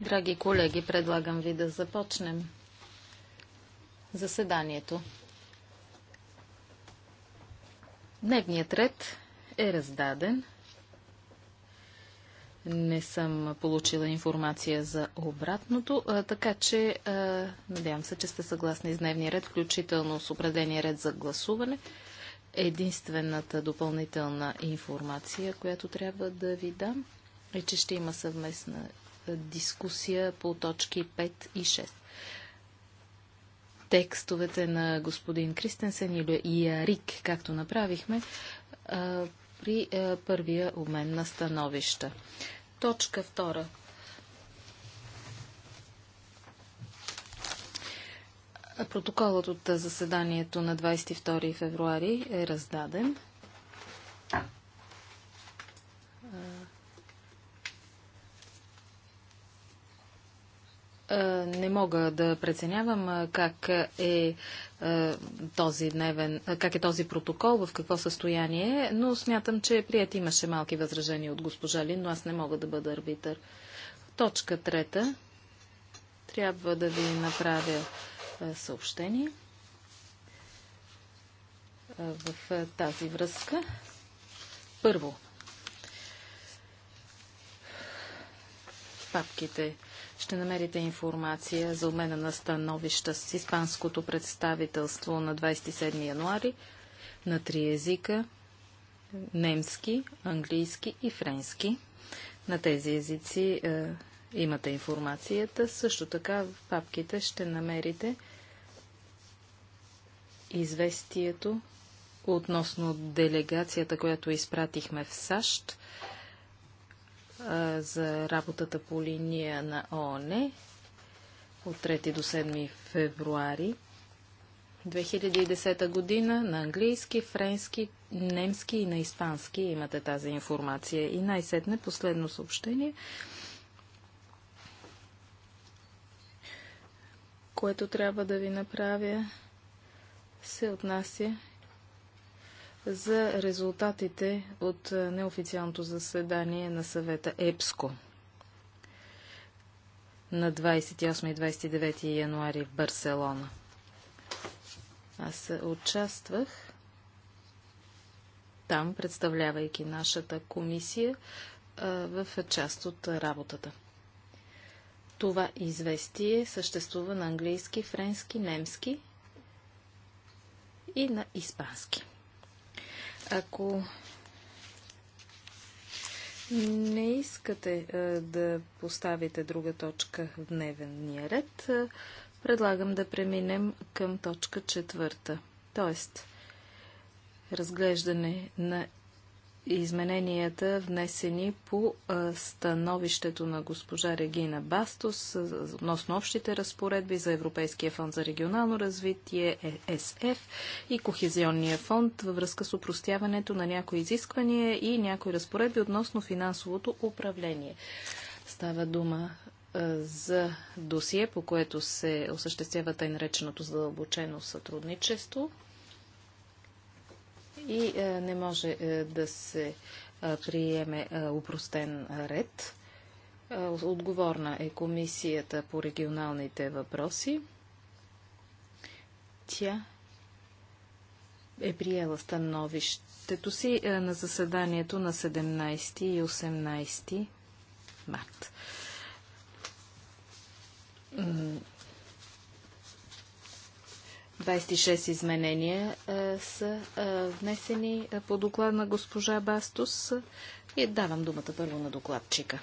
Драги колеги, предлагам ви да започнем заседанието. Дневният ред е раздаден. Не съм получила информация за обратното, така че надявам се, че сте съгласни с дневния ред, включително с определения ред за гласуване. Единствената допълнителна информация, която трябва да ви дам – и е, че ще има съвместна е, дискусия по точки 5 и 6. Текстовете на господин Кристенсен и Ярик, както направихме, е, при първия обмен на становища. Точка 2. Протоколът от заседанието на 22 февруари е раздаден. Е, не мога да преценявам е, как е, е този дневен, как е този протокол, в какво състояние е, но смятам, че прият имаше малки възражения от госпожа Лин, но аз не мога да бъда арбитър. Точка трета. Трябва да ви направя съобщение в тази връзка. Първо, папките ще намерите информация за обмена на становища с Испанското представителство на 27 януари на три езика – немски, английски и френски. На тези езици е, имате информацията. Също така в папките ще намерите известието относно делегацията, която изпратихме в САЩ – за работата по линия на ООН от 3 до 7 февруари 2010 година на английски, френски, немски и на испански имате тази информация. И най-сетне последно съобщение, което трябва да ви направя, се отнася за резултатите от неофициалното заседание на съвета ЕПСКО на 28 и 29 януари в Барселона. Аз участвах там, представлявайки нашата комисия в част от работата. Това известие съществува на английски, френски, немски и на испански. Ако не искате е, да поставите друга точка в дневния ред, е, предлагам да преминем към точка четвърта. Тоест, разглеждане на измененията, внесени по становището на госпожа Регина Бастос относно общите разпоредби за Европейския фонд за регионално развитие ЕСФ и Кохезионния фонд във връзка с упростяването на някои изисквания и някои разпоредби относно финансовото управление. Става дума за досие, по което се осъществява тъй нареченото задълбочено сътрудничество и е, не може е, да се е, приеме упростен ред. Отговорна е комисията по регионалните въпроси. Тя е приела становището си на заседанието на 17 и 18 март. 26 изменения а, са а, внесени по доклад на госпожа Бастус и давам думата първо на докладчика.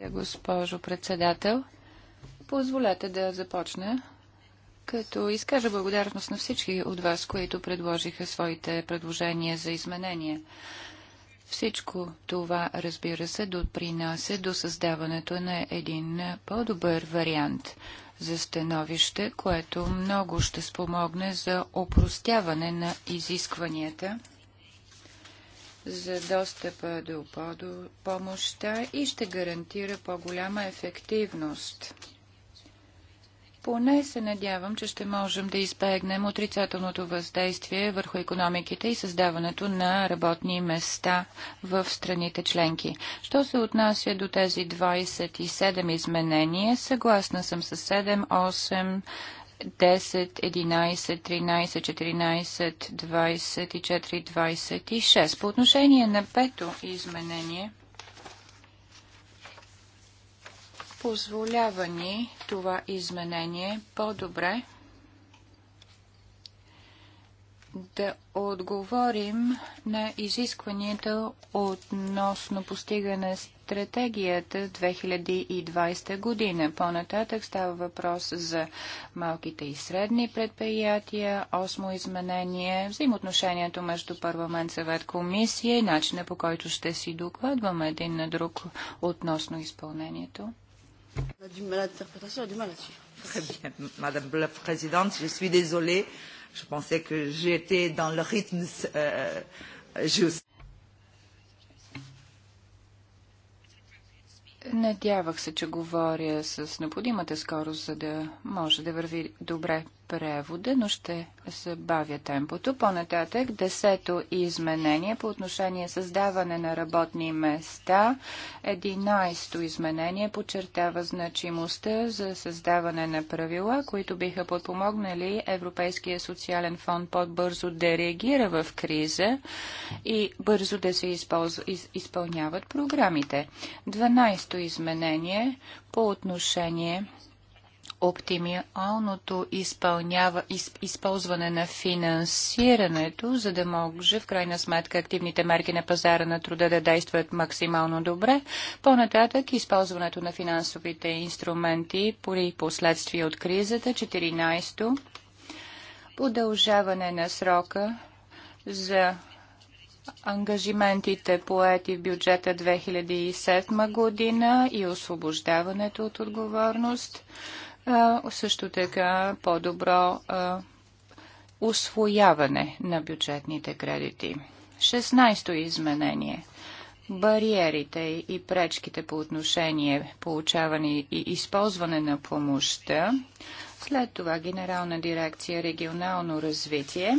Е, госпожо председател. Позволете да започна като изкажа благодарност на всички от вас, които предложиха своите предложения за изменения. Всичко това, разбира се, допринася до създаването на един по-добър вариант за становище, което много ще спомогне за опростяване на изискванията за достъпа до помощта и ще гарантира по-голяма ефективност поне се надявам, че ще можем да избегнем отрицателното въздействие върху економиките и създаването на работни места в страните членки. Що се отнася до тези 27 изменения, съгласна съм с 7, 8, 10, 11, 13, 14, 24, 26. По отношение на пето изменение, Позволява ни това изменение по-добре да отговорим на изискванията относно постигане стратегията 2020 година. По-нататък става въпрос за малките и средни предприятия, осмо изменение, взаимоотношението между парламент, съвет, комисия и начина по който ще си докладваме един на друг относно изпълнението. Très bien, Madame la Présidente, je suis désolée. Je pensais que j'étais dans le rythme euh, juste. Надявах се, че говоря с необходимата скорост, за да може да върви добре превода, но ще забавя темпото. По-нататък, десето изменение по отношение създаване на работни места. Единайсто изменение подчертава значимостта за създаване на правила, които биха подпомогнали Европейския социален фонд по-бързо да реагира в криза и бързо да се използ... из, изпълняват програмите. Дванайсто изменение по отношение оптималното изпълнява, из, използване на финансирането, за да може в крайна сметка активните мерки на пазара на труда да действат максимално добре. По-нататък използването на финансовите инструменти при последствия от кризата. 14. Подължаване на срока за ангажиментите поети в бюджета 2007 година и освобождаването от отговорност също така по-добро освояване на бюджетните кредити. 16-то изменение – бариерите и пречките по отношение получаване и използване на помощта. След това Генерална дирекция регионално развитие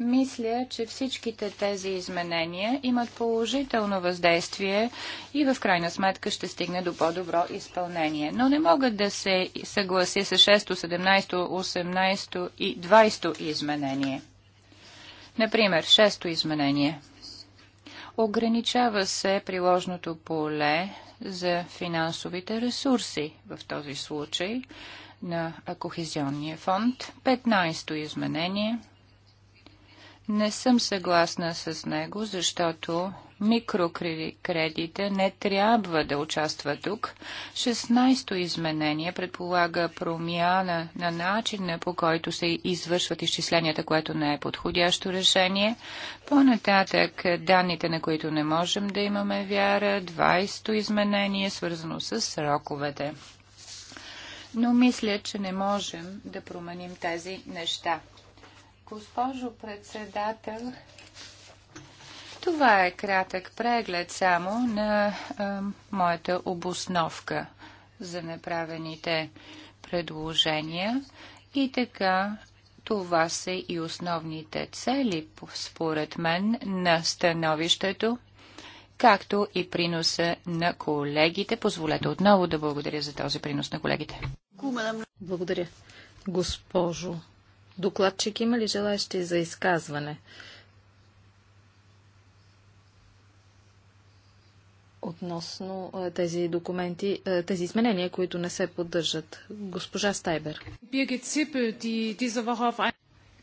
мисля, че всичките тези изменения имат положително въздействие и в крайна сметка ще стигне до по-добро изпълнение. Но не мога да се съгласи с 6, 17, 18 и 20 изменение. Например, 6 изменение. Ограничава се приложното поле за финансовите ресурси в този случай на Кохезионния фонд. 15 изменение – не съм съгласна с него, защото микрокредите не трябва да участва тук. 16-то изменение предполага промяна на начина по който се извършват изчисленията, което не е подходящо решение. По-нататък данните, на които не можем да имаме вяра, 20-то изменение, свързано с сроковете. Но мисля, че не можем да променим тези неща. Госпожо председател, това е кратък преглед само на а, моята обосновка за направените предложения. И така, това са и основните цели, според мен, на становището, както и приноса на колегите. Позволете отново да благодаря за този принос на колегите. Благодаря, госпожо Докладчик има ли желаящи за изказване? относно е, тези документи, е, тези изменения, които не се поддържат. Госпожа Стайбер.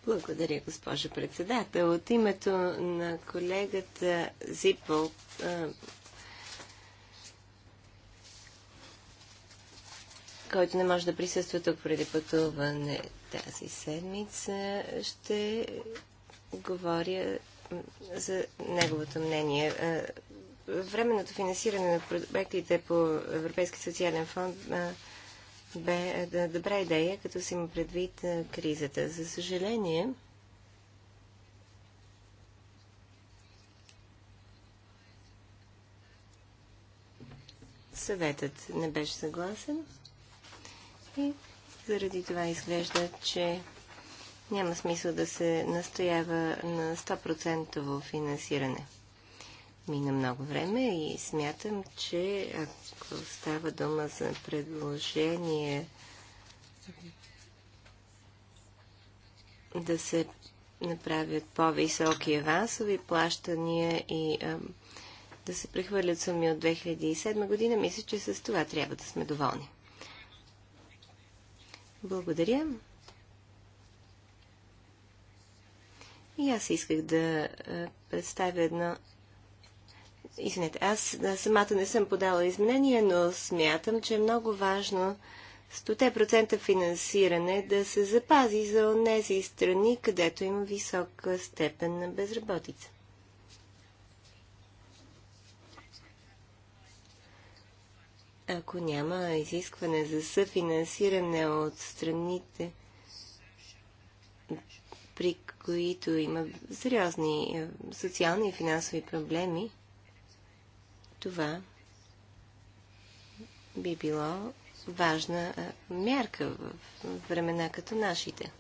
Благодаря, госпожа председател. От името на колегата Зипъл е, който не може да присъства тук преди пътуване тази седмица ще говоря за неговото мнение. Временното финансиране на проектите по Европейски социален фонд бе добра идея, като си има предвид кризата. За съжаление, съветът не беше съгласен и заради това изглежда, че няма смисъл да се настоява на 100% финансиране. Мина много време и смятам, че ако става дума за предложение да се направят по-високи авансови плащания и а, да се прехвърлят суми от 2007 година, мисля, че с това трябва да сме доволни. Благодаря. И аз исках да представя едно... Извинете, аз самата не съм подала изменения, но смятам, че е много важно 100% финансиране да се запази за онези страни, където има висока степен на безработица. ако няма изискване за съфинансиране от страните, при които има сериозни е, социални и финансови проблеми, това би било важна е, мярка в времена като нашите.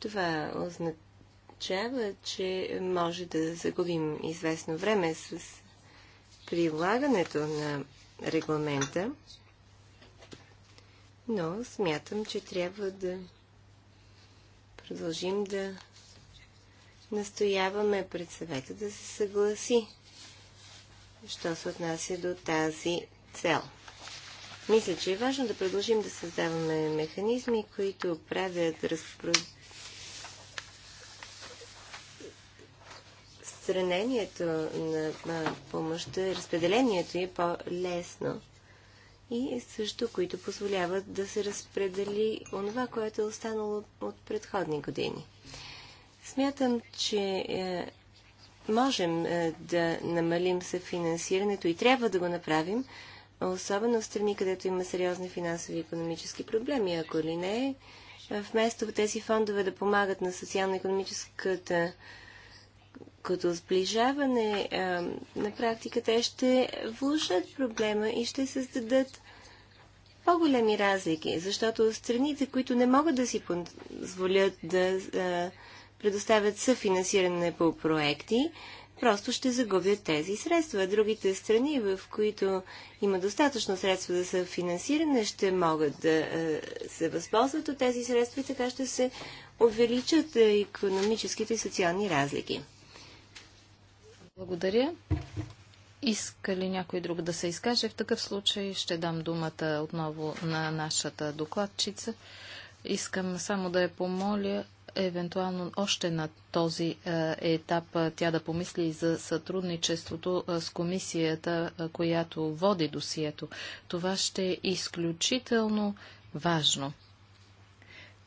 Това означава, че може да загубим известно време с прилагането на регламента, но смятам, че трябва да продължим да настояваме пред съвета да се съгласи, що се отнася до тази цел. Мисля, че е важно да продължим да създаваме механизми, които правят разпространението разпространението на помощта, разпределението е по-лесно и е също, които позволяват да се разпредели онова, което е останало от предходни години. Смятам, че е, можем е, да намалим съфинансирането и трябва да го направим, особено в страни, където има сериозни финансови и економически проблеми. Ако ли не, е, вместо тези фондове да помагат на социално-економическата като сближаване, на практика те ще влушат проблема и ще създадат по-големи разлики, защото страните, които не могат да си позволят да предоставят съфинансиране по проекти, просто ще загубят тези средства. Другите страни, в които има достатъчно средства за съфинансиране, ще могат да се възползват от тези средства и така ще се увеличат економическите и социални разлики. Благодаря. Иска ли някой друг да се изкаже? В такъв случай ще дам думата отново на нашата докладчица. Искам само да я помоля, евентуално още на този е, етап е, тя да помисли за сътрудничеството е, с комисията, която води досието. Това ще е изключително важно.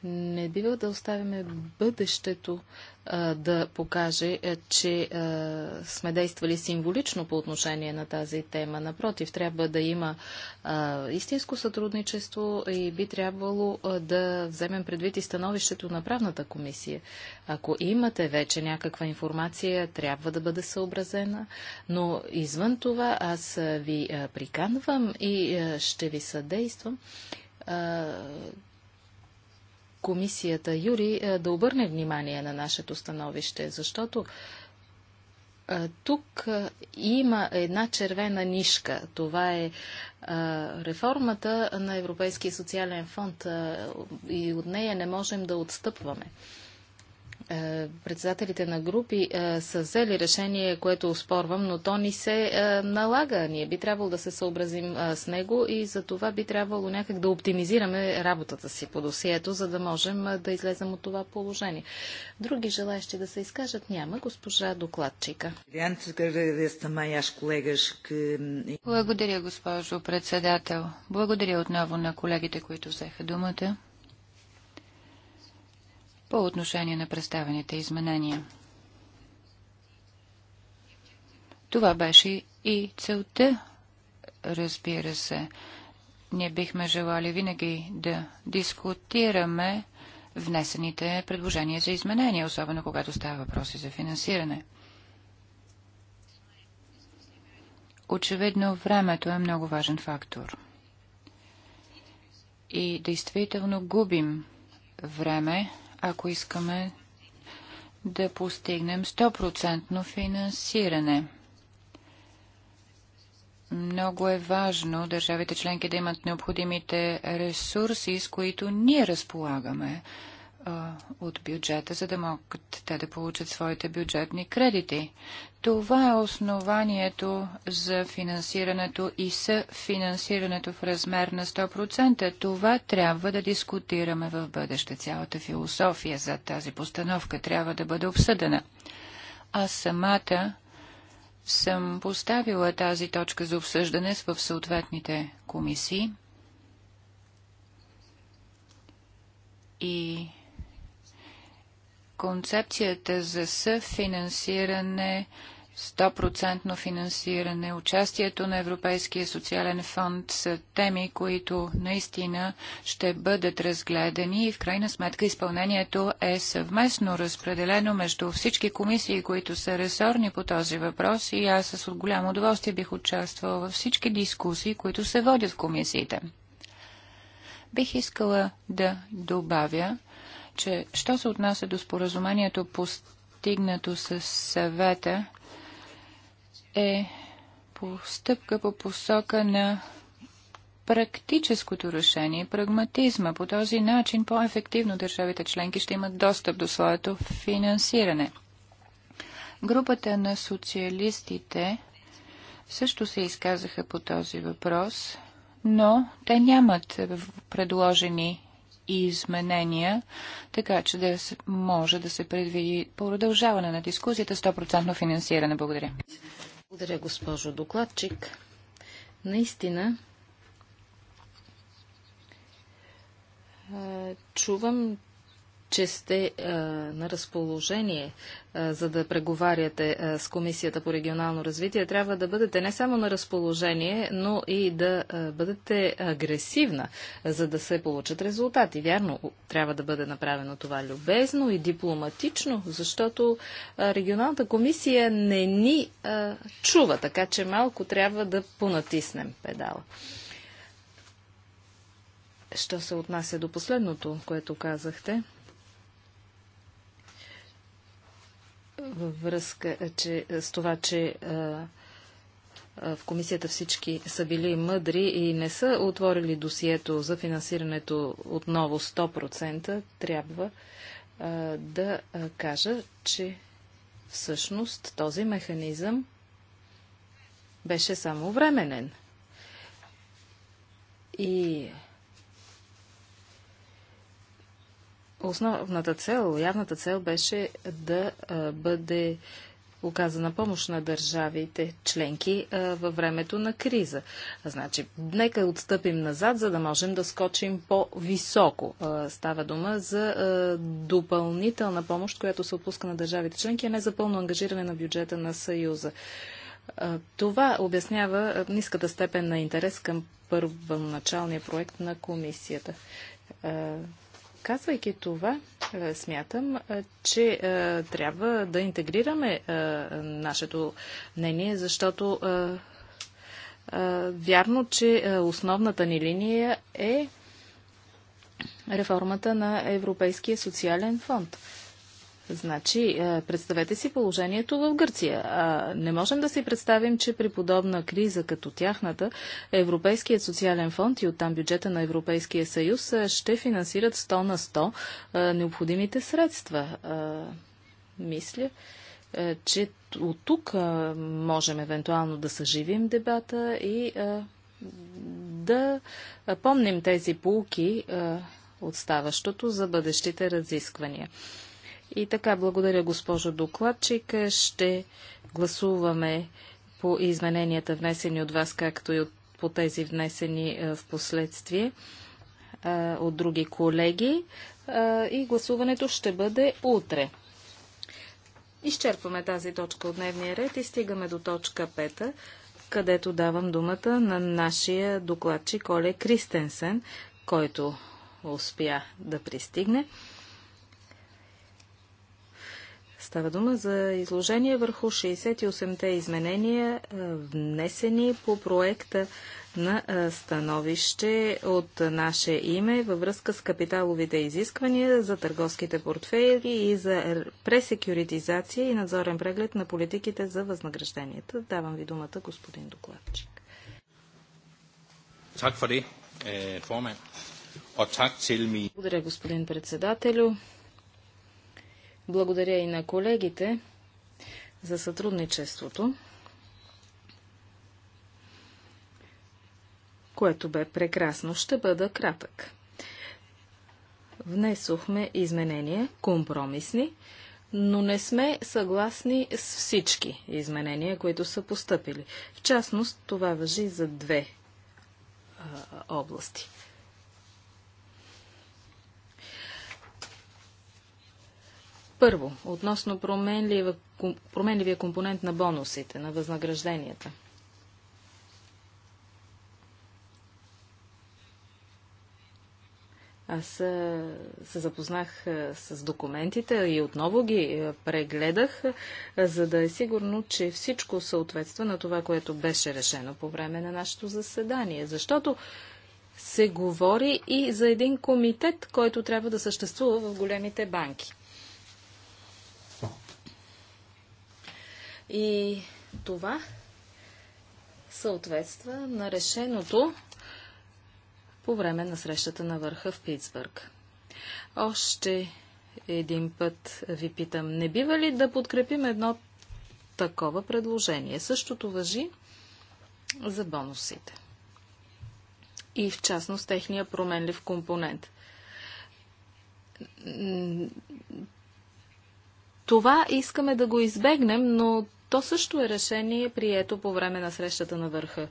Не бива да оставяме бъдещето а, да покаже, а, че а, сме действали символично по отношение на тази тема. Напротив, трябва да има а, истинско сътрудничество и би трябвало а, да вземем предвид и становището на правната комисия. Ако имате вече някаква информация, трябва да бъде съобразена, но извън това аз ви а, приканвам и а, ще ви съдействам комисията Юри е, да обърне внимание на нашето становище, защото е, тук е, има една червена нишка. Това е реформата на Европейския социален фонд и от нея не можем да отстъпваме. Е, председателите на групи е, са взели решение, което успорвам, но то ни се е, налага. Ние би трябвало да се съобразим с него и за това би трябвало някак да оптимизираме работата си по досието, за да можем да излезем от това положение. Други желаящи да се изкажат няма. Госпожа докладчика. Благодаря, госпожо председател. Благодаря отново на колегите, които взеха думата по отношение на представените изменения. Това беше и целта, разбира се. Ние бихме желали винаги да дискутираме внесените предложения за изменения, особено когато става въпроси за финансиране. Очевидно, времето е много важен фактор. И действително губим време, ако искаме да постигнем 100% финансиране. Много е важно държавите членки да имат необходимите ресурси, с които ние разполагаме от бюджета, за да могат те да получат своите бюджетни кредити. Това е основанието за финансирането и съфинансирането в размер на 100%. Това трябва да дискутираме в бъдеще. Цялата философия за тази постановка трябва да бъде обсъдена. Аз самата съм поставила тази точка за обсъждане в съответните комисии и концепцията за съфинансиране, 100% финансиране, участието на Европейския социален фонд са теми, които наистина ще бъдат разгледани и в крайна сметка изпълнението е съвместно разпределено между всички комисии, които са ресорни по този въпрос и аз с голямо удоволствие бих участвал във всички дискусии, които се водят в комисиите. Бих искала да добавя, че що се отнася до споразумението постигнато с съвета е постъпка по посока на практическото решение, прагматизма. По този начин по-ефективно държавите членки ще имат достъп до своето финансиране. Групата на социалистите също се изказаха по този въпрос, но те нямат предложени изменения, така че да може да се предвиди продължаване на дискусията 100% финансиране. Благодаря. Благодаря, госпожо докладчик. Наистина, чувам, че сте а, на разположение, а, за да преговаряте а, с Комисията по регионално развитие. Трябва да бъдете не само на разположение, но и да а, бъдете агресивна, а, за да се получат резултати. Вярно, трябва да бъде направено това любезно и дипломатично, защото а, регионалната комисия не ни а, чува, така че малко трябва да понатиснем педала. Що се отнася до последното, което казахте, във връзка е, че, е, с това, че а, е, а, в комисията всички са били мъдри и не са отворили досието за финансирането отново 100%, трябва а, да кажа, че всъщност този механизъм беше само временен. И Основната цел, явната цел беше да бъде оказана помощ на държавите членки във времето на криза. значи, нека отстъпим назад, за да можем да скочим по-високо. става дума за допълнителна помощ, която се отпуска на държавите членки, а не за пълно ангажиране на бюджета на Съюза. Това обяснява ниската степен на интерес към първоначалния проект на комисията. Казвайки това, е, смятам, е, че е, трябва да интегрираме нашето мнение, защото вярно, че основната ни линия е реформата на Европейския социален фонд. Значи, е, представете си положението в Гърция. А, не можем да си представим, че при подобна криза като тяхната, Европейският социален фонд и оттам бюджета на Европейския съюз е, ще финансират 100 на 100 е, необходимите средства. мисля, че от тук можем евентуално да съживим дебата и да помним тези полки от ставащото за бъдещите разисквания. И така, благодаря госпожо докладчик. Ще гласуваме по измененията внесени от вас, както и от, по тези внесени в последствие от други колеги. И гласуването ще бъде утре. Изчерпваме тази точка от дневния ред и стигаме до точка 5, където давам думата на нашия докладчик Оле Кристенсен, който успя да пристигне. Става дума за изложение върху 68-те изменения, внесени по проекта на становище от наше име във връзка с капиталовите изисквания за търговските портфейли и за пресекюритизация и надзорен преглед на политиките за възнагражденията. Давам ви думата, господин докладчик. Øh, Благодаря, господин председателю. Благодаря и на колегите за сътрудничеството, което бе прекрасно. Ще бъда кратък. Внесохме изменения, компромисни, но не сме съгласни с всички изменения, които са поступили. В частност, това въжи за две а, области. Първо, относно променлива, променливия компонент на бонусите, на възнагражденията. Аз се запознах с документите и отново ги прегледах, за да е сигурно, че всичко съответства на това, което беше решено по време на нашето заседание. Защото се говори и за един комитет, който трябва да съществува в големите банки. И това съответства на решеното по време на срещата на върха в Питсбърг. Още един път ви питам, не бива ли да подкрепим едно такова предложение? Същото въжи за бонусите. И в частност техния променлив компонент. Това искаме да го избегнем, но то също е решение прието по време на срещата на върха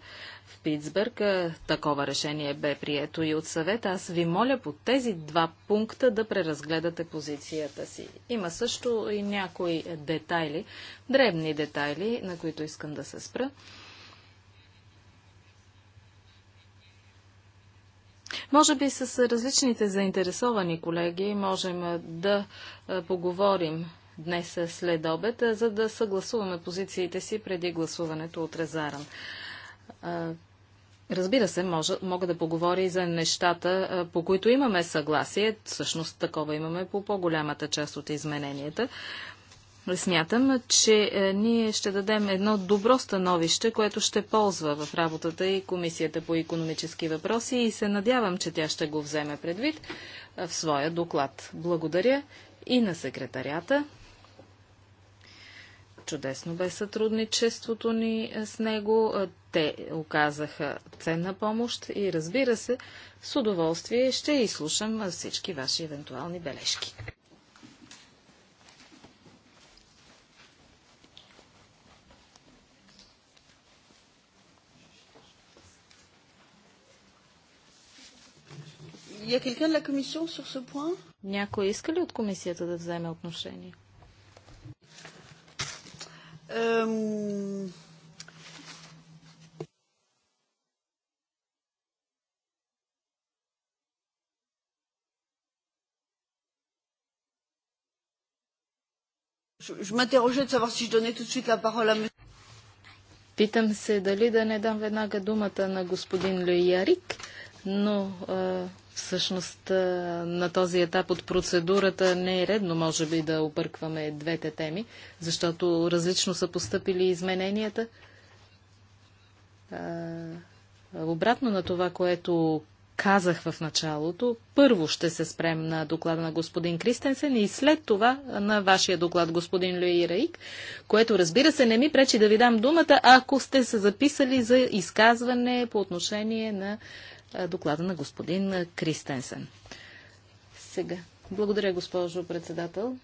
в Питсбърг. Такова решение бе прието и от съвет. Аз ви моля по тези два пункта да преразгледате позицията си. Има също и някои детайли, дребни детайли, на които искам да се спра. Може би с различните заинтересовани колеги можем да поговорим днес след обед, за да съгласуваме позициите си преди гласуването от Резаран. Разбира се, може, мога да поговоря и за нещата, по които имаме съгласие. Всъщност такова имаме по по-голямата част от измененията. Смятам, че ние ще дадем едно добро становище, което ще ползва в работата и Комисията по економически въпроси и се надявам, че тя ще го вземе предвид в своя доклад. Благодаря и на секретарята. Чудесно бе сътрудничеството ни е, с него. Е, те оказаха ценна помощ и разбира се, с удоволствие ще изслушам е, всички ваши евентуални бележки. Някой иска ли от комисията да вземе отношение? Um, Je m'interrogeais de savoir si je donnais tout de suite la parole à monsieur. Питам се дали да не дам веднага думата на господин Лоярик, но всъщност на този етап от процедурата не е редно, може би, да объркваме двете теми, защото различно са поступили измененията. Обратно на това, което казах в началото, първо ще се спрем на доклада на господин Кристенсен и след това на вашия доклад, господин Люи Раик, което разбира се не ми пречи да ви дам думата, ако сте се записали за изказване по отношение на е, доклада на господин Кристенсен. Сега. Благодаря, госпожо председател.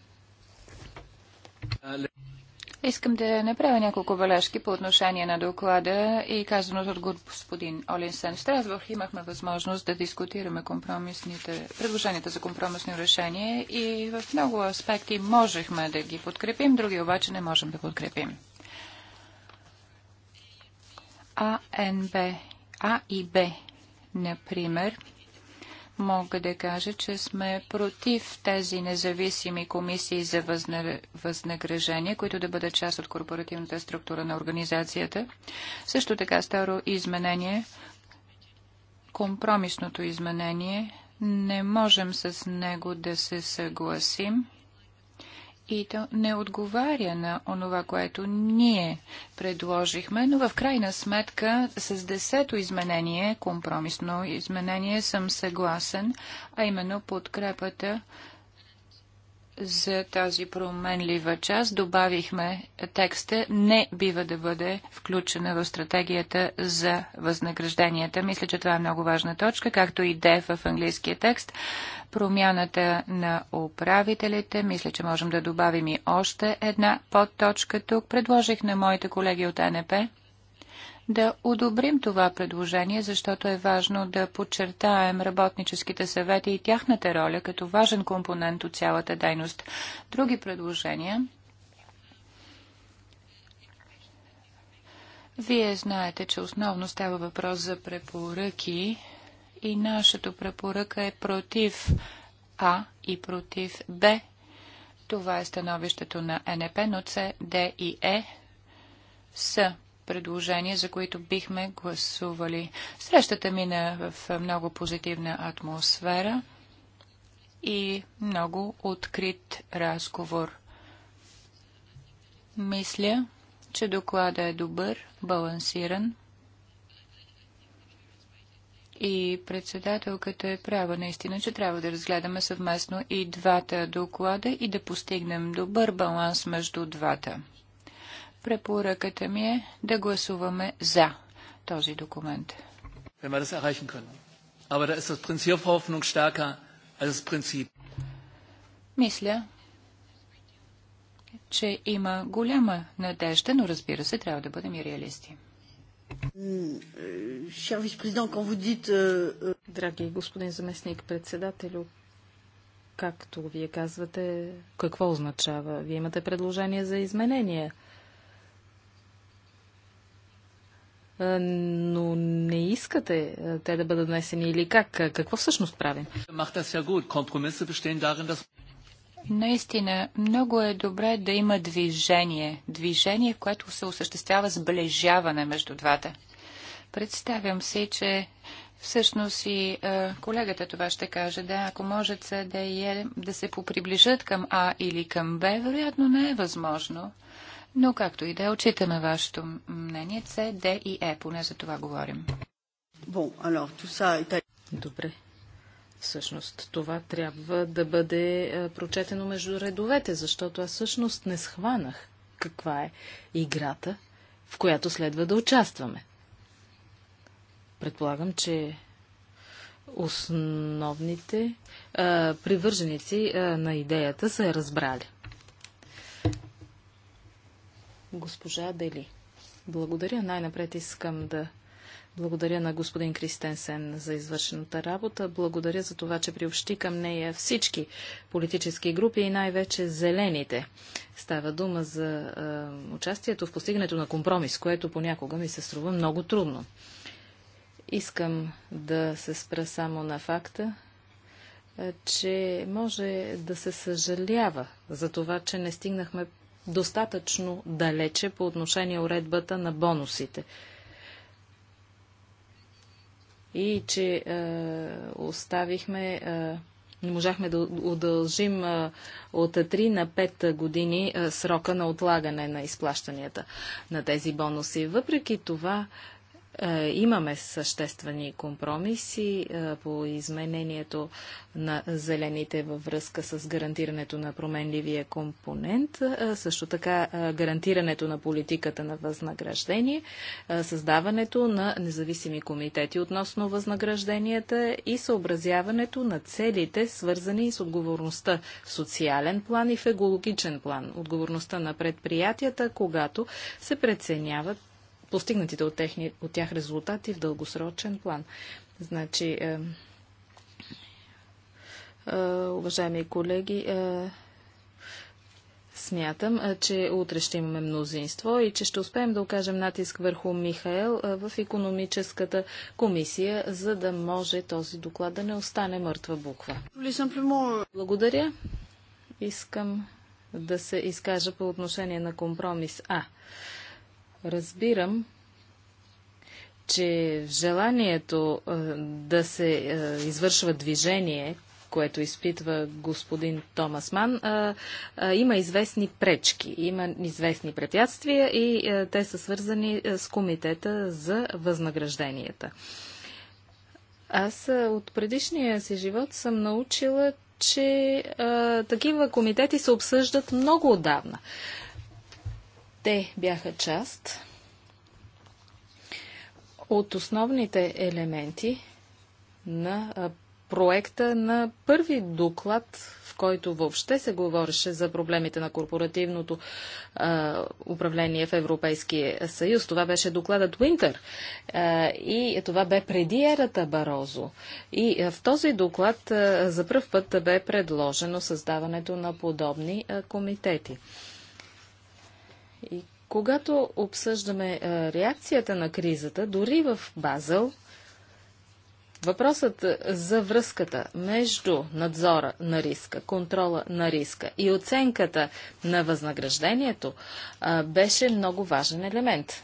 Искам да направя няколко бележки по отношение на доклада и казаното от господин Олинсен. В Страсбург имахме възможност да дискутираме компромисните, предложенията за компромисно решение и в много аспекти можехме да ги подкрепим, други обаче не можем да подкрепим. А, Н, Б, А и Б Например, мога да кажа, че сме против тези независими комисии за възнаграждение, които да бъдат част от корпоративната структура на организацията. Също така старо изменение, компромисното изменение, не можем с него да се съгласим и то не отговаря на онова, което ние предложихме, но в крайна сметка с десето изменение, компромисно изменение, съм съгласен, а именно подкрепата за тази променлива част добавихме текста не бива да бъде включена в стратегията за възнагражденията. Мисля, че това е много важна точка, както и де в английския текст. Промяната на управителите. Мисля, че можем да добавим и още една подточка тук. Предложих на моите колеги от НП да одобрим това предложение, защото е важно да подчертаем работническите съвети и тяхната роля като важен компонент от цялата дейност. Други предложения? Вие знаете, че основно става въпрос за препоръки и нашата препоръка е против А и против Б. Това е становището на НП, но С, Д и Е са предложения, за които бихме гласували. Срещата мина в много позитивна атмосфера и много открит разговор. Мисля, че доклада е добър, балансиран и председателката е права наистина, че трябва да разгледаме съвместно и двата доклада и да постигнем добър баланс между двата. Препоръката ми е да гласуваме за този документ. Мисля, че има голяма надежда, но разбира се, трябва да бъдем и реалисти. Euh, euh, Драги господин заместник председател, както вие казвате, какво означава? Вие имате предложение за изменение. но не искате те да бъдат внесени или как? Какво всъщност правим? Наистина, много е добре да има движение. Движение, което се осъществява сближаване между двата. Представям си, че Всъщност и е, колегата това ще каже, да, ако може да, е, да се поприближат към А или към Б, вероятно не е възможно. Но както и да е, отчитаме вашето мнение, С, Д и Е, поне за това говорим. Добре. Всъщност това трябва да бъде е, прочетено между редовете, защото аз всъщност не схванах каква е играта, в която следва да участваме. Предполагам, че основните а, е, привърженици а, на идеята са я разбрали. Госпожа Дели. Благодаря. Най-напред искам да благодаря на господин Кристенсен за извършената работа. Благодаря за това, че приобщи към нея всички политически групи и най-вече зелените. Става дума за е, участието в постигането на компромис, което понякога ми се струва много трудно. Искам да се спра само на факта, че може да се съжалява за това, че не стигнахме достатъчно далече по отношение уредбата на бонусите. И че е, оставихме, е, не можахме да удължим е, от 3 на 5 години е, срока на отлагане на изплащанията на тези бонуси. Въпреки това, е, е, имаме съществени компромиси е, по изменението на зелените във връзка с гарантирането на променливия компонент, е, също така гарантирането на политиката на възнаграждение, създаването на независими комитети относно възнагражденията и съобразяването на целите, свързани с отговорността в социален план и в екологичен план, отговорността на предприятията, когато се преценяват постигнатите от, техни, от тях резултати в дългосрочен план. Значи, е, е, уважаеми колеги, е, смятам, е, че утре ще имаме мнозинство и че ще успеем да окажем натиск върху Михаел е, в економическата комисия, за да може този доклад да не остане мъртва буква. Благодаря. Искам да се изкажа по отношение на компромис А. Разбирам, че желанието да се извършва движение, което изпитва господин Томас Ман, а, а, има известни пречки, има известни препятствия и а, те са свързани с комитета за възнагражденията. Аз от предишния си живот съм научила, че а, такива комитети се обсъждат много отдавна. Те бяха част от основните елементи на проекта на първи доклад, в който въобще се говореше за проблемите на корпоративното а, управление в Европейския съюз. Това беше докладът Уинтер. А, и това бе преди ерата Барозо. И а, в този доклад а, за първ път бе предложено създаването на подобни а, комитети. И когато обсъждаме е, реакцията на кризата, дори в Базъл, Въпросът е, за връзката между надзора на риска, контрола на риска и оценката на възнаграждението е, беше много важен елемент.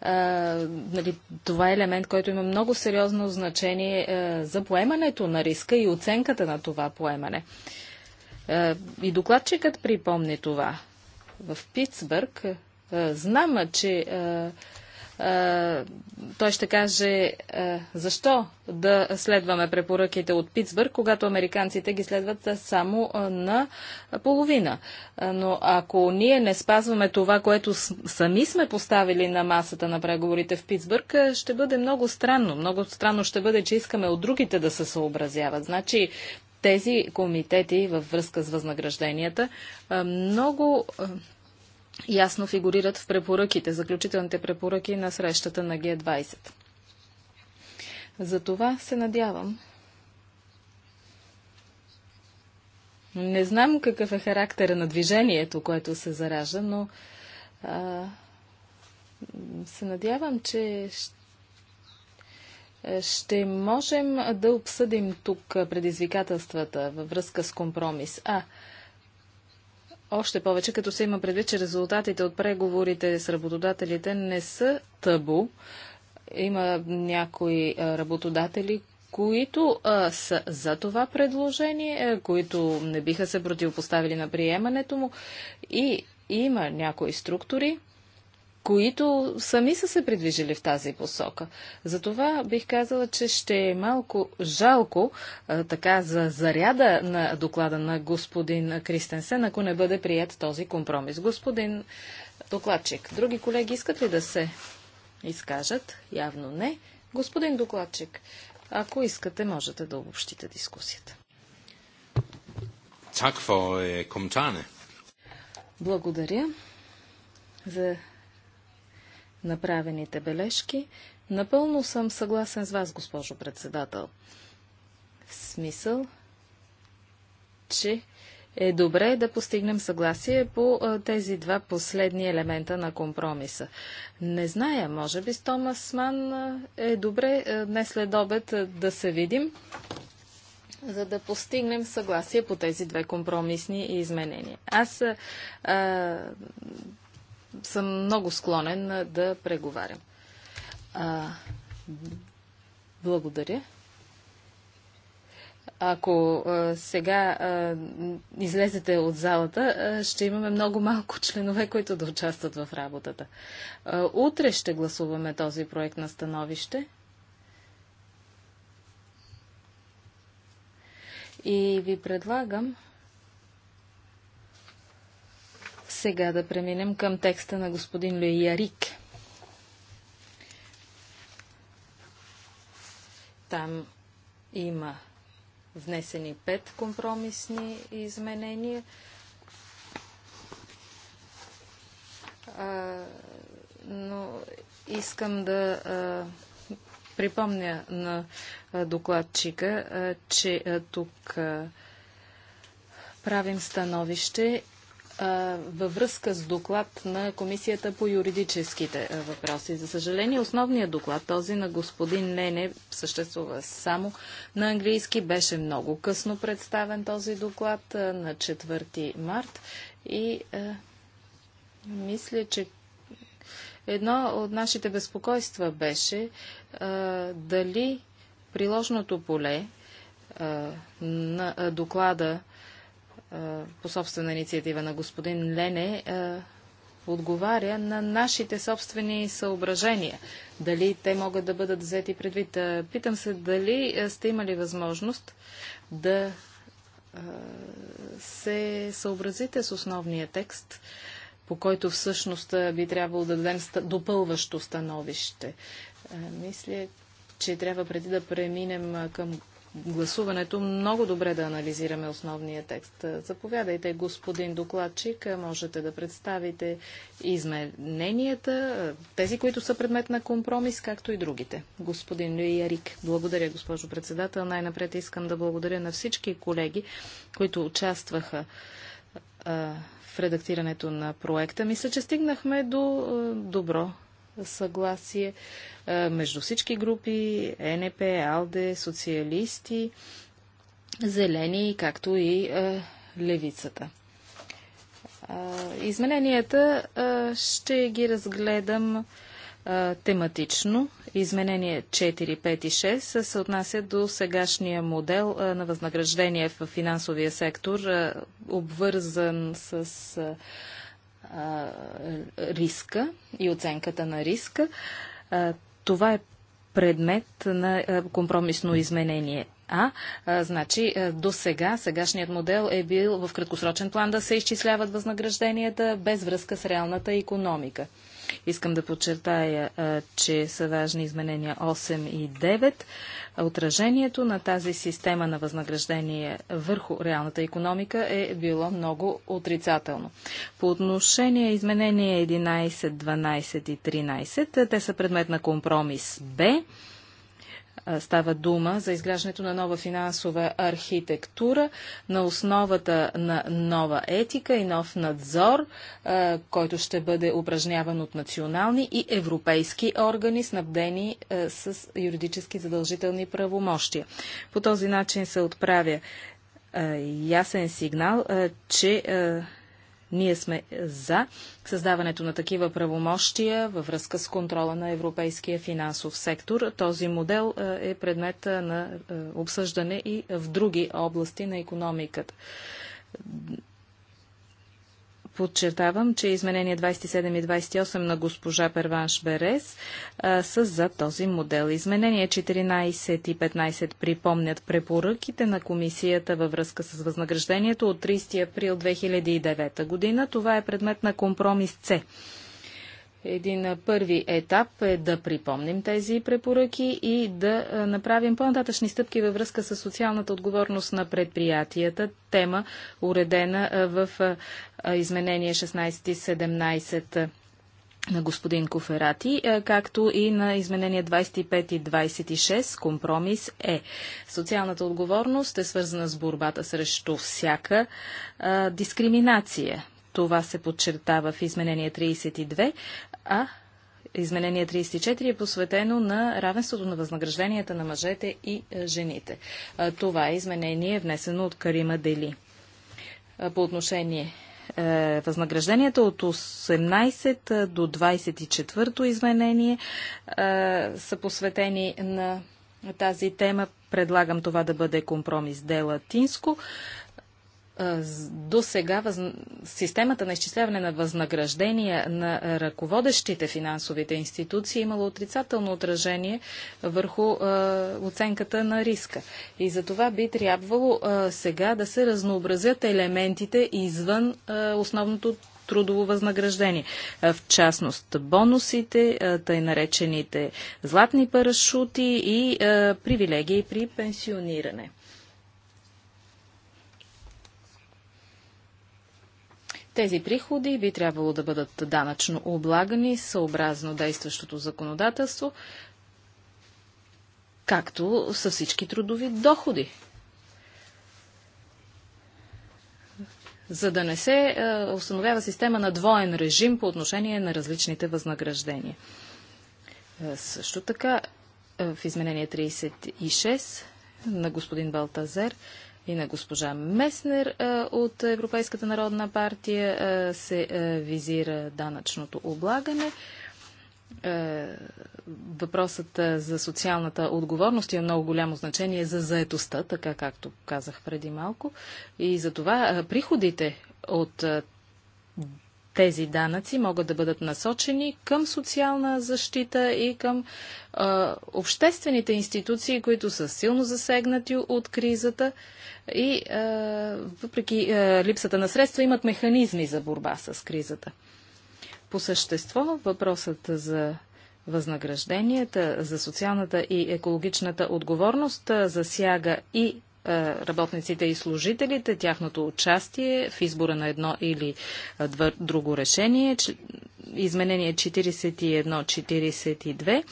А, нали, това е елемент, който има много сериозно значение а, за поемането на риска и оценката на това поемане. А, е, и докладчикът припомни това. В Питсбърг е, знам, че е, той ще каже защо да следваме препоръките от Питсбърг, когато американците ги следват само на половина. Но ако ние не спазваме това, което сами сме поставили на масата на преговорите в Питсбърг, ще бъде много странно. Много странно ще бъде, че искаме от другите да се съобразяват. Значи тези комитети във връзка с възнагражденията много ясно фигурират в препоръките, заключителните препоръки на срещата на Г20. За това се надявам. Не знам какъв е характера на движението, което се заражда, но а, се надявам, че ще ще можем да обсъдим тук предизвикателствата във връзка с компромис. А, още повече, като се има предвид, че резултатите от преговорите с работодателите не са тъбо. Има някои работодатели, които а, са за това предложение, които не биха се противопоставили на приемането му. И има някои структури, които сами са се придвижили в тази посока. Затова бих казала, че ще е малко жалко а, така за заряда на доклада на господин Кристенсен, ако не бъде прият този компромис. Господин докладчик, други колеги искат ли да се изкажат? Явно не. Господин докладчик, ако искате, можете да обобщите дискусията. Е, Благодаря за направените бележки. Напълно съм съгласен с вас, госпожо председател. В смисъл, че е добре да постигнем съгласие по а, тези два последни елемента на компромиса. Не зная, може би с Томас Ман а, е добре а, днес след обед да се видим, за да постигнем съгласие по тези две компромисни изменения. Аз а, съм много склонен да преговарям. А, благодаря. Ако а, сега а, излезете от залата, а, ще имаме много малко членове, които да участват в работата. А, утре ще гласуваме този проект на становище. И ви предлагам Сега да преминем към текста на господин Луи Ярик. Там има внесени пет компромисни изменения. А, но искам да а, припомня на а, докладчика, че тук правим становище във връзка с доклад на Комисията по юридическите въпроси. За съжаление, основният доклад, този на господин Нене, съществува само на английски. Беше много късно представен този доклад на 4 март и мисля, че едно от нашите безпокойства беше дали приложното поле на доклада е, по собствена инициатива на господин Лене е, отговаря на нашите собствени съображения. Дали те могат да бъдат взети предвид? Е, питам се дали сте имали възможност да се съобразите с основния текст, по който всъщност би трябвало да дадем допълващо становище. Мисля, че трябва преди да преминем към гласуването много добре да анализираме основния текст. Заповядайте, господин докладчик, можете да представите измененията, тези, които са предмет на компромис, както и другите. Господин Ярик, благодаря, госпожо председател. Най-напред искам да благодаря на всички колеги, които участваха в редактирането на проекта. Мисля, че стигнахме до добро съгласие между всички групи, е НП, АЛДЕ, социалисти, зелени, както и левицата. Измененията ще ги разгледам тематично. Изменения 4, 5 и 6 се отнасят до сегашния модел на възнаграждение в финансовия сектор, обвързан с риска и оценката на риска. това е предмет на компромисно изменение. А, а значи до сега, сегашният модел е бил в краткосрочен план да се изчисляват възнагражденията без връзка с реалната економика. Искам да подчертая, че са важни изменения 8 и 9. Отражението на тази система на възнаграждение върху реалната економика е било много отрицателно. По отношение изменения 11, 12 и 13, те са предмет на компромис Б става дума за изграждането на нова финансова архитектура на основата на нова етика и нов надзор, който ще бъде упражняван от национални и европейски органи, снабдени с юридически задължителни правомощия. По този начин се отправя ясен сигнал, че ние сме за създаването на такива правомощия във връзка с контрола на европейския финансов сектор. Този модел е, е предмет е, на е, обсъждане и в други области на економиката подчертавам, че изменения 27 и 28 на госпожа Перванш Берес а, са за този модел. Изменения 14 и 15 припомнят препоръките на комисията във връзка с възнаграждението от 30 април 2009 година. Това е предмет на компромис С. Един първи етап е да припомним тези препоръки и да направим по-нататъчни стъпки във връзка с социалната отговорност на предприятията, тема уредена в изменение 16 и 17 на господин Коферати, както и на изменения 25 и 26, компромис е. Социалната отговорност е свързана с борбата срещу всяка а, дискриминация. Това се подчертава в изменение 32, а изменение 34 е посветено на равенството на възнагражденията на мъжете и е, жените. Това изменение е внесено от Карима Дели. По отношение е, възнагражденията от 18 е, до 24 изменение са посветени на тази тема. Предлагам това да бъде компромис Дела Тинско до сега въз... системата на изчисляване на възнаграждения на ръководещите финансовите институции е имала отрицателно отражение върху а, оценката на риска. И за това би трябвало а, сега да се разнообразят елементите извън а, основното трудово възнаграждение. В частност, бонусите, тъй наречените златни парашути и привилегии при пенсиониране. Тези приходи би трябвало да бъдат данъчно облагани съобразно действащото законодателство, както са всички трудови доходи. За да не се е, установява система на двоен режим по отношение на различните възнаграждения. Е, също така, е, в изменение 36 на господин Балтазер и на госпожа Меснер от Европейската народна партия се визира данъчното облагане. Въпросът за социалната отговорност е много голямо значение за заетостта, така както казах преди малко. И за това приходите от тези данъци могат да бъдат насочени към социална защита и към а, обществените институции, които са силно засегнати от кризата и а, въпреки а, липсата на средства имат механизми за борба с кризата. По същество въпросът за възнагражденията, за социалната и екологичната отговорност засяга и е, работниците и служителите, тяхното участие в избора на едно или е, друго решение, изменение 41-42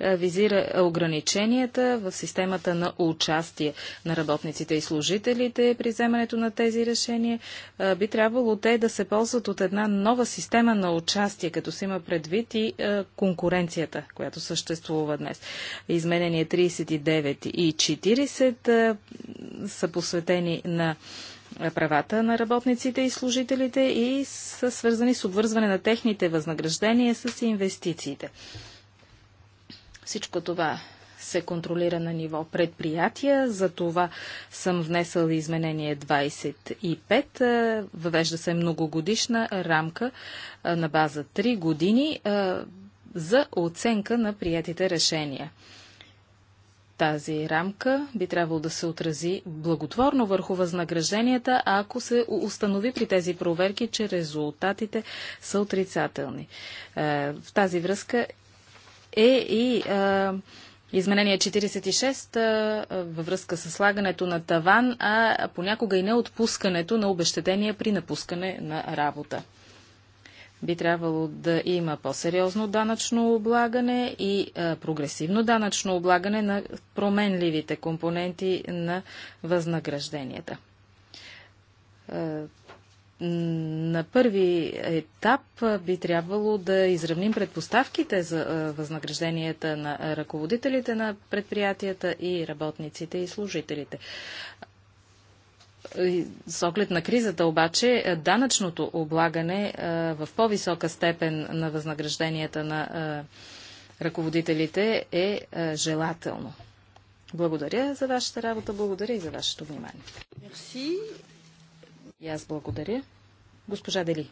визира ограниченията в системата на участие на работниците и служителите при вземането на тези решения. Би трябвало те да се ползват от една нова система на участие, като се има предвид и конкуренцията, която съществува днес. Изменение 39 и 40 са посветени на правата на работниците и служителите и са свързани с обвързване на техните възнаграждения с инвестициите. Всичко това се контролира на ниво предприятия. За това съм внесъл изменение 25. Въвежда се многогодишна рамка на база 3 години за оценка на приятите решения тази рамка би трябвало да се отрази благотворно върху възнагражденията, ако се установи при тези проверки, че резултатите са отрицателни. Е, в тази връзка е и е, Изменение 46 е, във връзка с слагането на таван, а понякога и не отпускането на обещетения при напускане на работа би трябвало да има по-сериозно данъчно облагане и а, прогресивно данъчно облагане на променливите компоненти на възнагражденията. А, на първи етап би трябвало да изравним предпоставките за възнагражденията на ръководителите на предприятията и работниците и служителите. С оглед на кризата обаче, е, данъчното облагане е, в по-висока степен на възнагражденията на е, ръководителите е желателно. Благодаря за вашата работа, благодаря и за вашето внимание. Мерси. И аз благодаря. Госпожа Дели.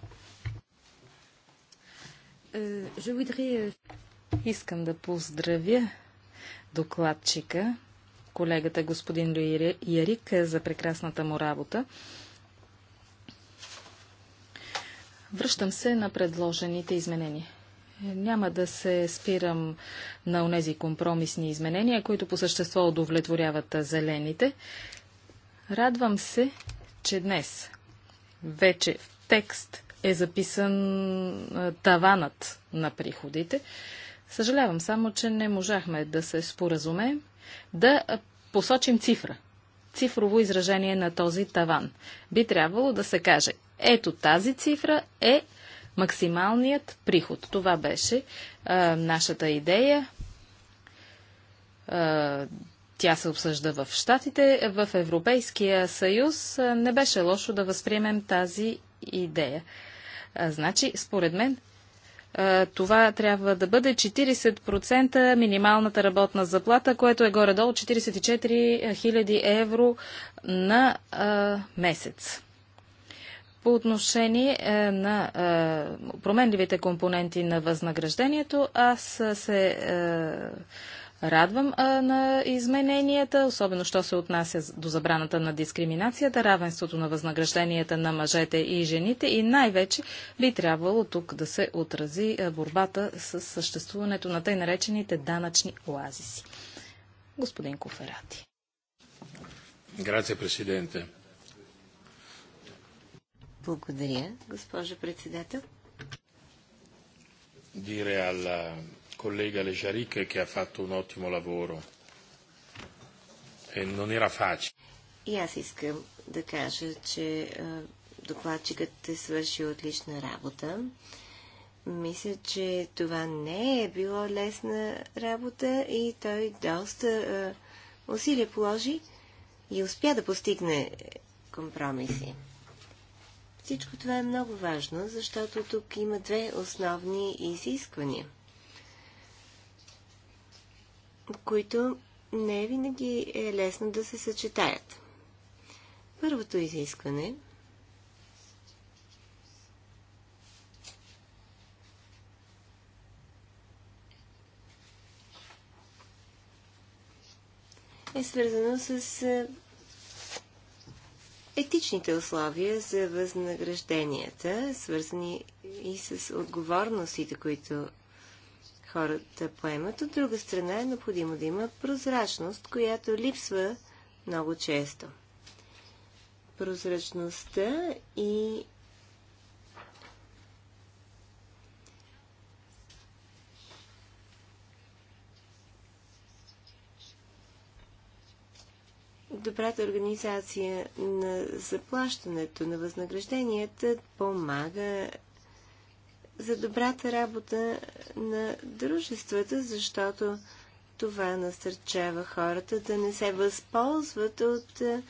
Искам да поздравя докладчика колегата господин Люи Ярик е, за прекрасната му работа. Връщам се на предложените изменения. Няма да се спирам на онези компромисни изменения, които по същество удовлетворяват зелените. Радвам се, че днес вече в текст е записан таванът на приходите. Съжалявам само, че не можахме да се споразумеем да посочим цифра, цифрово изражение на този таван. Би трябвало да се каже, ето тази цифра е максималният приход. Това беше а, нашата идея. А, тя се обсъжда в Штатите. В Европейския съюз не беше лошо да възприемем тази идея. А, значи, според мен, е, това трябва да бъде 40% минималната работна заплата, което е горе-долу 44 000 евро на а, е, месец. По отношение е, на променливите компоненти на възнаграждението, аз се радвам а, на измененията, особено що се отнася до забраната на дискриминацията, равенството на възнагражденията на мъжете и жените и най-вече би трябвало тук да се отрази борбата с съществуването на тъй наречените данъчни оазиси. Господин Коферати. Грация, президенте. Благодаря, госпожа председател. Дире collega Lejaric che ha fatto un ottimo lavoro. E non era facile. И аз искам да кажа, че докладчикът е свършил отлична работа. Мисля, че това не е било лесна работа и той доста усилия положи и успя да постигне компромиси. Всичко това е много важно, защото тук има две основни изисквания – които не винаги е лесно да се съчетаят. Първото изискване е свързано с етичните условия за възнагражденията, свързани и с отговорностите, които хората поемат. От друга страна е необходимо да има прозрачност, която липсва много често. Прозрачността и добрата организация на заплащането на възнагражденията помага за добрата работа на дружествата, защото това насърчава хората да не се възползват от е,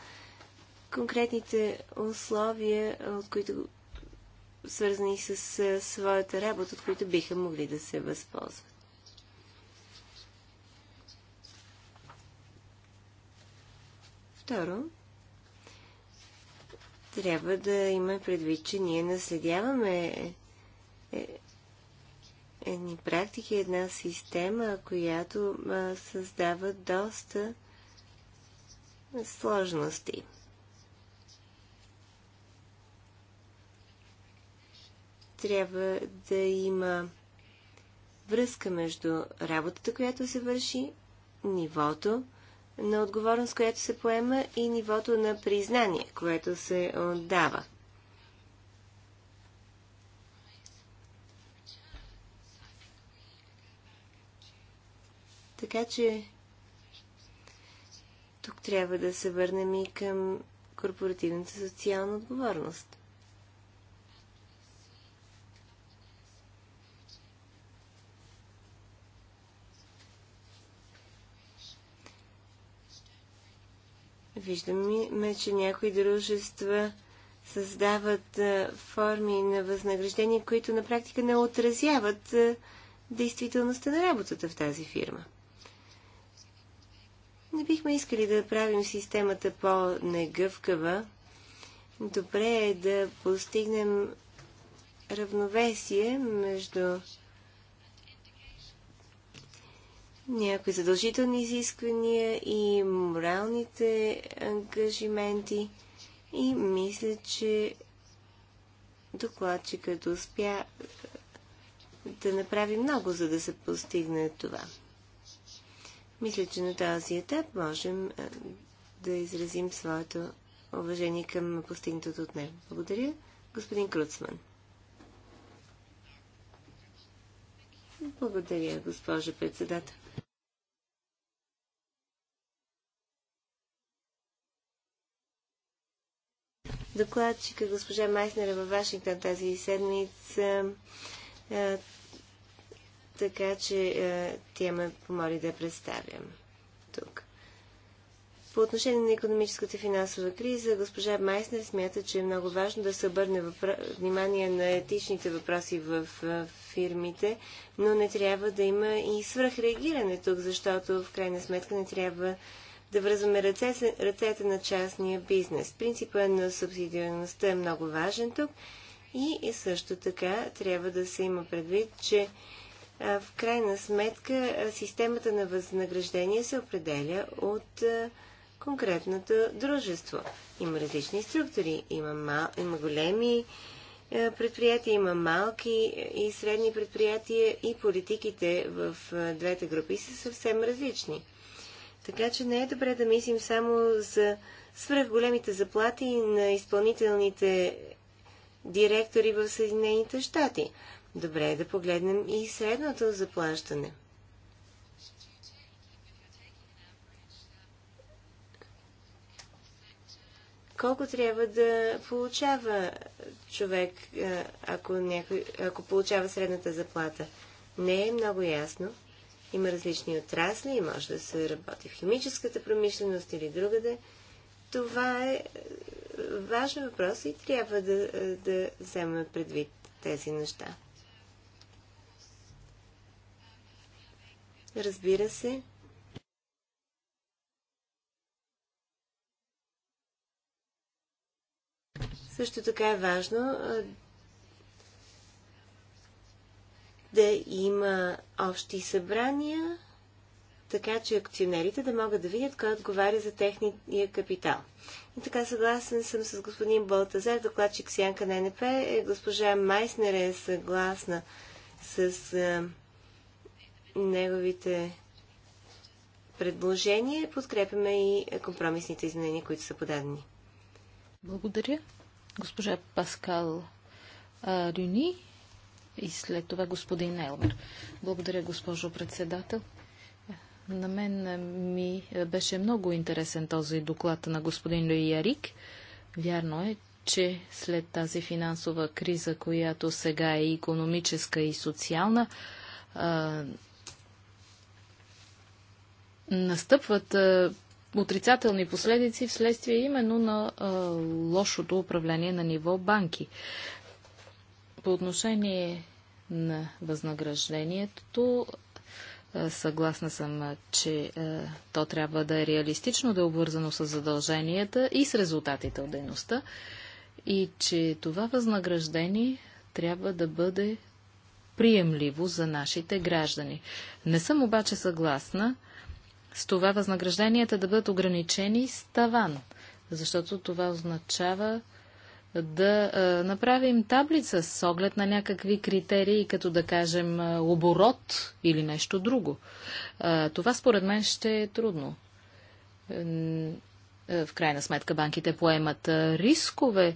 конкретните условия, от които свързани с е, своята работа, от които биха могли да се възползват. Второ, трябва да има предвид, че ние наследяваме е, едни практики, една система, която създава доста сложности. Трябва да има връзка между работата, която се върши, нивото на отговорност, която се поема и нивото на признание, което се отдава. Така че тук трябва да се върнем и към корпоративната социална отговорност. Виждаме, че някои дружества създават форми на възнаграждение, които на практика не отразяват действителността на работата в тази фирма. Не бихме искали да правим системата по-негъвкава. Добре е да постигнем равновесие между някои задължителни изисквания и моралните ангажименти. И мисля, че докладчикът успя да направи много, за да се постигне това. Мисля, че на този етап можем е, да изразим своето уважение към постигнатото от него. Благодаря, господин Круцман. Благодаря, госпожа председател. докладчика госпожа Майснера във Вашингтон тази седмица е, така че е, тя ме помоли да я представям тук. По отношение на економическата финансова криза, госпожа Майснер смята, че е много важно да се обърне въпро... внимание на етичните въпроси в, в фирмите, но не трябва да има и свръхреагиране тук, защото в крайна сметка не трябва да връзваме ръцете, ръцете на частния бизнес. Принципът на субсидиарността е много важен тук и също така трябва да се има предвид, че в крайна сметка системата на възнаграждение се определя от конкретното дружество. Има различни структури. Има, мал... има големи предприятия, има малки и средни предприятия и политиките в двете групи са съвсем различни. Така че не е добре да мислим само за свръхголемите заплати на изпълнителните директори в Съединените щати. Добре е да погледнем и средното заплащане. Колко трябва да получава човек, ако, някой, ако получава средната заплата? Не е много ясно. Има различни отрасли и може да се работи в химическата промишленост или другаде. Това е, е важен въпрос и трябва да, е, да вземем предвид тези неща. Разбира се. Също така е важно да има общи събрания, така че акционерите да могат да видят кой отговаря за техния капитал. И така съгласен съм с господин Балтазар, докладчик Сянка на НП. Е, госпожа Майснер е съгласна с неговите предложения. Подкрепяме и компромисните изменения, които са подадени. Благодаря. Госпожа Паскал Рюни и след това господин Елмер. Благодаря, госпожо председател. На мен ми беше много интересен този доклад на господин Люи Ярик. Вярно е, че след тази финансова криза, която сега е економическа и социална, настъпват отрицателни последици вследствие именно на а, лошото управление на ниво банки. По отношение на възнаграждението, а, съгласна съм, че а, то трябва да е реалистично, да е обвързано с задълженията и с резултатите от дейността и че това възнаграждение трябва да бъде приемливо за нашите граждани. Не съм обаче съгласна, с това възнагражденията да бъдат ограничени с таван, защото това означава да направим таблица с оглед на някакви критерии, като да кажем оборот или нещо друго. това според мен ще е трудно. В крайна сметка банките поемат рискове,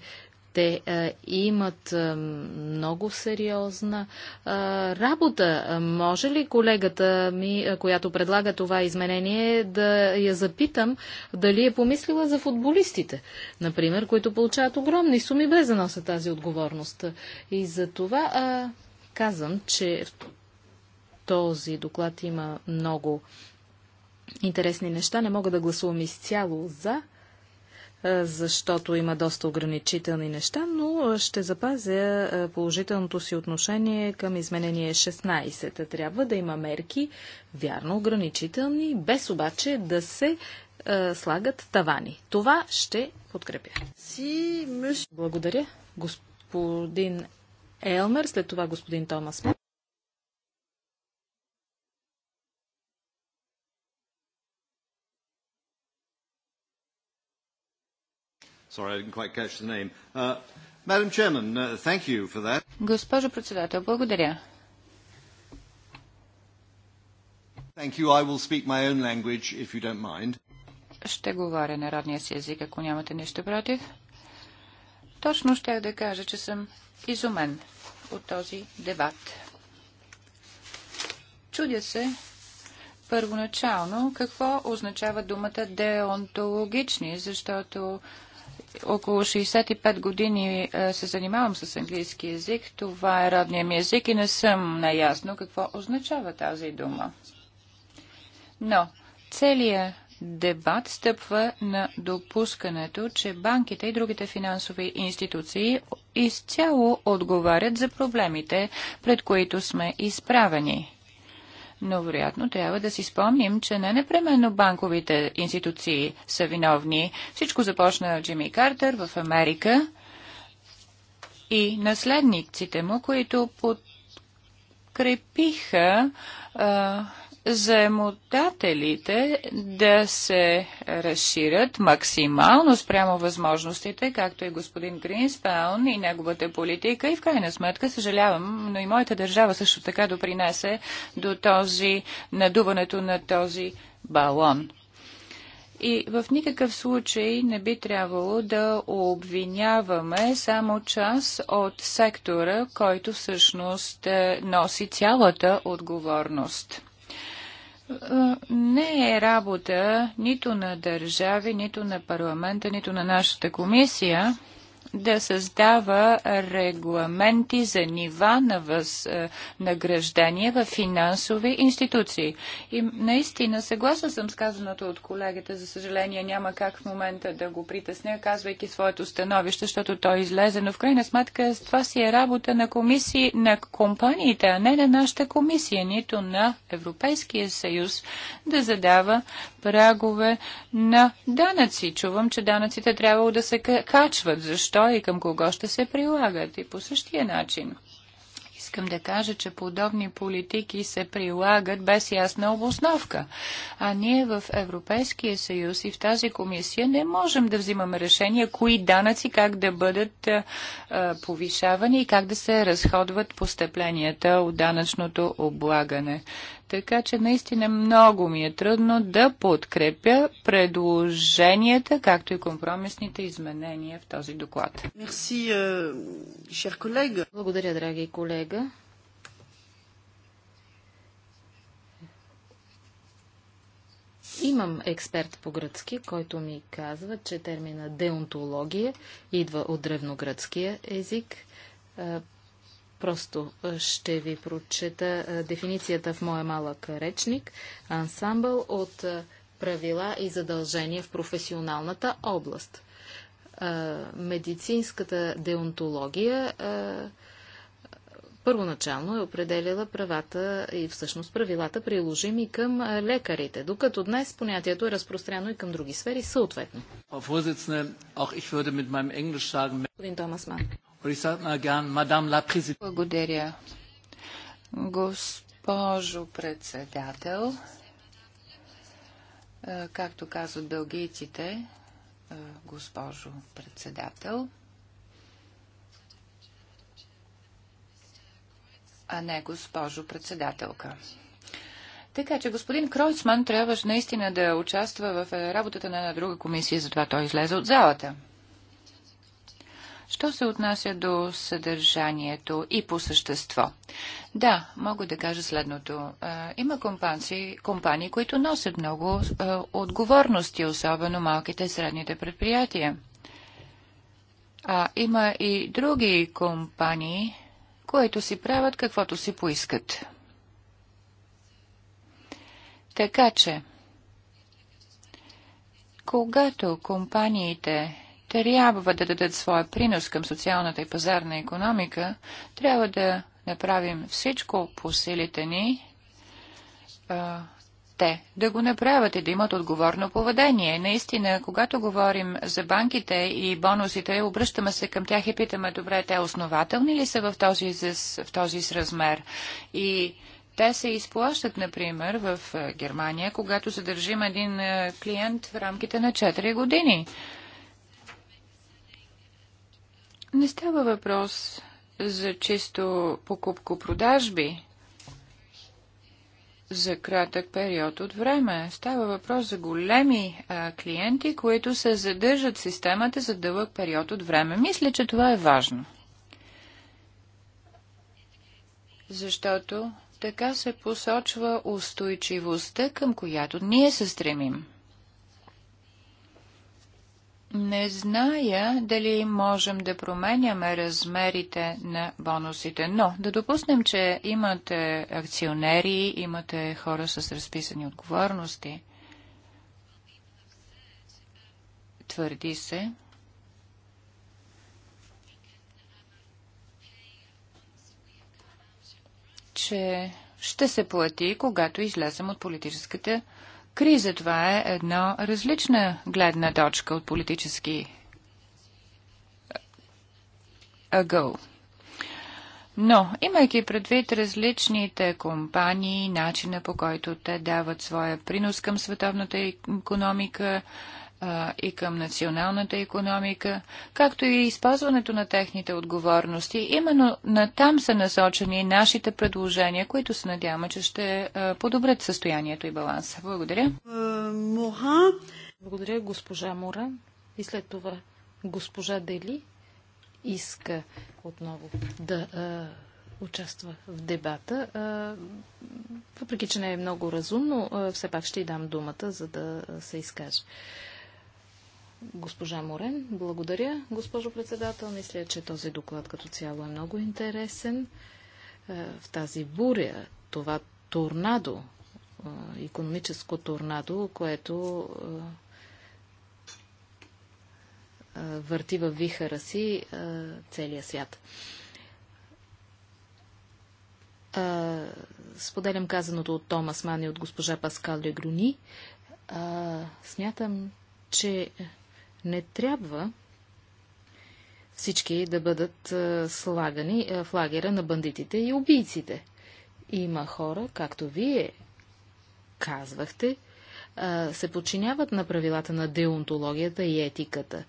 те а, имат а, много сериозна а, работа. Може ли колегата ми, а, която предлага това изменение, да я запитам дали е помислила за футболистите, например, които получават огромни суми без да носят тази отговорност? И за това а, казвам, че този доклад има много интересни неща. Не мога да гласувам изцяло за, е, защото има доста ограничителни неща, но е, ще запазя е, положителното си отношение към изменение 16. Трябва да има мерки, вярно ограничителни, без обаче да се слагат тавани. Това ще подкрепя. Благодаря, господин Елмер, след това господин Томас Мак. Sorry, I didn't quite catch the name. Uh, Madam Chairman, uh, thank you for that. Госпожо председател, благодаря. Thank you. I will speak my own language, if you don't mind. Ще говоря на родния си език, ако нямате нещо против. Точно щях да кажа, че съм изумен от този дебат. Чудя се първоначално какво означава думата деонтологични, защото около 65 години е, се занимавам с английски язик. Това е родният ми език и не съм наясно какво означава тази дума. Но целият дебат стъпва на допускането, че банките и другите финансови институции изцяло отговарят за проблемите, пред които сме изправени. Но вероятно трябва да си спомним, че не непременно банковите институции са виновни. Всичко започна Джимми Картер в Америка и наследниците му, които подкрепиха а, заемодателите да се разширят максимално спрямо възможностите, както и господин Гринспаун и неговата политика. И в крайна сметка, съжалявам, но и моята държава също така допринесе до този надуването на този балон. И в никакъв случай не би трябвало да обвиняваме само част от сектора, който всъщност е, носи цялата отговорност не е работа нито на държави, нито на парламента, нито на нашата комисия да създава регламенти за нива на възнаграждение е, в финансови институции. И наистина, съгласна съм с казаното от колегите, за съжаление няма как в момента да го притесня, казвайки своето становище, защото той е излезе, но в крайна сметка това си е работа на комисии, на компаниите, а не на нашата комисия, нито на Европейския съюз да задава прагове на данъци. Чувам, че данъците трябвало да се качват. Защо и към кого ще се прилагат? И по същия начин. Искам да кажа, че подобни политики се прилагат без ясна обосновка. А ние в Европейския съюз и в тази комисия не можем да взимаме решения кои данъци как да бъдат а, повишавани и как да се разходват постъпленията от данъчното облагане. Така че наистина много ми е трудно да подкрепя предложенията, както и компромисните изменения в този доклад. Merci, uh, Благодаря, драги колега. Имам експерт по гръцки, който ми казва, че термина деонтология идва от древногръцкия език. Е, Просто ще ви прочета дефиницията в моя малък речник. Ансамбъл от правила и задължения в професионалната област. Медицинската деонтология първоначално е определила правата и всъщност правилата приложими към лекарите, докато днес понятието е разпространено и към други сфери съответно. Господин Томас Ман. Благодаря. Госпожо председател, е, както казват белгийците, е, госпожо председател, а не госпожо председателка. Така че господин Кройцман трябваше наистина да участва в е, работата на друга комисия, затова той излезе от залата. Що се отнася до съдържанието и по същество? Да, мога да кажа следното. Има компании, компании които носят много отговорности, особено малките и средните предприятия. А има и други компании, които си правят каквото си поискат. Така че, когато компаниите трябва да дадат своя принос към социалната и пазарна економика, трябва да направим всичко по силите ни, а, те да го направят и да имат отговорно поведение. Наистина, когато говорим за банките и бонусите, обръщаме се към тях и питаме, добре, те основателни ли са в този, в този размер? И те се изплащат, например, в Германия, когато задържим един клиент в рамките на 4 години. Не става въпрос за чисто покупко-продажби за кратък период от време. Става въпрос за големи а, клиенти, които се задържат системата за дълъг период от време. Мисля, че това е важно. Защото така се посочва устойчивостта, към която ние се стремим. Не зная дали можем да променяме размерите на бонусите, но да допуснем, че имате акционери, имате хора с разписани отговорности. Твърди се, че ще се плати, когато излезем от политическата криза. Това е една различна гледна точка от политически ъгъл. Но, имайки предвид различните компании, начина по който те дават своя принос към световната економика, а, и към националната економика, както и изпазването на техните отговорности. Именно на там са насочени нашите предложения, които се надяваме, че ще а, подобрят състоянието и баланса. Благодаря. Е, Муха. Благодаря, госпожа Мора. И след това госпожа Дели иска отново да а, участва в дебата. А, въпреки, че не е много разумно, а, все пак ще й дам думата, за да се изкаже. Госпожа Морен, благодаря. Госпожо председател, мисля, че този доклад като цяло е много интересен. Е, в тази буря, това торнадо, економическо торнадо, което е, е, върти във вихара си целия свят. Споделям казаното от Томас Мани от госпожа Паскал Легруни. Смятам, че не трябва всички да бъдат слагани в лагера на бандитите и убийците. Има хора, както вие казвахте, се подчиняват на правилата на деонтологията и етиката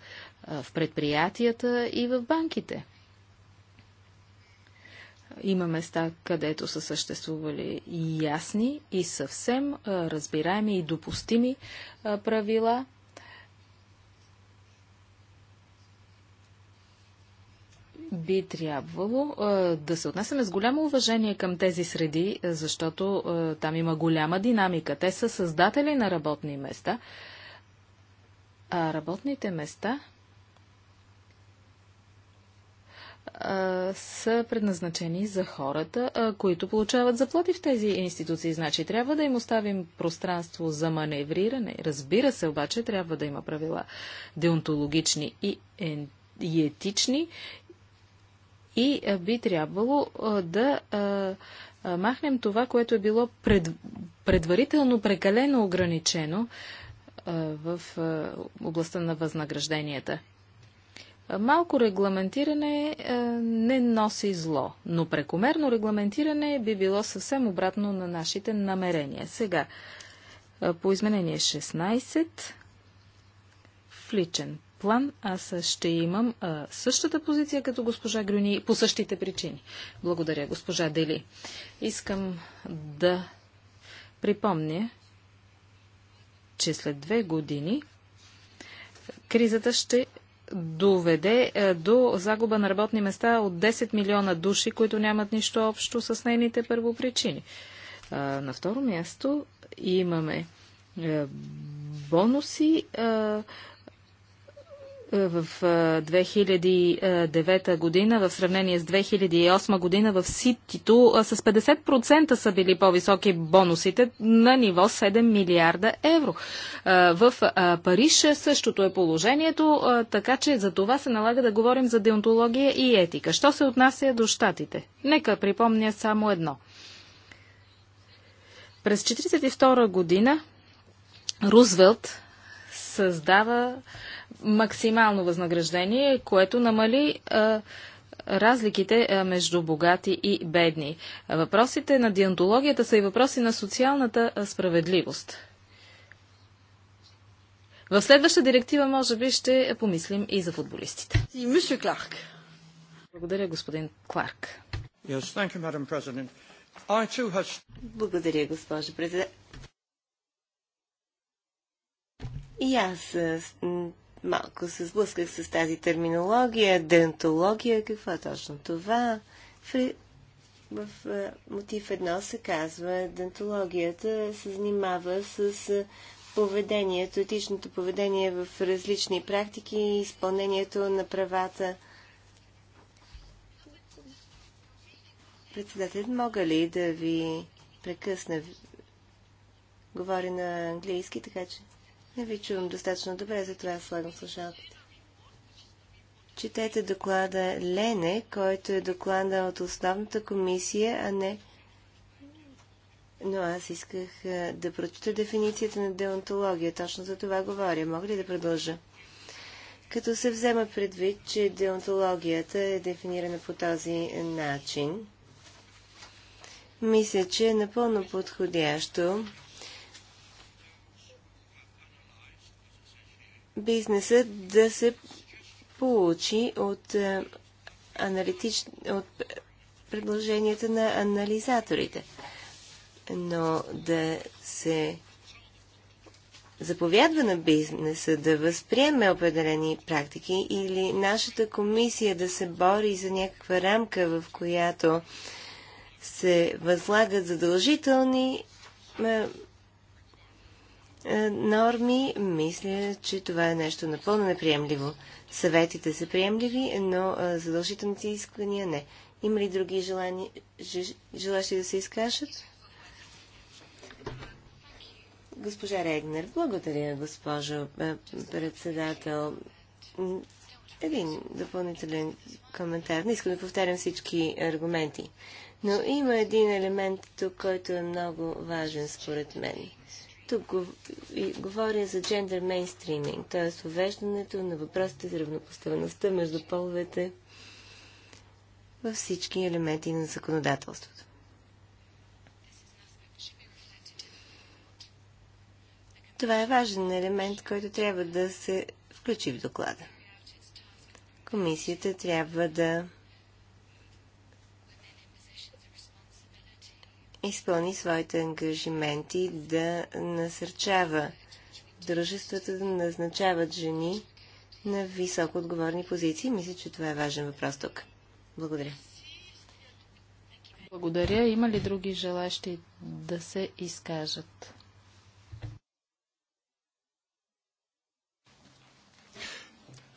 в предприятията и в банките. Има места, където са съществували ясни и съвсем разбираеми и допустими правила би трябвало а, да се отнесеме с голямо уважение към тези среди, защото а, там има голяма динамика. Те са създатели на работни места, а работните места а, са предназначени за хората, а, които получават заплати в тези институции. Значи трябва да им оставим пространство за маневриране. Разбира се, обаче трябва да има правила деонтологични и ентологични и етични и би трябвало да махнем това, което е било пред, предварително прекалено ограничено в областта на възнагражденията. Малко регламентиране не носи зло, но прекомерно регламентиране би било съвсем обратно на нашите намерения. Сега, по изменение 16, в личен план аз ще имам а, същата позиция като госпожа Грюни по същите причини. Благодаря, госпожа Дели. Искам да припомня, че след две години кризата ще доведе а, до загуба на работни места от 10 милиона души, които нямат нищо общо с нейните първопричини. А, на второ място имаме е, бонуси, в 2009 година в сравнение с 2008 година в Ситито с 50% са били по-високи бонусите на ниво 7 милиарда евро. В Париж същото е положението, така че за това се налага да говорим за деонтология и етика. Що се отнася до щатите? Нека припомня само едно. През 1942 година Рузвелт създава максимално възнаграждение, което намали а, разликите между богати и бедни. Въпросите на диантологията са и въпроси на социалната справедливост. В следваща директива, може би, ще помислим и за футболистите. Благодаря, господин Кларк. Благодаря, госпожо президент. И аз малко се сблъсках с тази терминология, дентология, какво е точно това. В, в, в мотив едно се казва, дентологията се занимава с поведението, етичното поведение в различни практики и изпълнението на правата. Председател, мога ли да ви прекъсна? Говори на английски, така че... Не ви чувам достатъчно добре, затова слагам слушалките. Четете доклада Лене, който е доклада от основната комисия, а не... Но аз исках да прочета дефиницията на деонтология. Точно за това говоря. Мога ли да продължа? Като се взема предвид, че деонтологията е дефинирана по този начин, мисля, че е напълно подходящо бизнесът да се получи от, е, аналитич... от предложенията на анализаторите. Но да се заповядва на бизнеса да възприеме определени практики или нашата комисия да се бори за някаква рамка, в която се възлагат задължителни е, е, норми, мисля, че това е нещо напълно неприемливо. Съветите са приемливи, но е, задължителните искания не. Има ли други желани... желащи да се изкажат? Госпожа Регнер, благодаря, госпожо е, председател. Един допълнителен коментар. Не искам да повтарям всички аргументи, но има един елемент тук, който е много важен според мен. Тук говоря за джендър мейнстриминг, т.е. увеждането на въпросите за равнопоставеността между половете във всички елементи на законодателството. Това е важен елемент, който трябва да се включи в доклада. Комисията трябва да изпълни своите ангажименти да насърчава дружествата да назначават жени на високо отговорни позиции. Мисля, че това е важен въпрос тук. Благодаря. Благодаря. Има ли други желащи да се изкажат?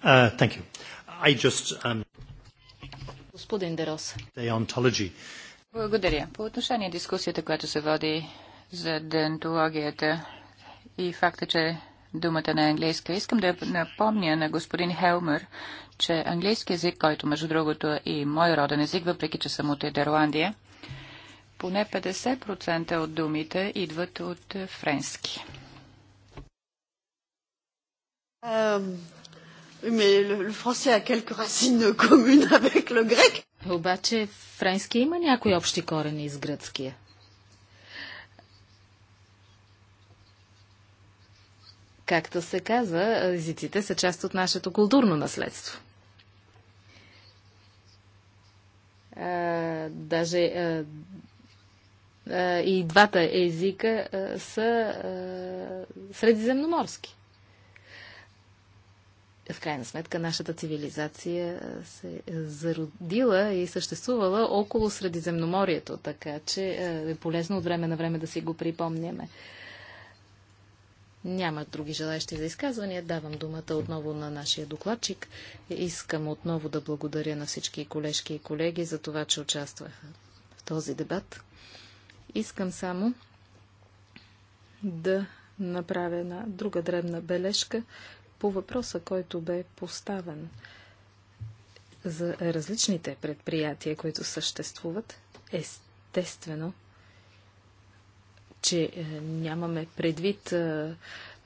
Uh, thank you. I just, um... Господин Дерос. The ontology. Благодаря. По отношение дискусията, която се води за дентологията и факта, че думата на е английска. Искам да напомня на господин Хелмер, че английски език, който между другото е и мой роден език, въпреки че съм от Едерландия, поне 50% от думите идват от френски mais le, le français a quelques racines communes avec le grec. Обаче френски има някои общи корени с гръцкия. Както се казва, езиците са част от нашето културно наследство. А, даже а, а, и двата езика а, са а, средиземноморски в крайна сметка нашата цивилизация се е зародила и съществувала около Средиземноморието, така че е, е полезно от време на време да си го припомняме. Няма други желаящи за изказвания. Давам думата отново на нашия докладчик. Искам отново да благодаря на всички колежки и колеги за това, че участваха в този дебат. Искам само да направя една друга дребна бележка, по въпроса, който бе поставен за различните предприятия, които съществуват, естествено, че е, нямаме предвид е,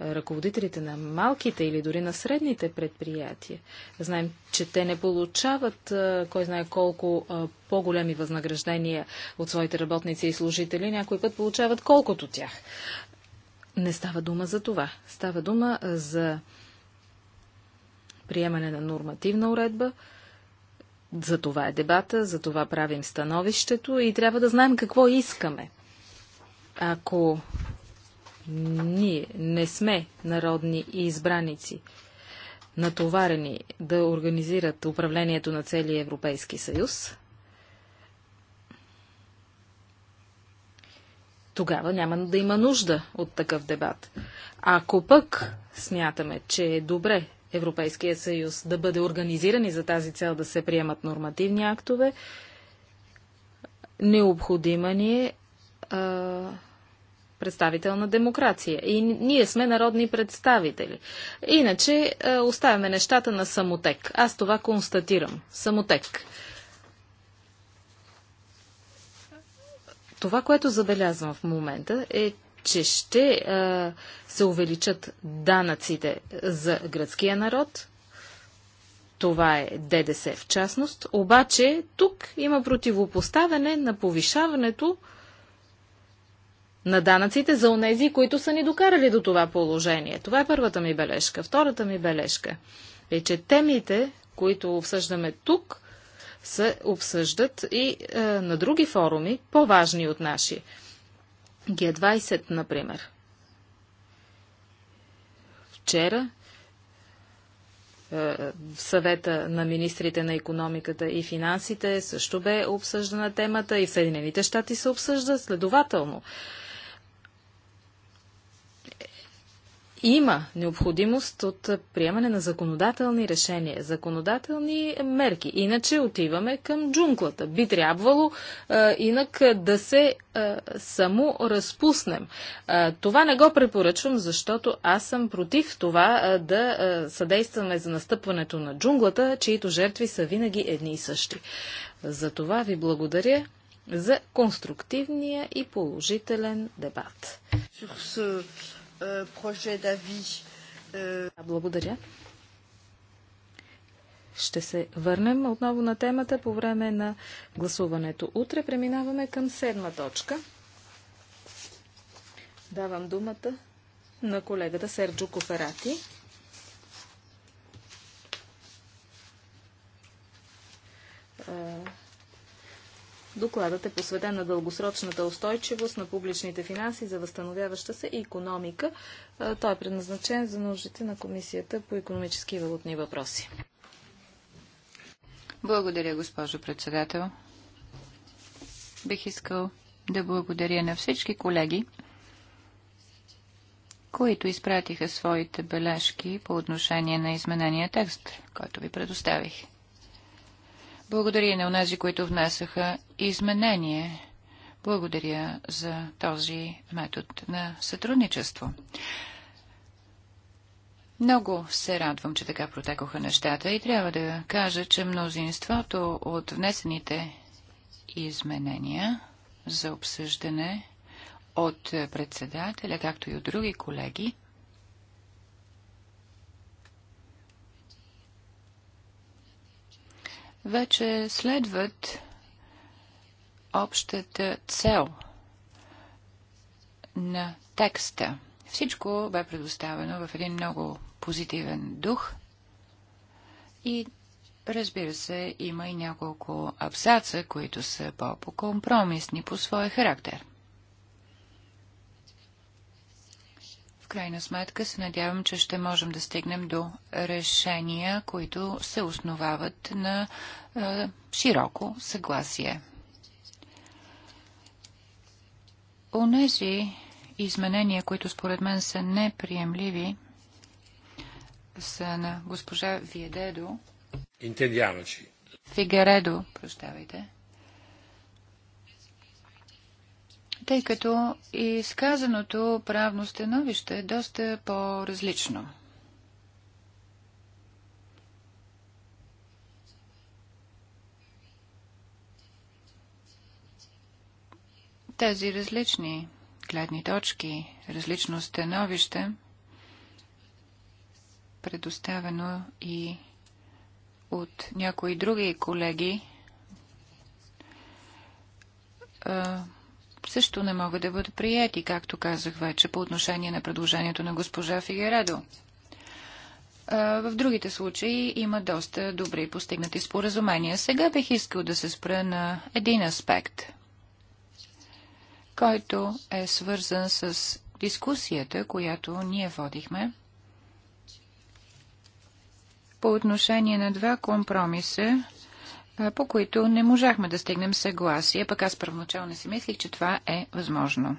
ръководителите на малките или дори на средните предприятия. Знаем, че те не получават е, кой знае колко по-големи възнаграждения от своите работници и служители. Някой път получават колкото тях. Не става дума за това. Става дума за приемане на нормативна уредба. За това е дебата, за това правим становището и трябва да знаем какво искаме. Ако ние не сме народни избраници, натоварени да организират управлението на целия Европейски съюз, тогава няма да има нужда от такъв дебат. Ако пък смятаме, че е добре Европейския съюз да бъде организиран и за тази цел да се приемат нормативни актове, необходима ни е а, представителна демокрация. И ние сме народни представители. Иначе а, оставяме нещата на самотек. Аз това констатирам. Самотек. Това, което забелязвам в момента е, че ще а, се увеличат данъците за гръцкия народ. Това е ДДС в частност. Обаче тук има противопоставяне на повишаването на данъците за онези, които са ни докарали до това положение. Това е първата ми бележка. Втората ми бележка е, че темите, които обсъждаме тук, се обсъждат и е, на други форуми, по-важни от нашите. Г20, например. Вчера в е, съвета на министрите на економиката и финансите също бе обсъждана темата и в Съединените щати се обсъжда. Следователно, има необходимост от приемане на законодателни решения, законодателни мерки. Иначе отиваме към джунглата. Би трябвало а, инак да се а, само разпуснем. А, това не го препоръчвам, защото аз съм против това а, да а, съдействаме за настъпването на джунглата, чието жертви са винаги едни и същи. За това ви благодаря за конструктивния и положителен дебат. Euh, euh, благодаря. Ще се върнем отново на темата по време на гласуването. Утре преминаваме към седма точка. Давам думата на колегата Серджо Коферати. Uh Докладът е посветен на дългосрочната устойчивост на публичните финанси за възстановяваща се економика. Той е предназначен за нуждите на Комисията по економически и валутни въпроси. Благодаря, госпожо председател. Бих искал да благодаря на всички колеги, които изпратиха своите бележки по отношение на изменения текст, който ви предоставих. Благодаря и на онези, които внесаха изменение. Благодаря за този метод на сътрудничество. Много се радвам, че така протекоха нещата и трябва да кажа, че мнозинството от внесените изменения за обсъждане от председателя, както и от други колеги, вече следват общата цел на текста. Всичко бе предоставено в един много позитивен дух и разбира се, има и няколко абзаца, които са по-компромисни по своя характер. крайна сметка се надявам, че ще можем да стигнем до решения, които се основават на е, широко съгласие. Онези изменения, които според мен са неприемливи, са на госпожа Виедедо. Интендиамочи. Фигаредо, прощавайте. тъй като изказаното правно становище е доста по-различно. Тези различни гледни точки, различно становище, предоставено и от някои други колеги, също не могат да бъдат прияти, както казах вече по отношение на предложението на госпожа Фигередо. В другите случаи има доста добри постигнати споразумения. Сега бих искал да се спра на един аспект, който е свързан с дискусията, която ние водихме по отношение на два компромиса, по които не можахме да стигнем съгласие, пък аз първоначално си мислих, че това е възможно.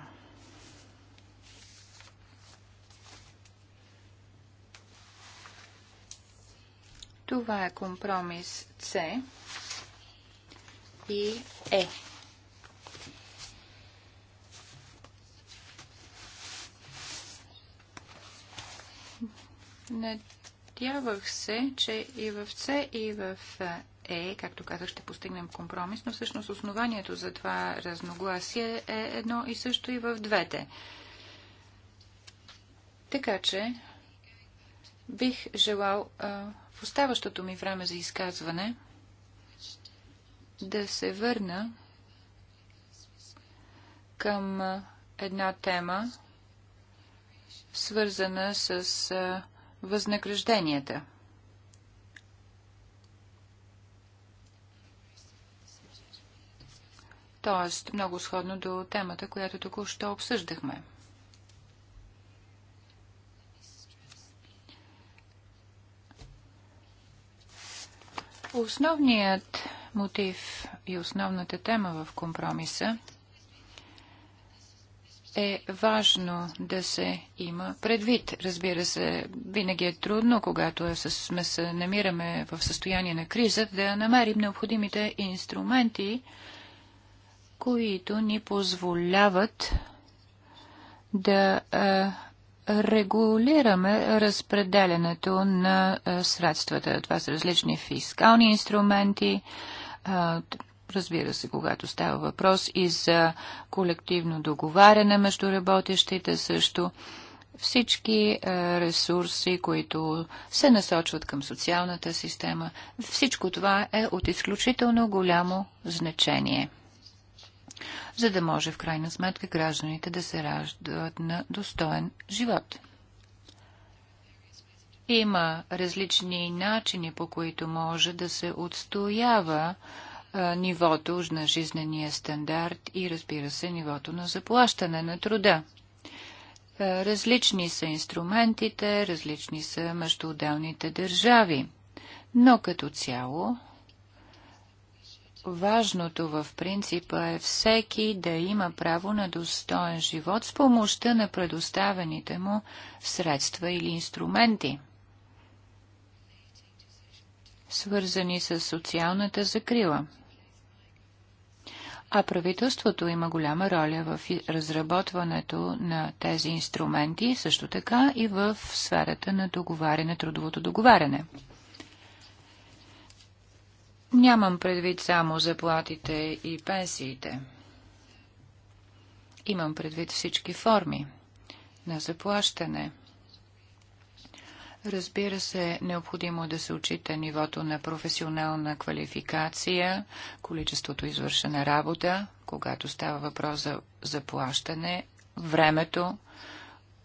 Това е компромис С и Е. Надявах се, че и в С, и в е, както казах, ще постигнем компромис, но всъщност основанието за това разногласие е едно и също и в двете. Така че бих желал в оставащото ми време за изказване да се върна към една тема, свързана с възнагражденията – Т.е. много сходно до темата, която току-що обсъждахме. Основният мотив и основната тема в компромиса е важно да се има предвид. Разбира се, винаги е трудно, когато е сме се намираме в състояние на криза, да намерим необходимите инструменти, които ни позволяват да регулираме разпределянето на средствата. Това са различни фискални инструменти, разбира се, когато става въпрос и за колективно договаряне между работещите също. Всички ресурси, които се насочват към социалната система, всичко това е от изключително голямо значение за да може в крайна сметка гражданите да се раждат на достоен живот. Има различни начини, по които може да се отстоява нивото на жизнения стандарт и разбира се нивото на заплащане на труда. различни са инструментите, различни са между отделните държави. Но като цяло Важното в принципа е всеки да има право на достоен живот с помощта на предоставените му средства или инструменти, свързани с социалната закрила. А правителството има голяма роля в разработването на тези инструменти, също така и в сферата на договаряне, трудовото договаряне. Нямам предвид само заплатите и пенсиите. Имам предвид всички форми на заплащане. Разбира се, необходимо е да се отчита нивото на професионална квалификация, количеството извършена работа, когато става въпрос за заплащане, времето,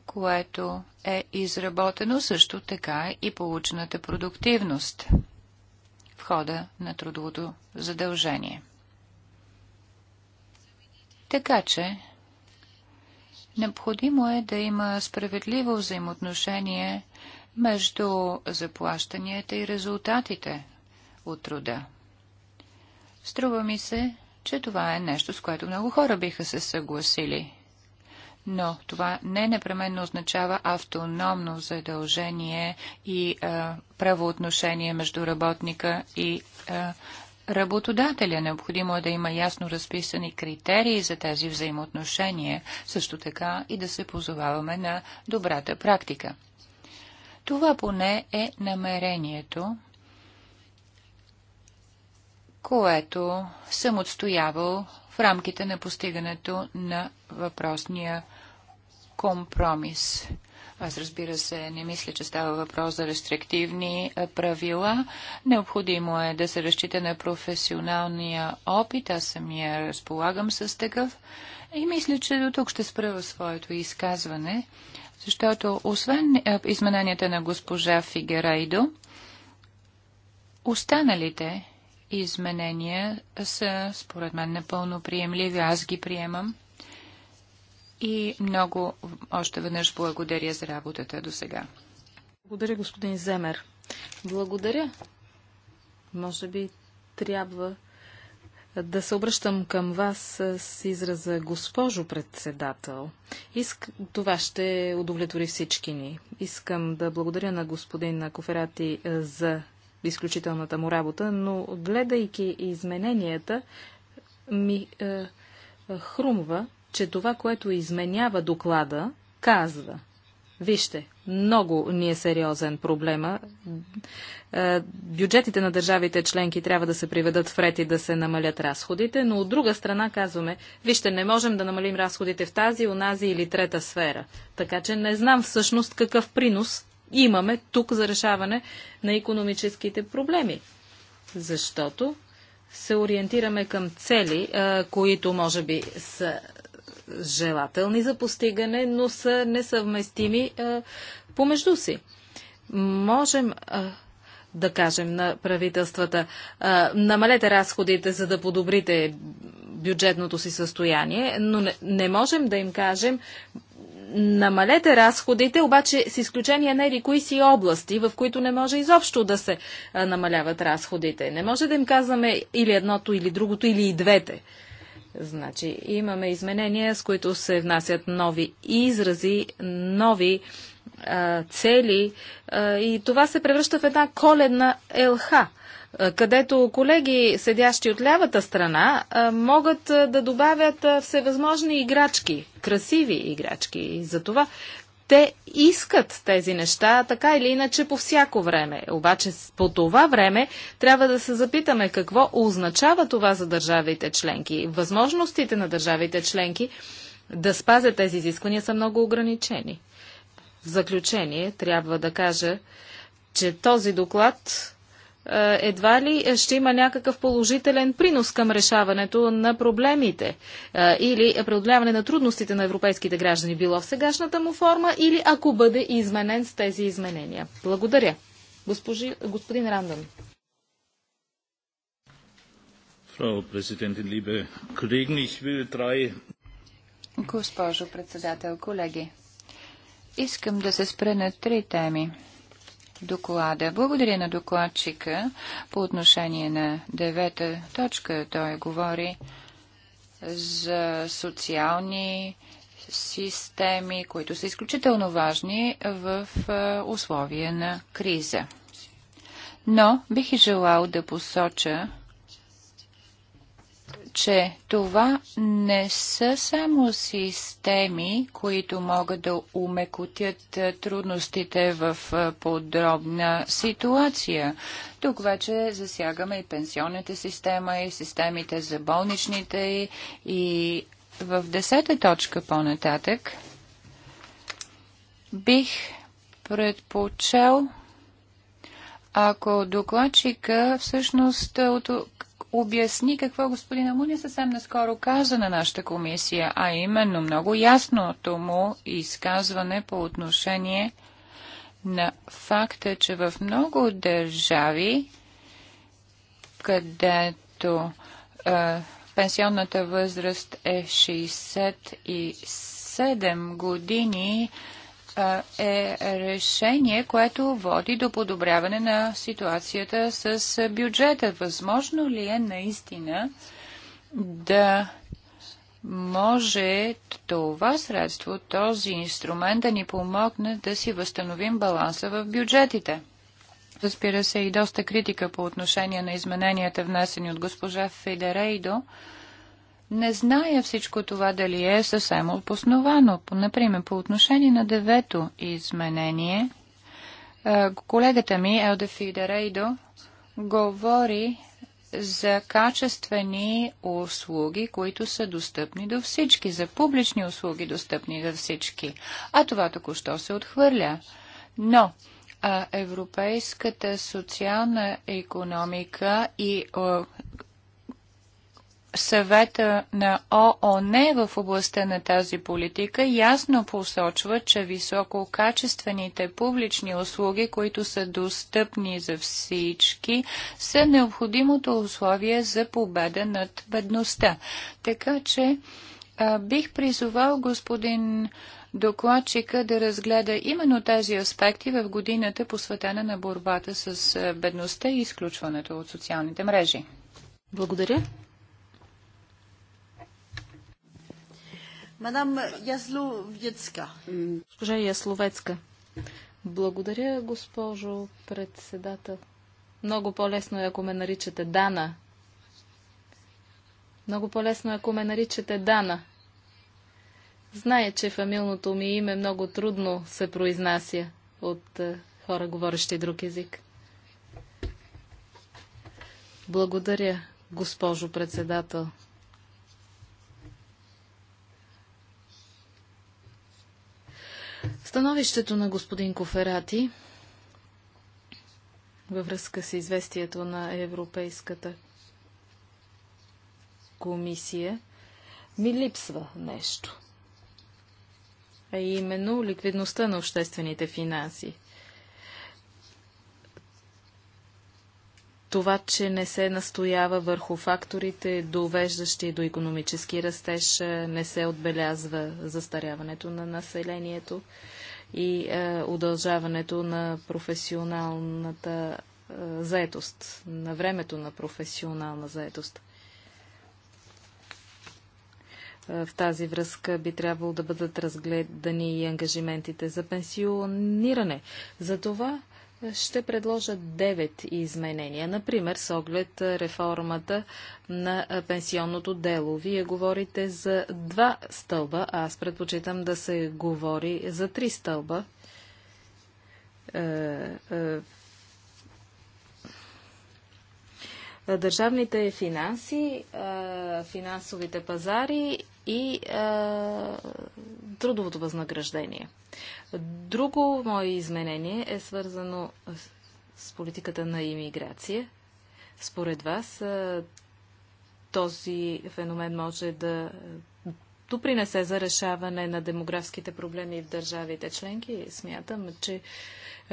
което е изработено, също така и получената продуктивност – хода на трудовото задължение. Така че, необходимо е да има справедливо взаимоотношение между заплащанията и резултатите от труда. Струва ми се, че това е нещо, с което много хора биха се съгласили но това не непременно означава автономно задължение и а, правоотношение между работника и а, работодателя. Необходимо е да има ясно разписани критерии за тези взаимоотношения, също така и да се позоваваме на добрата практика. Това поне е намерението, което съм отстоявал в рамките на постигането на въпросния компромис. Аз разбира се не мисля, че става въпрос за рестриктивни правила. Необходимо е да се разчита на професионалния опит. Аз самия разполагам с такъв. И мисля, че до тук ще спра своето изказване, защото освен измененията на госпожа Фигерайдо, останалите изменения са, според мен, напълно приемливи. Аз ги приемам и много още веднъж благодаря за работата до сега. Благодаря, господин Земер. Благодаря. Може би трябва да се обръщам към вас с израза госпожо председател. Иск... Това ще удовлетвори всички ни. Искам да благодаря на господин Коферати е, за изключителната му работа, но гледайки измененията, ми е, е хрумва, че това, което изменява доклада, казва. Вижте, много ни е сериозен проблема. Е, бюджетите на държавите членки трябва да се приведат в ред и да се намалят разходите, но от друга страна казваме, вижте, не можем да намалим разходите в тази, унази или трета сфера. Така че не знам всъщност какъв принос имаме тук за решаване на економическите проблеми. Защото се ориентираме към цели, е, които може би са желателни за постигане, но са несъвместими а, помежду си. Можем а, да кажем на правителствата, а, намалете разходите, за да подобрите бюджетното си състояние, но не, не можем да им кажем, намалете разходите, обаче с изключение на еди кои си области, в които не може изобщо да се намаляват разходите. Не може да им казваме или едното, или другото, или и двете. Значи имаме изменения, с които се внасят нови изрази, нови а, цели а, и това се превръща в една коледна ЛХ където колеги, седящи от лявата страна, могат да добавят всевъзможни играчки, красиви играчки. И за това. Те искат тези неща, така или иначе по всяко време. Обаче по това време трябва да се запитаме какво означава това за държавите членки. Възможностите на държавите членки да спазят тези изисквания са много ограничени. В заключение трябва да кажа, че този доклад е, едва ли ще има някакъв положителен принос към решаването на проблемите е, или преодоляване на трудностите на европейските граждани, било в сегашната му форма или ако бъде изменен с тези изменения. Благодаря. Госпожи, господин Рандън. Госпожо председател, колеги, искам да се спре на три теми доклада. Благодаря на докладчика по отношение на девета точка. Той говори за социални системи, които са изключително важни в условия на криза. Но бих и желал да посоча че това не са само системи, които могат да умекотят е, трудностите в е, подробна ситуация. Тук вече засягаме и пенсионната система, и системите за болничните, и в десета точка по-нататък бих предпочел ако докладчика всъщност е обясни какво господин Амуни съвсем наскоро каза на нашата комисия, а именно много ясното му изказване по отношение на факта, че в много държави, където е, пенсионната възраст е 67 години, е решение, което води до подобряване на ситуацията с бюджета. Възможно ли е наистина да може това средство, този инструмент да ни помогне да си възстановим баланса в бюджетите? Разбира се и доста критика по отношение на измененията, внесени от госпожа Федерейдо. Не зная всичко това дали е съвсем обосновано. Например, по отношение на девето изменение, колегата ми Елде Фидерейдо говори за качествени услуги, които са достъпни до всички, за публични услуги достъпни до всички. А това току-що се отхвърля. Но а, европейската социална економика и съвета на ООН в областта на тази политика ясно посочва, че висококачествените публични услуги, които са достъпни за всички, са необходимото условие за победа над бедността. Така че а, бих призовал господин докладчика да разгледа именно тези аспекти в годината посветена на борбата с бедността и изключването от социалните мрежи. Благодаря. Мадам Ясловецка. Госпожа Ясловецка. Благодаря, госпожо председател. Много по-лесно е, ако ме наричате Дана. Много по-лесно е, ако ме наричате Дана. Знае, че фамилното ми име много трудно се произнася от е, хора, говорещи друг език. Благодаря, госпожо председател. Становището на господин Коферати във връзка с известието на Европейската комисия ми липсва нещо. А именно ликвидността на обществените финанси. това, че не се настоява върху факторите, довеждащи до економически растеж, е, не се отбелязва застаряването на населението и е, удължаването на професионалната е, заетост, на времето на професионална заетост. Е, в тази връзка би трябвало да бъдат разгледани и ангажиментите за пенсиониране. За това ще предложа 9 изменения, например с оглед реформата на пенсионното дело. Вие говорите за два стълба, а аз предпочитам да се говори за три стълба. Е, е, държавните финанси, финансовите пазари и трудовото възнаграждение. Друго мое изменение е свързано с политиката на имиграция. Според вас този феномен може да допринесе за решаване на демографските проблеми в държавите членки. Смятам, че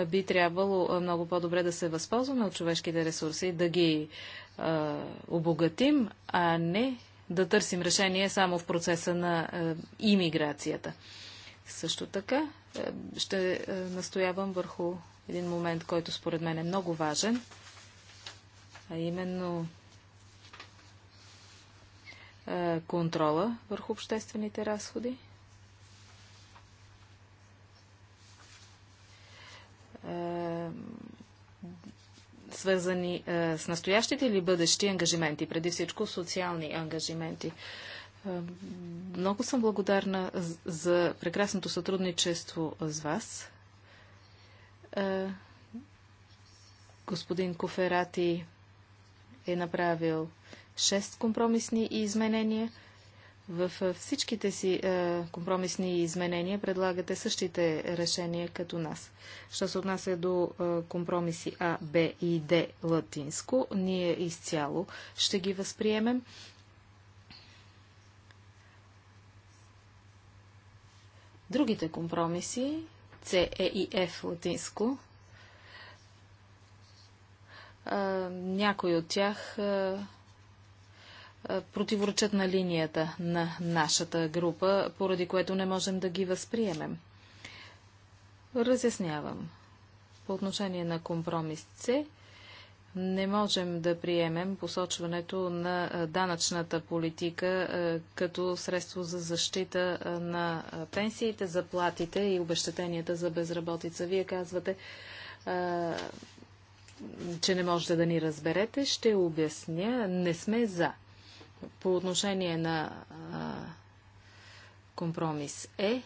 би трябвало много по-добре да се възползваме от човешките ресурси, да ги а, обогатим, а не да търсим решение само в процеса на а, имиграцията. Също така ще настоявам върху един момент, който според мен е много важен, а именно е, контрола върху обществените разходи. Е, свързани е, с настоящите или бъдещи ангажименти, преди всичко социални ангажименти. Много съм благодарна за прекрасното сътрудничество с вас. Господин Коферати е направил 6 компромисни изменения. В всичките си е, компромисни изменения предлагате същите решения като нас. Що се отнася до е, компромиси А, Б и Д латинско, ние изцяло ще ги възприемем. Другите компромиси, С, Е и Ф латинско, е, някои от тях е, е, противоречат на линията на нашата група, поради което не можем да ги възприемем. Разяснявам. По отношение на компромис С, не можем да приемем посочването на е, данъчната политика е, като средство за защита на пенсиите, заплатите и обещетенията за безработица. Вие казвате, че не можете да ни разберете. Ще обясня. Не сме за по отношение на а, компромис Е,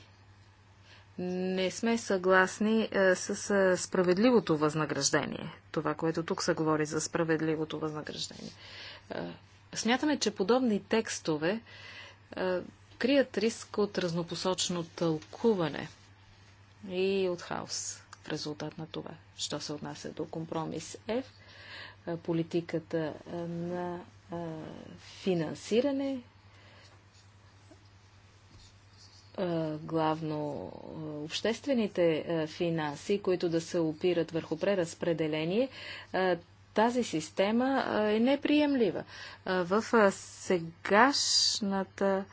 не сме съгласни а, с а, справедливото възнаграждение. Това, което тук се говори за справедливото възнаграждение. А, смятаме, че подобни текстове а, крият риск от разнопосочно тълкуване и от хаос в резултат на това. Що се отнася до компромис F, политиката на финансиране, главно обществените финанси, които да се опират върху преразпределение, тази система е неприемлива. В сегашната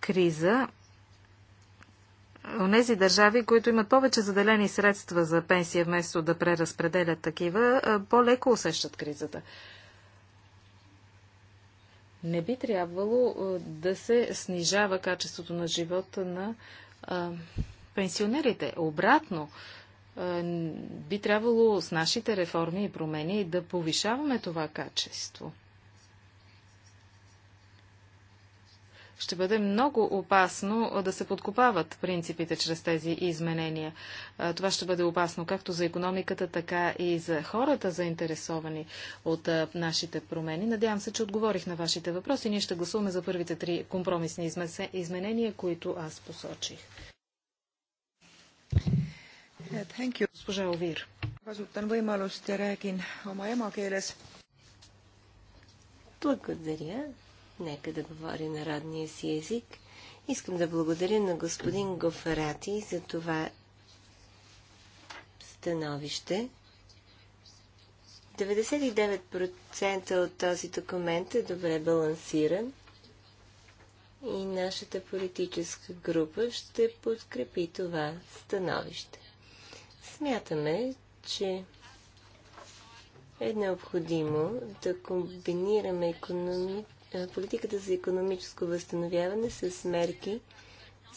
криза Онези държави, които имат повече заделени средства за пенсия, вместо да преразпределят такива, по-леко усещат кризата. Не би трябвало е, да се снижава качеството на живота на а, пенсионерите. Обратно, а, е, би трябвало с нашите реформи и промени да повишаваме това качество. ще бъде много опасно да се подкопават принципите чрез тези изменения. Това ще бъде опасно както за економиката, така и за хората, заинтересовани от нашите промени. Надявам се, че отговорих на вашите въпроси. Ние ще гласуваме за първите три компромисни изменения, които аз посочих. Госпожа Овир. Благодаря. Нека да говори народния си език. Искам да благодаря на господин Гофарати за това становище. 99% от този документ е добре балансиран и нашата политическа група ще подкрепи това становище. Смятаме, че е необходимо да комбинираме економик политиката за економическо възстановяване с мерки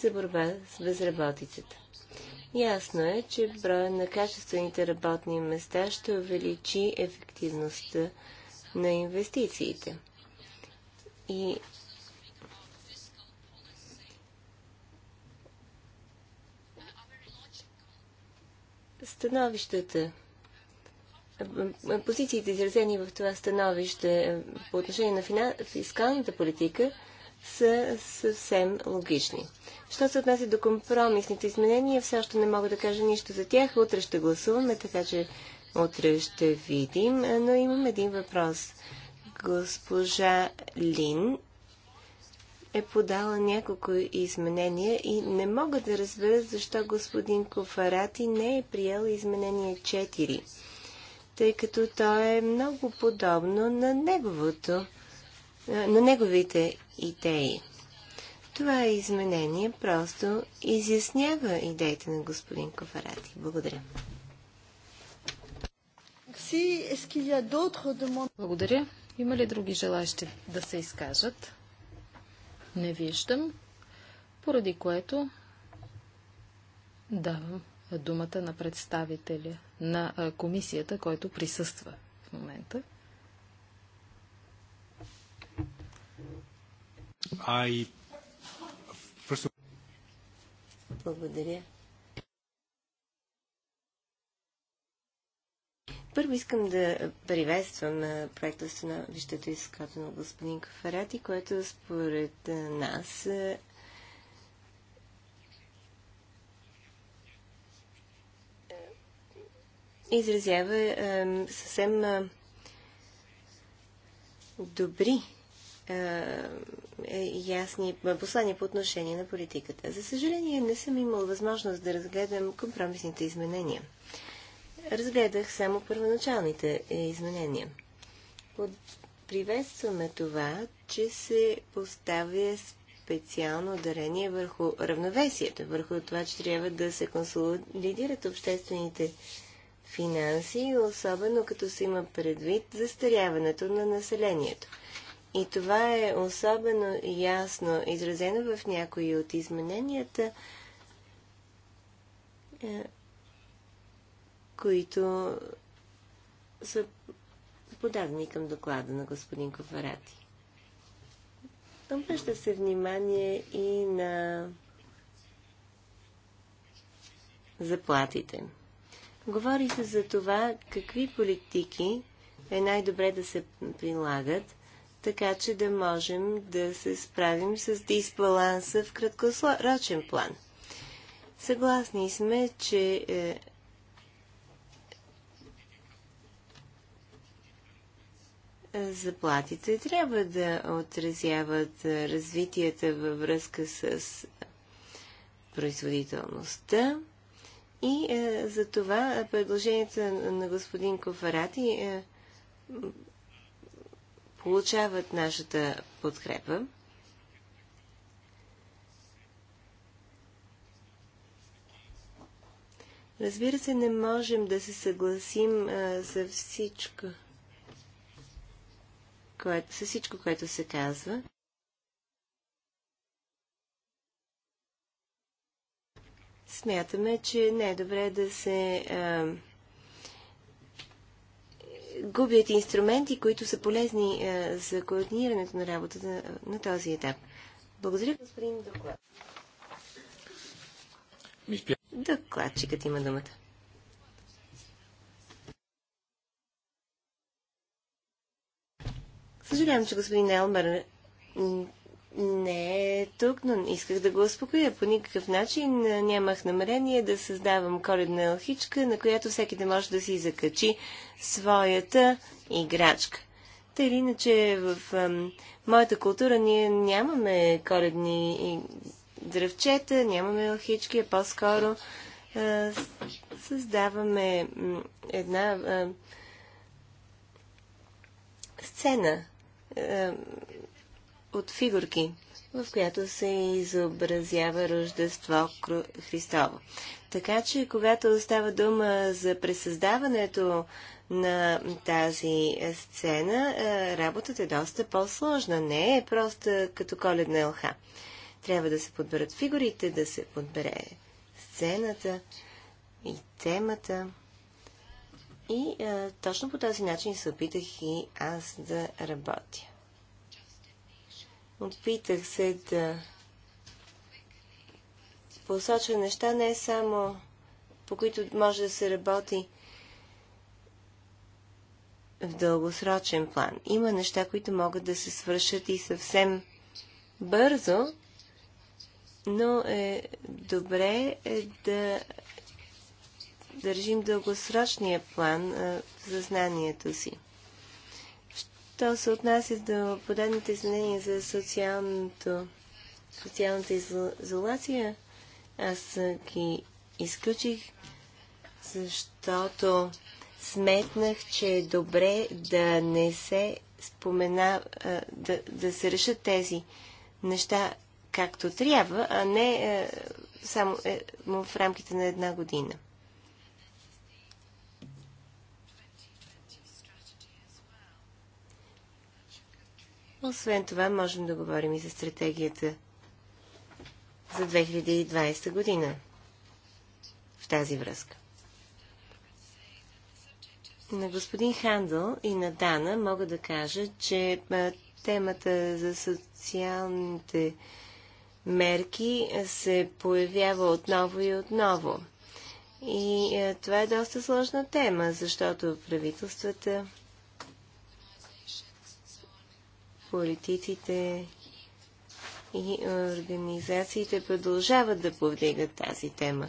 за борба с безработицата. Ясно е, че броя на качествените работни места ще увеличи ефективността на инвестициите. И становищата позициите, изразени в това становище по отношение на фискалната политика, са съвсем логични. Що се отнася до компромисните изменения, все още не мога да кажа нищо за тях. Утре ще гласуваме, така че утре ще видим. Но имам един въпрос. Госпожа Лин е подала няколко изменения и не мога да разбера защо господин Кофарати не е приел изменение 4 тъй като то е много подобно на неговото, на неговите идеи. Това изменение просто изяснява идеите на господин Кофарати. Благодаря. Благодаря. Има ли други желащи да се изкажат? Не виждам, поради което давам думата на представителя на комисията, който присъства в момента. I... First... Благодаря. Първо искам да приветствам проекта становището изказано господин Кафарати, което според нас изразява е, съвсем е, добри е, ясни послания по отношение на политиката. За съжаление, не съм имал възможност да разгледам компромисните изменения. Разгледах само първоначалните е, изменения. Приветстваме това, че се поставя специално ударение върху равновесието, върху това, че трябва да се консолидират обществените финанси, особено като се има предвид застаряването на населението. И това е особено ясно изразено в някои от измененията, е, които са подадени към доклада на господин Коварати. Обръща се внимание и на заплатите. Говори се за това какви политики е най-добре да се прилагат, така че да можем да се справим с дисбаланса в краткосрочен план. Съгласни сме, че е, е заплатите трябва да отразяват е, развитията във връзка с е, производителността и е, за това предложението на господин Кофарати е, получават нашата подкрепа. Разбира се, не можем да се съгласим а, е, за всичко, което, с всичко, което се казва. смятаме, че не е добре да се а, е, губят инструменти, които са полезни а, е, за координирането на работата на, на този етап. Благодаря, господин доклад. Докладчикът има думата. Съжалявам, че господин Елмер не е тук, но исках да го успокоя. По никакъв начин нямах намерение да създавам коледна елхичка, на която всеки да може да си закачи своята играчка. Та или иначе в ам, моята култура ние нямаме коледни дръвчета, нямаме елхички, а по-скоро създаваме една а, сцена. А, от фигурки, в която се изобразява Рождество Христово. Така че, когато става дума за пресъздаването на тази сцена, е, работата е доста по-сложна. Не е просто като коледна елха. Трябва да се подберат фигурите, да се подбере сцената и темата. И а, е, точно по този начин се опитах и аз да работя. Опитах се да посоча неща не само по които може да се работи в дългосрочен план. Има неща, които могат да се свършат и съвсем бързо, но е добре е да държим дългосрочния план в съзнанието си. То се отнася до подадените изменения за социалното, социалната изолация. Аз ги изключих, защото сметнах, че е добре да не се спомена, да, да се решат тези неща както трябва, а не само е, в рамките на една година. Освен това, можем да говорим и за стратегията за 2020 година в тази връзка. На господин Хандъл и на Дана мога да кажа, че темата за социалните мерки се появява отново и отново. И това е доста сложна тема, защото правителствата политиците и организациите продължават да повдигат тази тема.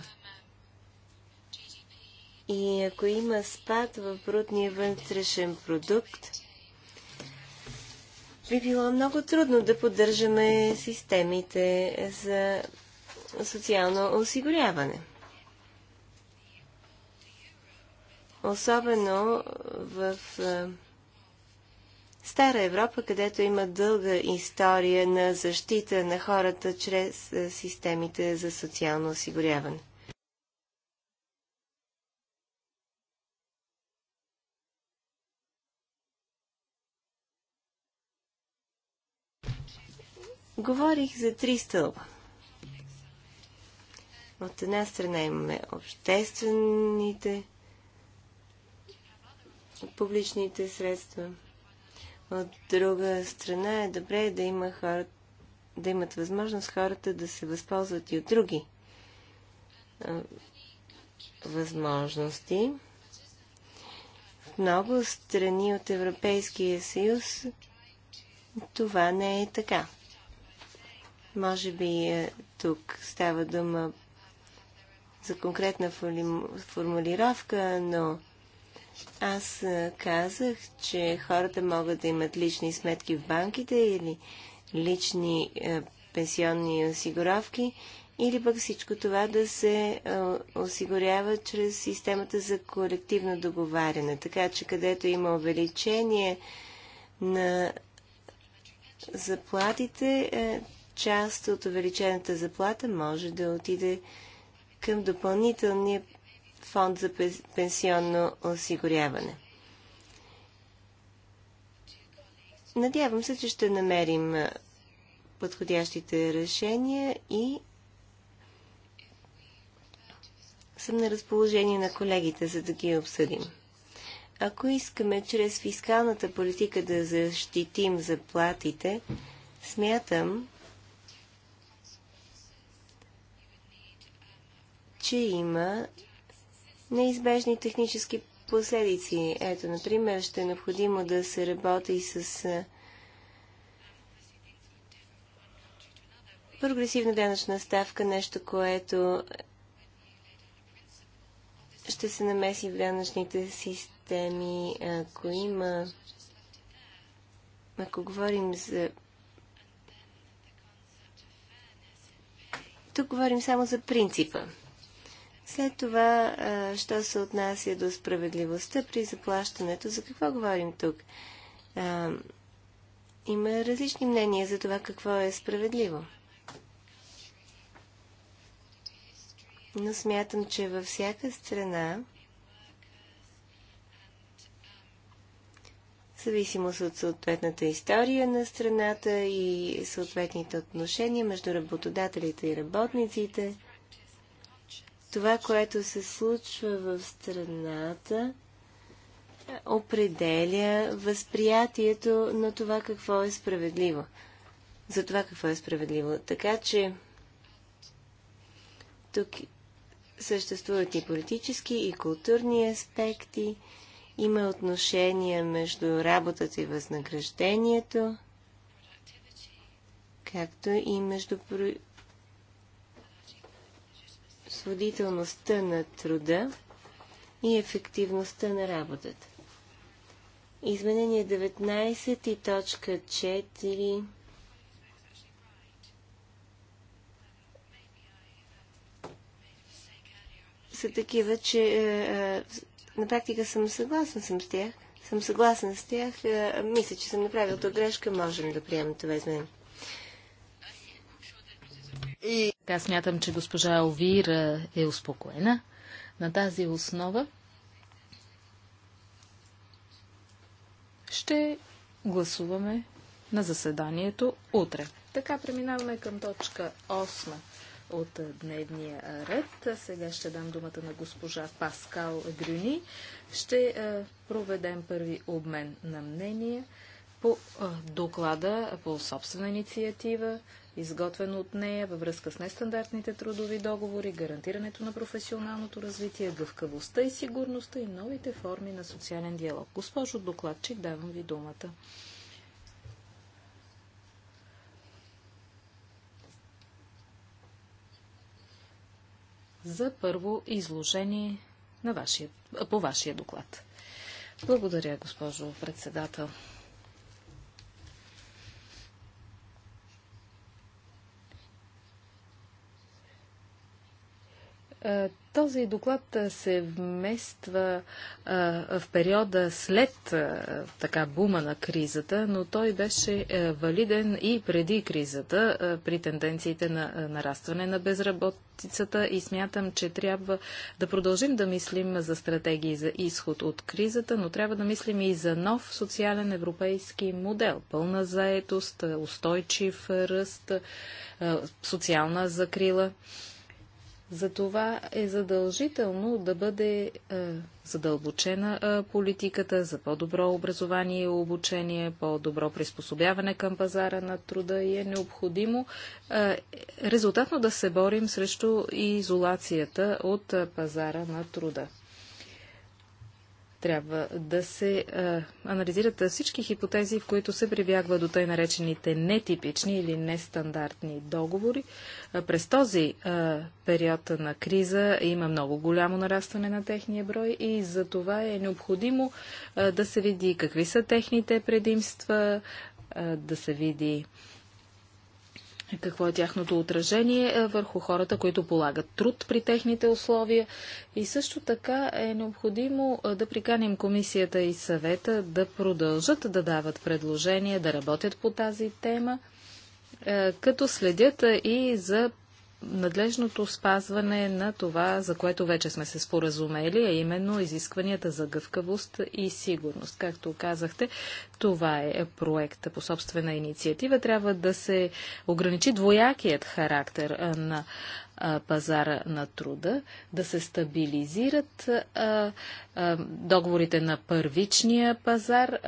И ако има спад в брутния вътрешен продукт, би било много трудно да поддържаме системите за социално осигуряване. Особено в Стара Европа, където има дълга история на защита на хората чрез е, системите за социално осигуряване. Говорих за три стълба. От една страна имаме обществените, публичните средства – от друга страна е добре да, има хора, да имат възможност хората да се възползват и от други възможности. В много страни от Европейския съюз това не е така. Може би е, тук става дума за конкретна формулировка, но аз казах, че хората могат да имат лични сметки в банките или лични е, пенсионни осигуровки, или пък всичко това да се е, осигурява чрез системата за колективно договаряне. Така че където има увеличение на заплатите, е, част от увеличената заплата може да отиде към допълнителния фонд за пенсионно осигуряване. Надявам се, че ще намерим подходящите решения и съм на разположение на колегите, за да ги обсъдим. Ако искаме чрез фискалната политика да защитим заплатите, смятам, че има неизбежни технически последици. Ето, например, ще е необходимо да се работи с прогресивна денъчна ставка, нещо, което ще се намеси в данъчните системи, ако има... Ако говорим за... Тук говорим само за принципа. След това, що се отнася до справедливостта при заплащането, за какво говорим тук? има различни мнения за това какво е справедливо. Но смятам, че във всяка страна, зависимост от съответната история на страната и съответните отношения между работодателите и работниците, това, което се случва в страната, определя възприятието на това какво е справедливо. За това какво е справедливо. Така че тук съществуват и политически, и културни аспекти. Има отношения между работата и възнаграждението, както и между производителността на труда и ефективността на работата. Изменение 19 и точка 4 са такива, че е, е, на практика съм съгласна съм с тях. Съм съгласна с тях. Е, мисля, че съм направил то грешка. Можем да приемем това изменение. И така смятам, че госпожа Овира е успокоена на тази основа. Ще гласуваме на заседанието утре. Така преминаваме към точка 8 от дневния ред. Сега ще дам думата на госпожа Паскал Грюни. Ще проведем първи обмен на мнение по доклада по собствена инициатива Изготвено от нея във връзка с нестандартните трудови договори, гарантирането на професионалното развитие, гъвкавостта и сигурността и новите форми на социален диалог. Госпожо докладчик, давам ви думата. за първо изложение на вашия, по вашия доклад. Благодаря, госпожо председател. Е, този доклад е, се вмества е, в периода след така бума на кризата, но той беше валиден и преди кризата при тенденциите на нарастване на безработицата и смятам, че трябва да продължим да мислим за стратегии за изход от кризата, но трябва да мислим и за нов социален европейски модел. Пълна заетост, устойчив ръст, социална закрила. Затова е задължително да бъде е, задълбочена е, политиката за по-добро образование и обучение, по-добро приспособяване към пазара на труда и е необходимо е, резултатно да се борим срещу изолацията от е, пазара на труда трябва да се а, анализират всички хипотези, в които се прибягва до тъй наречените нетипични или нестандартни договори. А, през този а, период на криза има много голямо нарастване на техния брой и за това е необходимо а, да се види какви са техните предимства, а, да се види а, какво е тяхното отражение е, върху хората, които полагат труд при техните условия. И също така е необходимо е, да приканим комисията и съвета да продължат да дават предложения, да работят по тази тема, е, като следят и за надлежното спазване на това, за което вече сме се споразумели, а именно изискванията за гъвкавост и сигурност. Както казахте, това е проект по собствена инициатива. Трябва да се ограничи двоякият характер на пазара на труда, да се стабилизират договорите на първичния пазар.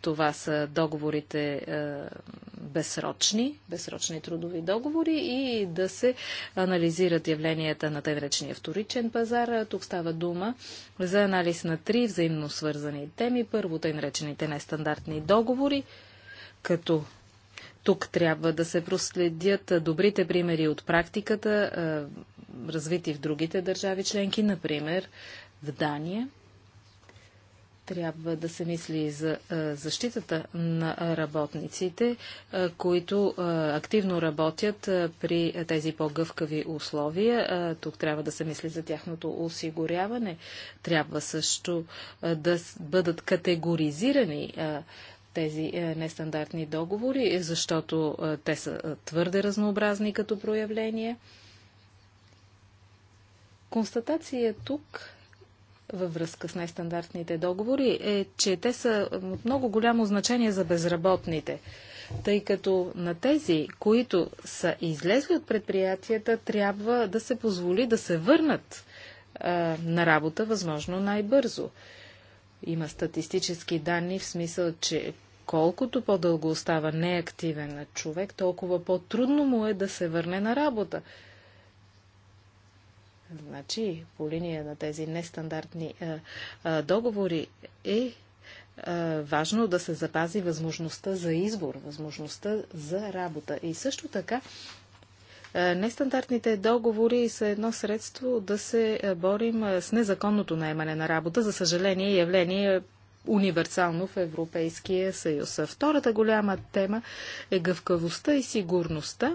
Това са договорите безсрочни, безсрочни трудови договори и да се анализират явленията на тъй наречения вторичен пазар. Тук става дума за анализ на три взаимно свързани теми. Първо, тъй наречените нестандартни договори, като тук трябва да се проследят добрите примери от практиката, развити в другите държави членки, например в Дания. Трябва да се мисли и за защитата на работниците, които активно работят при тези по-гъвкави условия. Тук трябва да се мисли за тяхното осигуряване. Трябва също да бъдат категоризирани тези е, нестандартни договори, защото е, те са е, твърде разнообразни като проявление. Констатация тук във връзка с нестандартните договори е, че те са от много голямо значение за безработните, тъй като на тези, които са излезли от предприятията, трябва да се позволи да се върнат на работа възможно най-бързо. Има статистически данни в смисъл, че колкото по-дълго остава неактивен човек, толкова по-трудно му е да се върне на работа. Значи, по линия на тези нестандартни а, е, а, е, договори е а, е, важно да се запази възможността за избор, възможността за работа. И също така, Нестандартните договори са едно средство да се борим с незаконното наемане на работа. За съжаление, явление, универсално в Европейския съюз. Втората голяма тема е гъвкавостта и сигурността.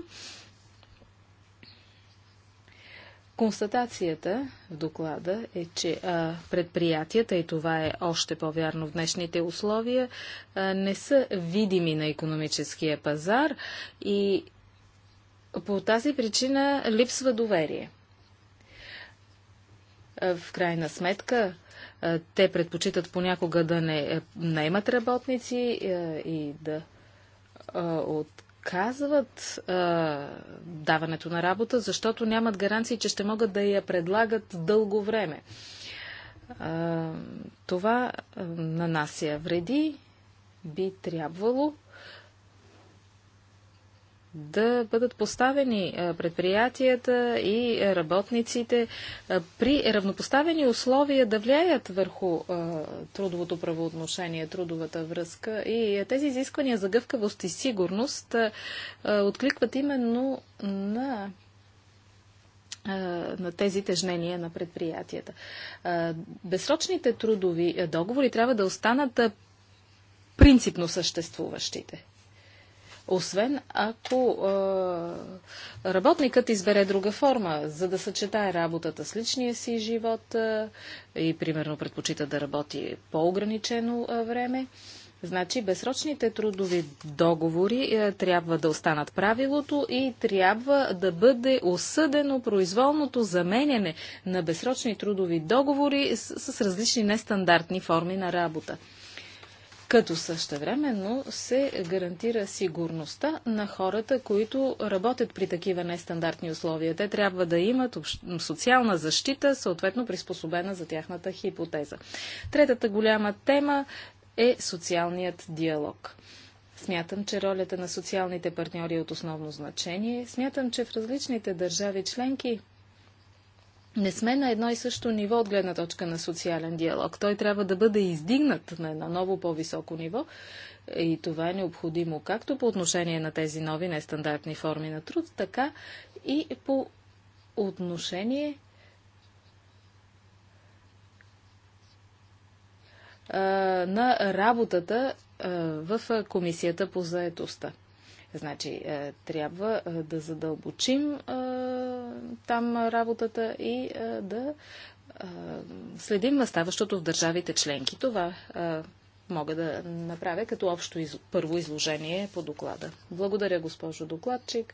Констатацията в доклада е, че а, предприятията, и това е още по-вярно в днешните условия, а, не са видими на економическия пазар и по тази причина липсва доверие. А, в крайна сметка, е, те предпочитат понякога да не е, наймат работници е, и да отказват даването на работа, защото нямат гаранции, че ще могат да я предлагат дълго време. Това нанася вреди, би трябвало да бъдат поставени предприятията и работниците при равнопоставени условия да влияят върху трудовото правоотношение, трудовата връзка. И тези изисквания за гъвкавост и сигурност откликват именно на на тези тежнения на предприятията. Безсрочните трудови договори трябва да останат принципно съществуващите освен ако е, работникът избере друга форма, за да съчетае работата с личния си живот е, и, примерно, предпочита да работи по-ограничено е, време. Значи, безсрочните трудови договори е, трябва да останат правилото и трябва да бъде осъдено произволното заменяне на безсрочни трудови договори с, с различни нестандартни форми на работа като същевременно се гарантира сигурността на хората, които работят при такива нестандартни условия. Те трябва да имат социална защита, съответно приспособена за тяхната хипотеза. Третата голяма тема е социалният диалог. Смятам, че ролята на социалните партньори е от основно значение. Смятам, че в различните държави членки не сме на едно и също ниво от гледна точка на социален диалог. Той трябва да бъде издигнат на едно ново по-високо ниво и това е необходимо както по отношение на тези нови нестандартни форми на труд, така и по отношение а, на работата а, в комисията по заетостта. Значи, трябва да задълбочим там работата и да следим наставащото в държавите членки. Това мога да направя като общо из... първо изложение по доклада. Благодаря, госпожо докладчик.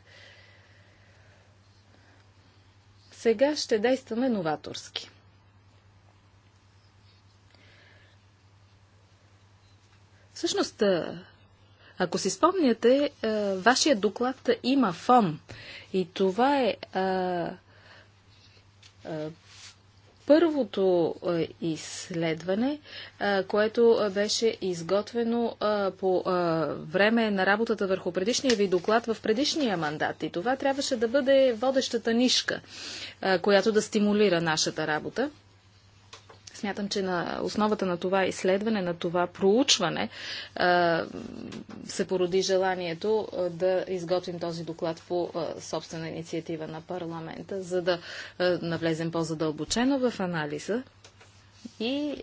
Сега ще действаме новаторски. Всъщност, ако си спомняте, е, вашия доклад има фон. И това е първото изследване, което беше изготвено по време на работата върху предишния ви доклад в предишния мандат. И това трябваше да бъде водещата нишка, която да стимулира нашата работа. Смятам, че на основата на това изследване, на това проучване се породи желанието да изготвим този доклад по собствена инициатива на парламента, за да навлезем по-задълбочено в анализа и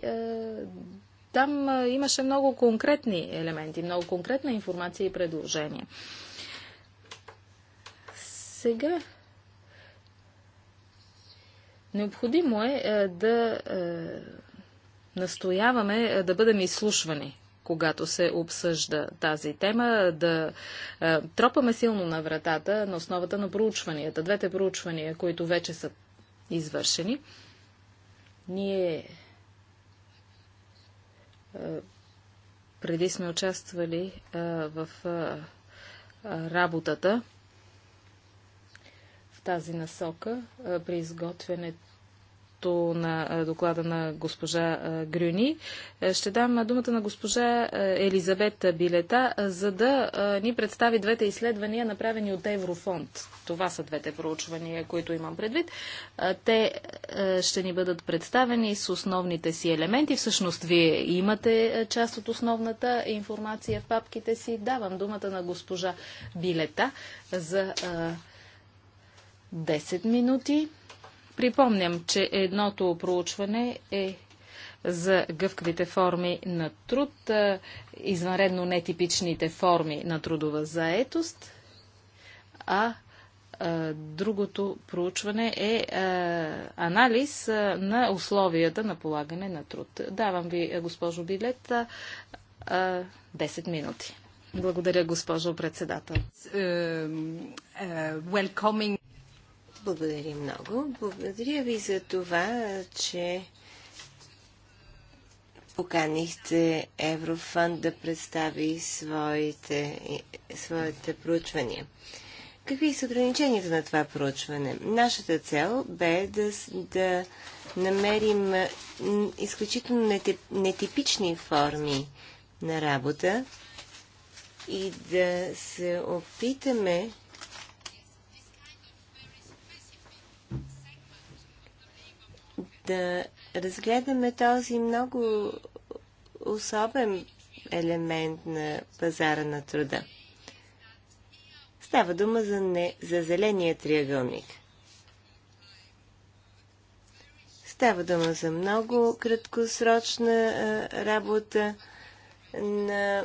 там имаше много конкретни елементи, много конкретна информация и предложения. Сега Необходимо е, е да е, настояваме е, да бъдем изслушвани когато се обсъжда тази тема, да тропаме силно на вратата на основата на проучванията. Двете проучвания, които вече са извършени, ние преди сме участвали в работата тази насока при изготвянето на доклада на госпожа Грюни. Е, ще дам думата на госпожа Елизабет Билета, за да ни представи двете изследвания, направени от Еврофонд. Това са двете проучвания, които имам предвид. Те ще ни бъдат представени с основните си елементи. Всъщност, вие имате част от основната информация в папките си. Давам думата на госпожа Билета за 10 минути. Припомням, че едното проучване е за гъвкавите форми на труд, извънредно нетипичните форми на трудова заетост, а другото проучване е анализ на условията на полагане на труд. Давам ви, госпожо Билет, 10 минути. Благодаря, госпожо председател. Е, welcoming. Благодаря много. Благодаря ви за това, че поканихте Еврофанд да представи своите, своите проучвания. Какви са ограниченията на това проучване? Нашата цел бе да, да намерим изключително нетипични форми на работа и да се опитаме да разгледаме този много особен елемент на пазара на труда. Става дума за, не, за зеления триъгълник. Става дума за много краткосрочна работа, на,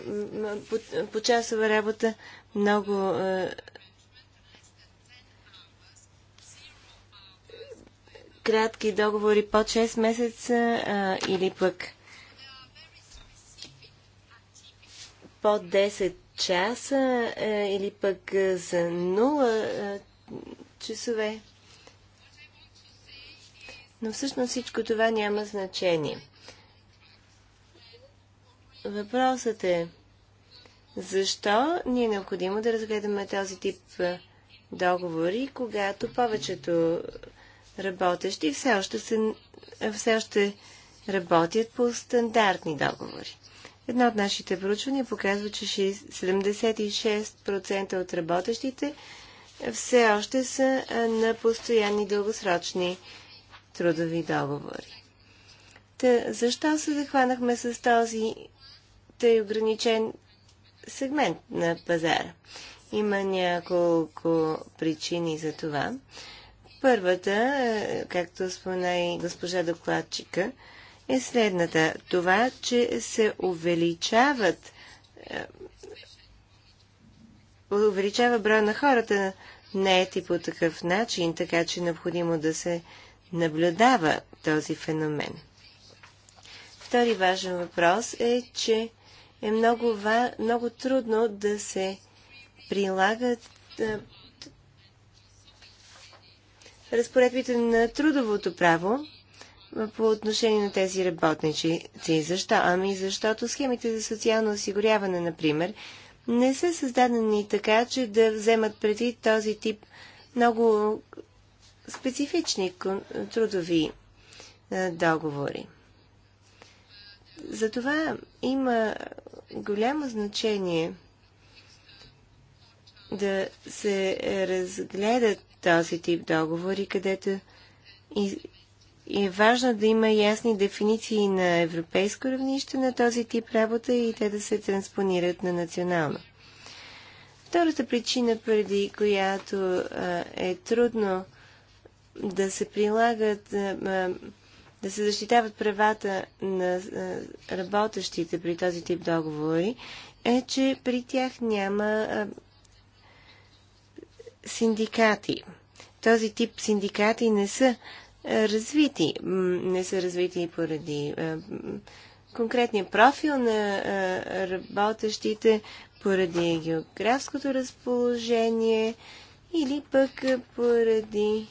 по, по часова работа, много кратки договори по 6 месеца а, или пък По 10 часа а, или пък за 0 а, часове. Но всъщност всичко това няма значение. Въпросът е защо ни е необходимо да разгледаме този тип договори, когато повечето работещи все още, се, все още работят по стандартни договори. Едно от нашите проучвания показва, че 76% от работещите все още са на постоянни дългосрочни трудови договори. Та, защо се захванахме с този тъй ограничен сегмент на пазара? Има няколко причини за това. Първата, както спомена и госпожа докладчика, е следната. Това, че се увеличават е, увеличава броя на хората, не е ти по такъв начин, така че е необходимо да се наблюдава този феномен. Втори важен въпрос е, че е много, много трудно да се прилагат е, разпоредбите на трудовото право по отношение на тези работници. Защо? Ами защото схемите за социално осигуряване, например, не са създадени така, че да вземат преди този тип много специфични трудови е, договори. Затова има голямо значение да се разгледат този тип договори, където и, и е важно да има ясни дефиниции на европейско равнище на този тип работа и те да се транспонират на национално. Втората причина, преди която а, е трудно да се прилагат, а, да се защитават правата на а, работещите при този тип договори, е, че при тях няма синдикати. Този тип синдикати не са е, развити. Не са развити поради е, конкретния профил на е, работещите, поради географското разположение или пък поради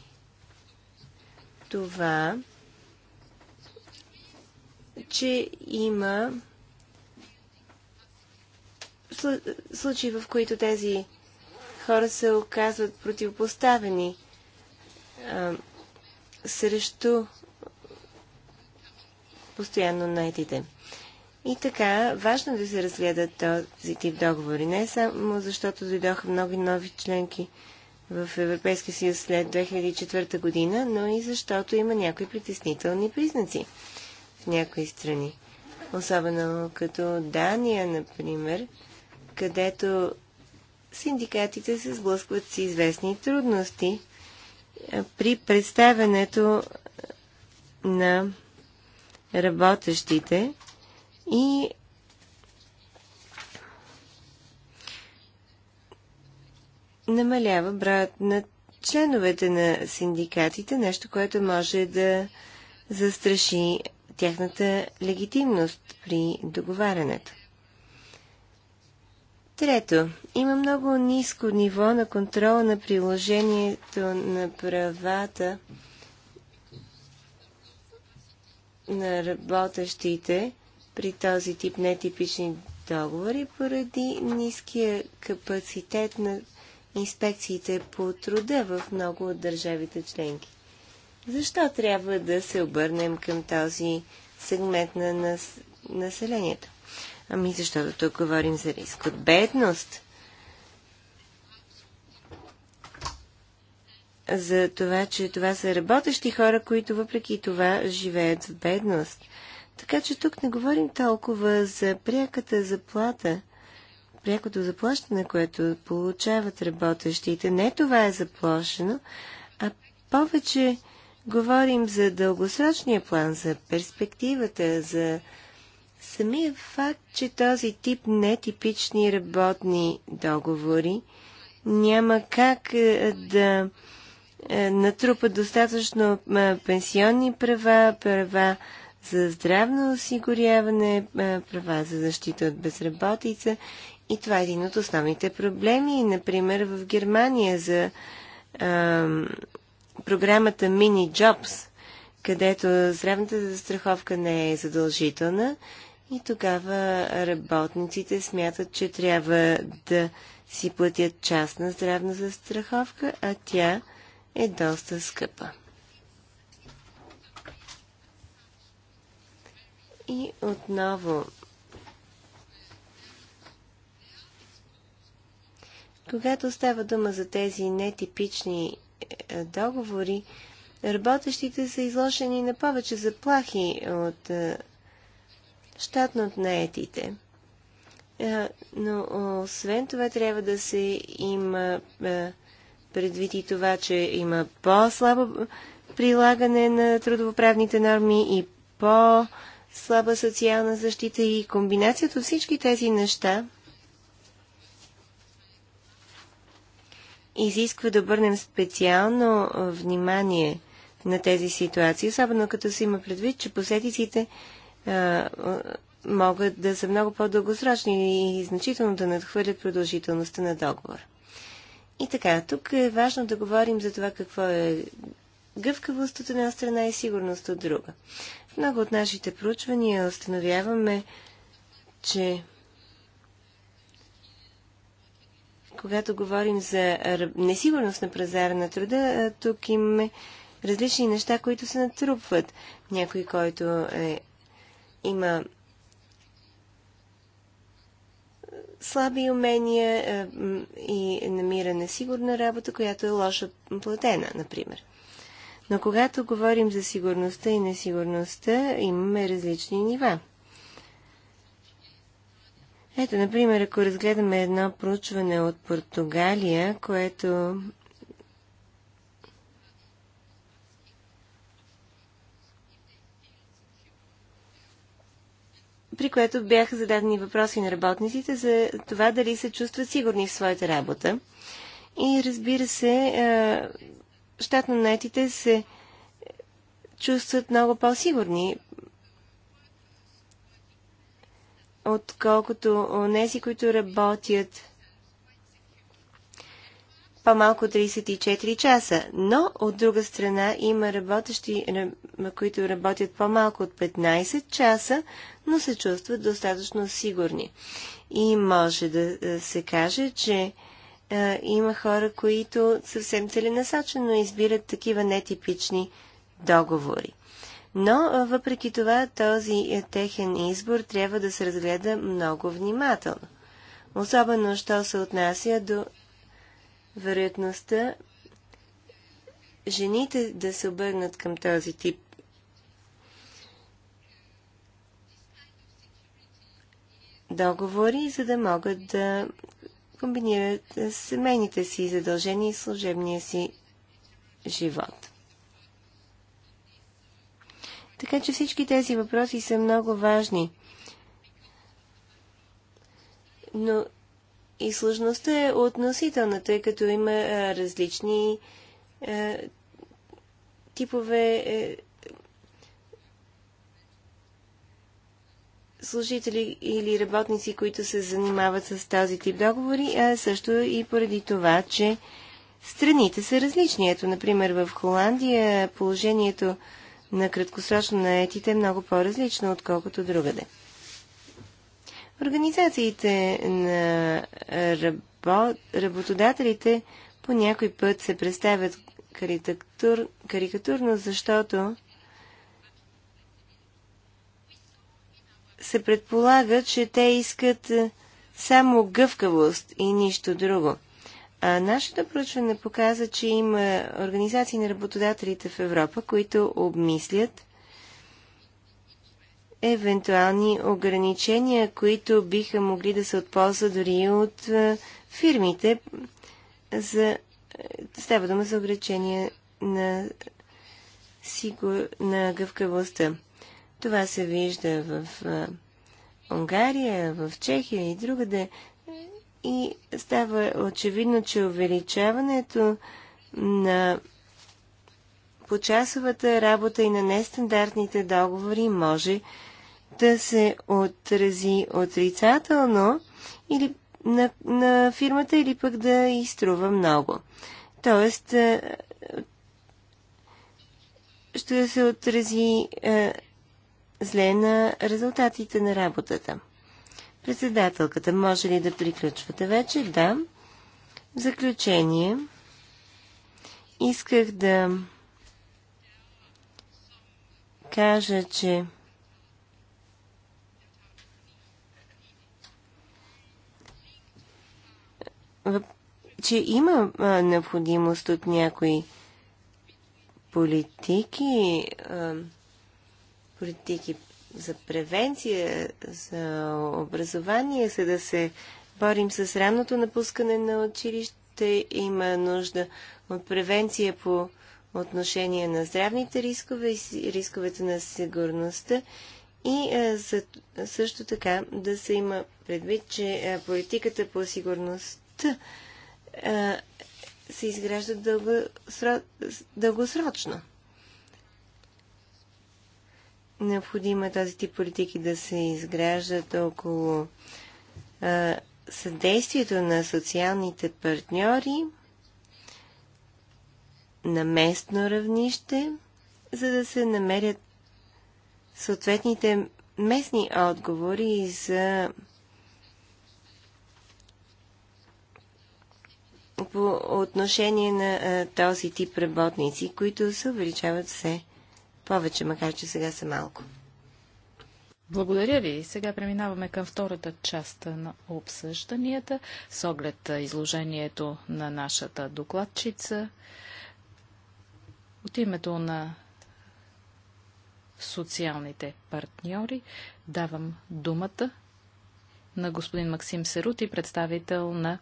това, че има случаи, в които тези хора се оказват противопоставени а, срещу постоянно наетите. И така, важно е да се разгледат този тип договори. Не само защото дойдоха много нови членки в Европейския съюз след 2004 година, но и защото има някои притеснителни признаци в някои страни. Особено като Дания, например, където синдикатите се сблъскват с известни трудности при представянето на работещите и намалява броят на членовете на синдикатите, нещо, което може да застраши тяхната легитимност при договарянето. Трето, има много ниско ниво на контрол на приложението на правата на работещите при този тип нетипични договори поради ниския капацитет на инспекциите по труда в много от държавите членки. Защо трябва да се обърнем към този сегмент на нас... населението? Ами защото тук говорим за риск от бедност. За това, че това са работещи хора, които въпреки това живеят в бедност. Така че тук не говорим толкова за пряката заплата, прякото заплащане, което получават работещите. Не това е заплашено, а повече говорим за дългосрочния план, за перспективата, за Самия факт, че този тип нетипични работни договори няма как е, да е, натрупа достатъчно е, пенсионни права, права за здравно осигуряване, права за защита от безработица. И това е един от основните проблеми. Например, в Германия за а, програмата Mini Jobs, където здравната застраховка не е задължителна и тогава работниците смятат, че трябва да си платят частна здравна застраховка, а тя е доста скъпа. И отново, когато става дума за тези нетипични е, договори, работещите са изложени на повече заплахи от е, щатно от наетите. Е, но освен това трябва да се има е, предвид и това, че има по-слабо прилагане на трудовоправните норми и по-слаба социална защита и комбинацията от всички тези неща изисква да обърнем специално внимание на тези ситуации, особено като се има предвид, че последиците могат да са много по-дългосрочни и значително да надхвърлят продължителността на договор. И така, тук е важно да говорим за това какво е гъвкавост от една страна и сигурност от друга. В много от нашите проучвания установяваме, че когато говорим за несигурност на пазара на труда, тук имаме различни неща, които се натрупват. Някой, който е има слаби умения е, и намира несигурна работа, която е лошо платена, например. Но когато говорим за сигурността и несигурността, имаме различни нива. Ето, например, ако разгледаме едно проучване от Португалия, което при което бяха зададени въпроси на работниците за това дали се чувстват сигурни в своята работа. И разбира се, щатно наетите се чувстват много по-сигурни, отколкото онези, които работят по-малко 34 часа. Но, от друга страна, има работещи, които работят по-малко от 15 часа, но се чувстват достатъчно сигурни. И може да е, се каже, че е, има хора, които съвсем целенасочено избират такива нетипични договори. Но, е, въпреки това, този е, техен избор трябва да се разгледа много внимателно особено що се отнася до вероятността жените да се обърнат към този тип договори, за да могат да комбинират семейните си задължения и служебния си живот. Така че всички тези въпроси са много важни. Но и сложността е относителна, тъй като има а, е, различни а, е, типове а, е, служители или работници, които се занимават с тази тип договори, а също и поради това, че страните са различни. Ето, например, в Холандия положението на краткосрочно наетите е много по-различно, отколкото другаде. Организациите на рабо, работодателите по някой път се представят карикатур, карикатурно, защото се предполага, че те искат само гъвкавост и нищо друго. А нашето проучване показа, че има организации на работодателите в Европа, които обмислят евентуални ограничения, които биха могли да се отползват дори от фирмите. За... Става дума за ограничения на, сигур... на гъвкавостта. Това се вижда в Унгария, в Чехия и другаде. И става очевидно, че увеличаването на почасовата работа и на нестандартните договори може да се отрази отрицателно или на, на фирмата или пък да изтрува много. Тоест, е, ще се отрази е, зле на резултатите на работата. Председателката, може ли да приключвате вече? Да. В заключение, исках да кажа, че че има необходимост от някои политики, политики за превенция, за образование, за да се борим с ранното напускане на училище. Има нужда от превенция по отношение на здравните рискове и рисковете на сигурността. И също така да се има предвид, че политиката по сигурност е, се изграждат дългосрочно. Необходимо е този тип политики да се изграждат около а, е, съдействието на социалните партньори на местно равнище, за да се намерят съответните местни отговори за по отношение на а, този тип работници, които се увеличават все повече, макар че сега са малко. Благодаря ви. Сега преминаваме към втората част на обсъжданията с оглед изложението на нашата докладчица. От името на социалните партньори давам думата на господин Максим Серути, представител на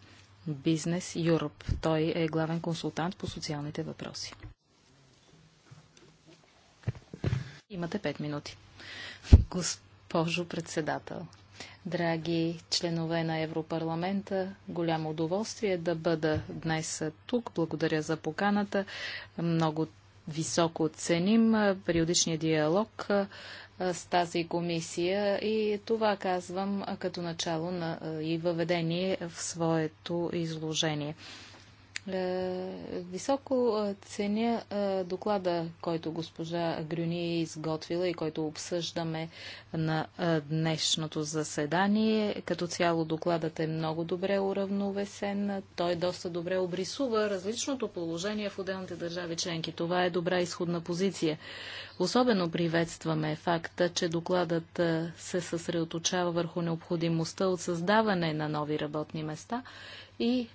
Business Europe. Той е главен консултант по социалните въпроси. Имате 5 минути. Госпожо председател, драги членове на Европарламента, голямо удоволствие да бъда днес тук. Благодаря за поканата. Много високо ценим периодичния диалог с тази комисия и това казвам като начало на и въведение в своето изложение. Е, високо е, ценя е, доклада, който госпожа Грюни е изготвила и който обсъждаме на днешното заседание. Като цяло докладът е много добре уравновесен. Той доста добре обрисува различното положение в отделните държави членки. Това е добра изходна позиция. Особено приветстваме факта, че докладът се съсредоточава върху необходимостта от създаване на нови работни места и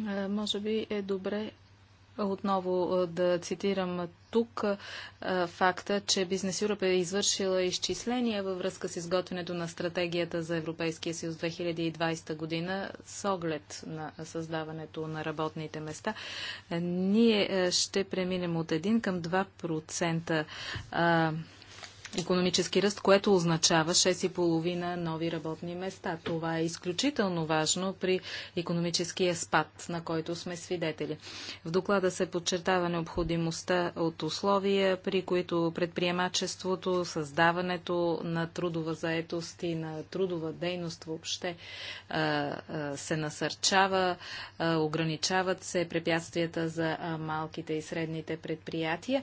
е, може би е добре отново е, да цитирам тук е, факта, че Бизнес Юръп е извършила изчисления във връзка с изготвянето на стратегията за Европейския съюз 2020 година с оглед на създаването на работните места. Ние ще преминем от 1 към 2% процента економически ръст, което означава 6,5 нови работни места. Това е изключително важно при економическия спад, на който сме свидетели. В доклада се подчертава необходимостта от условия, при които предприемачеството, създаването на трудова заетост и на трудова дейност въобще се насърчава, ограничават се препятствията за малките и средните предприятия,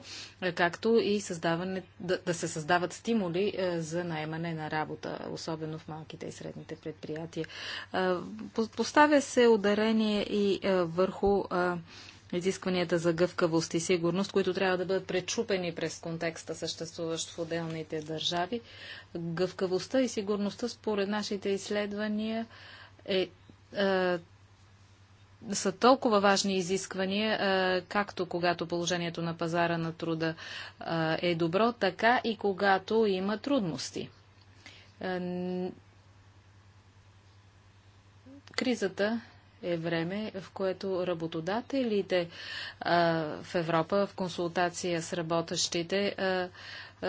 както и създаване, да, да се създава дават стимули е, за найемане на работа, особено в малките и средните предприятия. Е, поставя се ударение и е, върху изискванията за гъвкавост и сигурност, които трябва да бъдат пречупени през контекста, съществуващ в отделните държави. Гъвкавостта и сигурността, според нашите изследвания, е са толкова важни изисквания, както когато положението на пазара на труда е добро, така и когато има трудности. Кризата е време, в което работодателите в Европа в консултация с работещите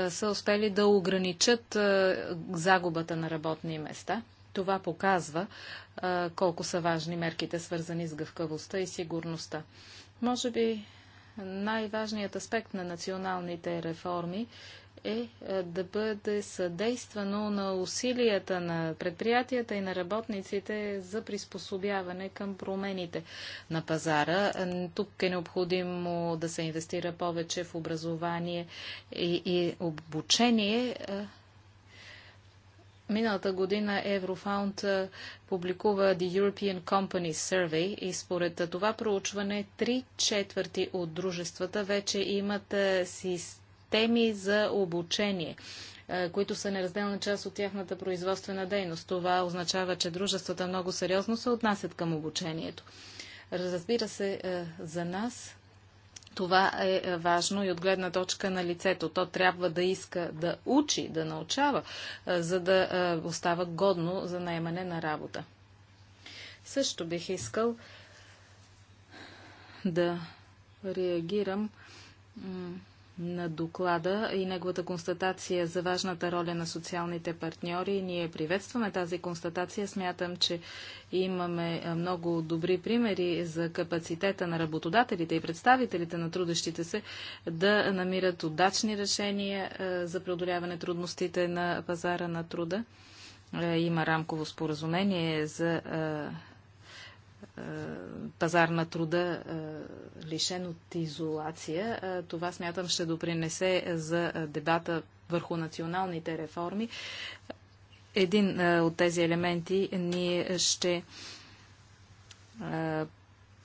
са успели да ограничат загубата на работни места – това показва а, колко са важни мерките, свързани с гъвкавостта и сигурността. Може би най-важният аспект на националните реформи е, е да бъде съдействано на усилията на предприятията и на работниците за приспособяване към промените на пазара. Тук е необходимо да се инвестира повече в образование и, и обучение е, Миналата година Еврофаунд публикува The European Company Survey и според това проучване три четвърти от дружествата вече имат системи за обучение които са неразделна част от тяхната производствена дейност. Това означава, че дружествата много сериозно се отнасят към обучението. Разбира се, за нас това е, е важно и от гледна точка на лицето. То трябва да иска да учи, да научава, е, за да е, остава годно за наемане на работа. Също бих искал да реагирам на доклада и неговата констатация за важната роля на социалните партньори. Ние приветстваме тази констатация. Смятам, че имаме много добри примери за капацитета на работодателите и представителите на трудещите се да намират удачни решения за преодоляване трудностите на пазара на труда. Е, има рамково споразумение за е, пазар на труда, е, лишен от изолация. Е, това смятам ще допринесе за дебата върху националните реформи. Един от тези елементи ние ще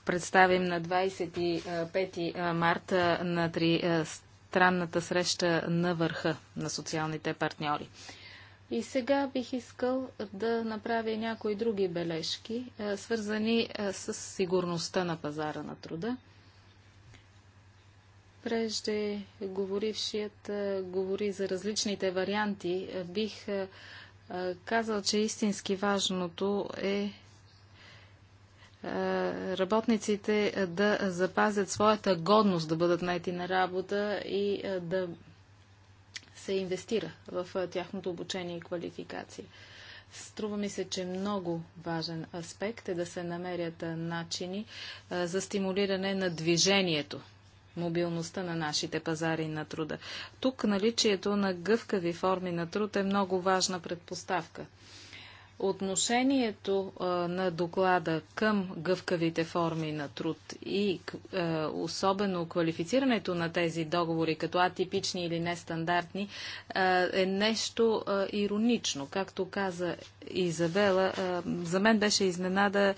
представим на 25 марта на три странната среща на върха на социалните партньори. И сега бих искал да направя някои други бележки, е, свързани е, с сигурността на пазара на труда. Прежде говорившият е, говори за различните варианти. Бих казал, че истински важното е работниците да запазят своята годност да бъдат наети на работа и да се инвестира в тяхното обучение и квалификация. Струва ми се, че много важен аспект е да се намерят начини за стимулиране на движението мобилността на нашите пазари на труда. Тук наличието на гъвкави форми на труд е много важна предпоставка. Отношението а, на доклада към гъвкавите форми на труд и а, е, особено квалифицирането на тези договори като атипични или нестандартни а, е, е нещо е, иронично. Както каза Изабела, за мен беше изненада,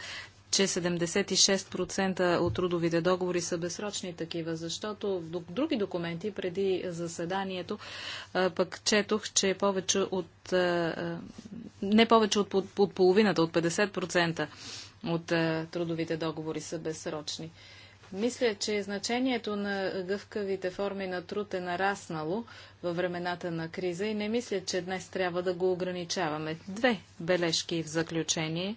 че 76% от трудовите договори са безсрочни такива, защото в други документи преди заседанието пък четох, че повече от, не повече от, от, от половината, от 50% от трудовите договори са безсрочни. Мисля, че значението на гъвкавите форми на труд е нараснало във времената на криза и не мисля, че днес трябва да го ограничаваме. Две бележки в заключение.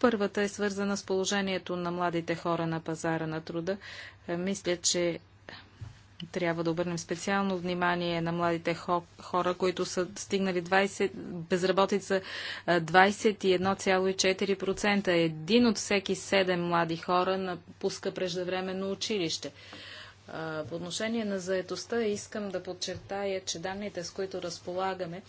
Първата е свързана с положението на младите хора на пазара на труда. Е, мисля, че трябва да обърнем специално внимание на младите хора, които са стигнали 20, безработица 21,4%. Е, Един от всеки 7 млади хора напуска преждевременно училище. Е, по отношение на заетостта искам да подчертая, че данните, с които разполагаме,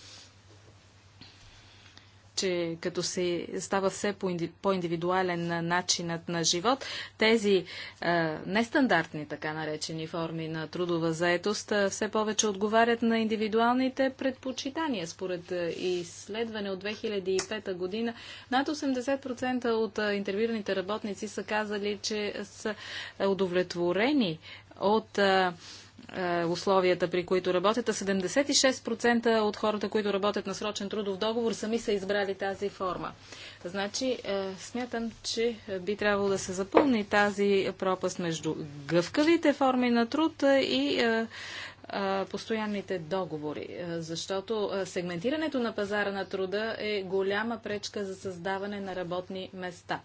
че като се става все по-индивидуален начинът на живот, тези а, нестандартни, така наречени форми на трудова заетост, все повече отговарят на индивидуалните предпочитания. Според изследване от 2005 година, над 80% от интервюираните работници са казали, че са удовлетворени от а, е, условията, при които работят, а 76% от хората, които работят на срочен трудов договор, сами са избрали тази форма. Значи, е, смятам, че би трябвало да се запълни тази пропаст между гъвкавите форми на труд и е, постоянните договори, защото сегментирането на пазара на труда е голяма пречка за създаване на работни места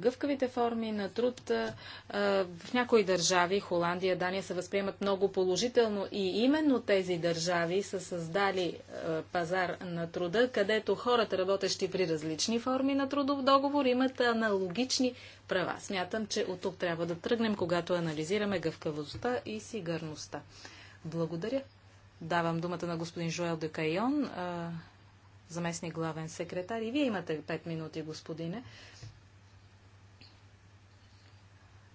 гъвкавите форми на труд в някои държави, Холандия, Дания, се възприемат много положително и именно тези държави са създали пазар на труда, където хората, работещи при различни форми на трудов договор, имат аналогични права. Смятам, че от тук трябва да тръгнем, когато анализираме гъвкавостта и сигарността. Благодаря. Давам думата на господин Жоел Декайон заместник главен секретар. И вие имате 5 минути, господине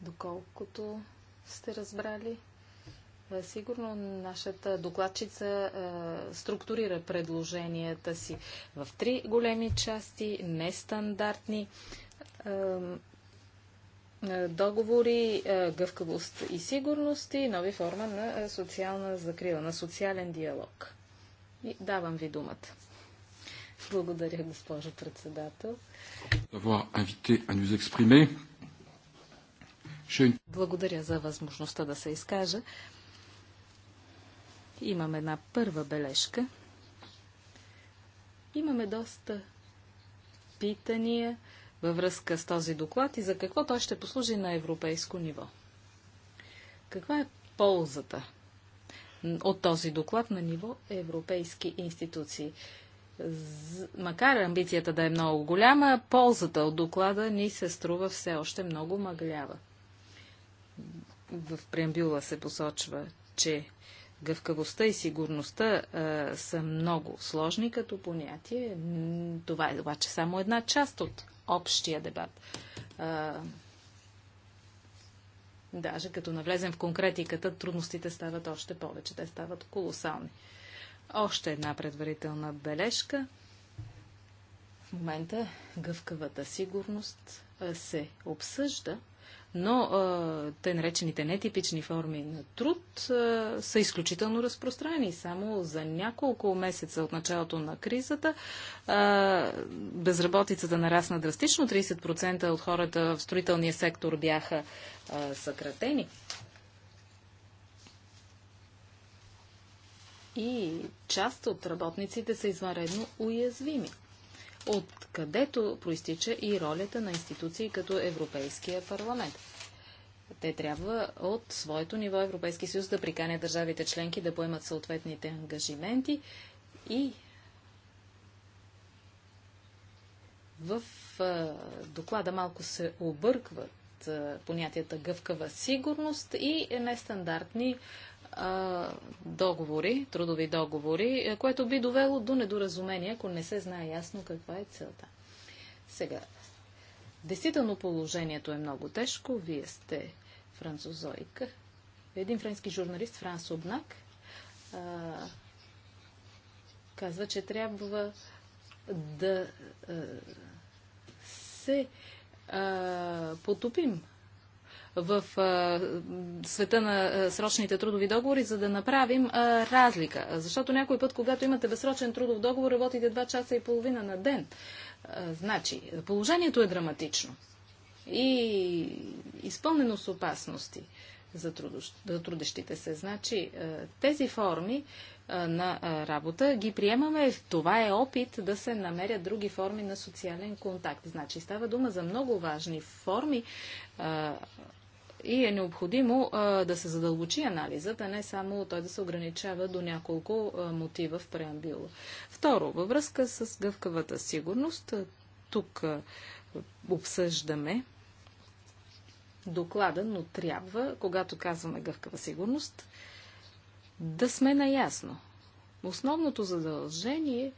доколкото сте разбрали. Е, сигурно нашата докладчица е, структурира предложенията си в три големи части, нестандартни е, договори, гъвкавост и сигурност и нови форма на социална закрила, на социален диалог. И давам ви думата. Благодаря, госпожо председател. D'avoir invité à благодаря за възможността да се изкажа. Имам една първа бележка. Имаме доста питания във връзка с този доклад и за какво той ще послужи на европейско ниво. Каква е ползата от този доклад на ниво европейски институции? Макар амбицията да е много голяма, ползата от доклада ни се струва все още много мъглява в преамбюла се посочва, че гъвкавостта и сигурността а, са много сложни като понятие. Това е обаче само една част от общия дебат. А, даже като навлезем в конкретиката, трудностите стават още повече. Те стават колосални. Още една предварителна бележка. В момента гъвкавата сигурност се обсъжда но тъй наречените нетипични форми на труд а, са изключително разпространени. Само за няколко месеца от началото на кризата а, безработицата нарасна драстично. 30% от хората в строителния сектор бяха а, съкратени. И част от работниците са извънредно уязвими откъдето проистича и ролята на институции като Европейския парламент. Те трябва от своето ниво Европейски съюз да приканят държавите членки да поемат съответните ангажименти и в доклада малко се объркват понятията гъвкава сигурност и нестандартни договори, трудови договори, е, което би довело до недоразумение, ако не се знае ясно каква е целта. Сега, действително положението е много тежко. Вие сте французойка. Един френски журналист, Франс Обнак, а, казва, че трябва да а, се а, потопим в света на срочните трудови договори, за да направим разлика. Защото някой път, когато имате безсрочен трудов договор, работите 2 часа и половина на ден. Значи, положението е драматично и изпълнено с опасности за, трудощ, за трудещите се. Значи, тези форми на работа ги приемаме. Това е опит да се намерят други форми на социален контакт. Значи, става дума за много важни форми и е необходимо а, да се задълбочи анализът, а не само той да се ограничава до няколко а, мотива в преамбила. Второ, във връзка с гъвкавата сигурност, тук а, обсъждаме доклада, но трябва, когато казваме гъвкава сигурност, да сме наясно. Основното задължение е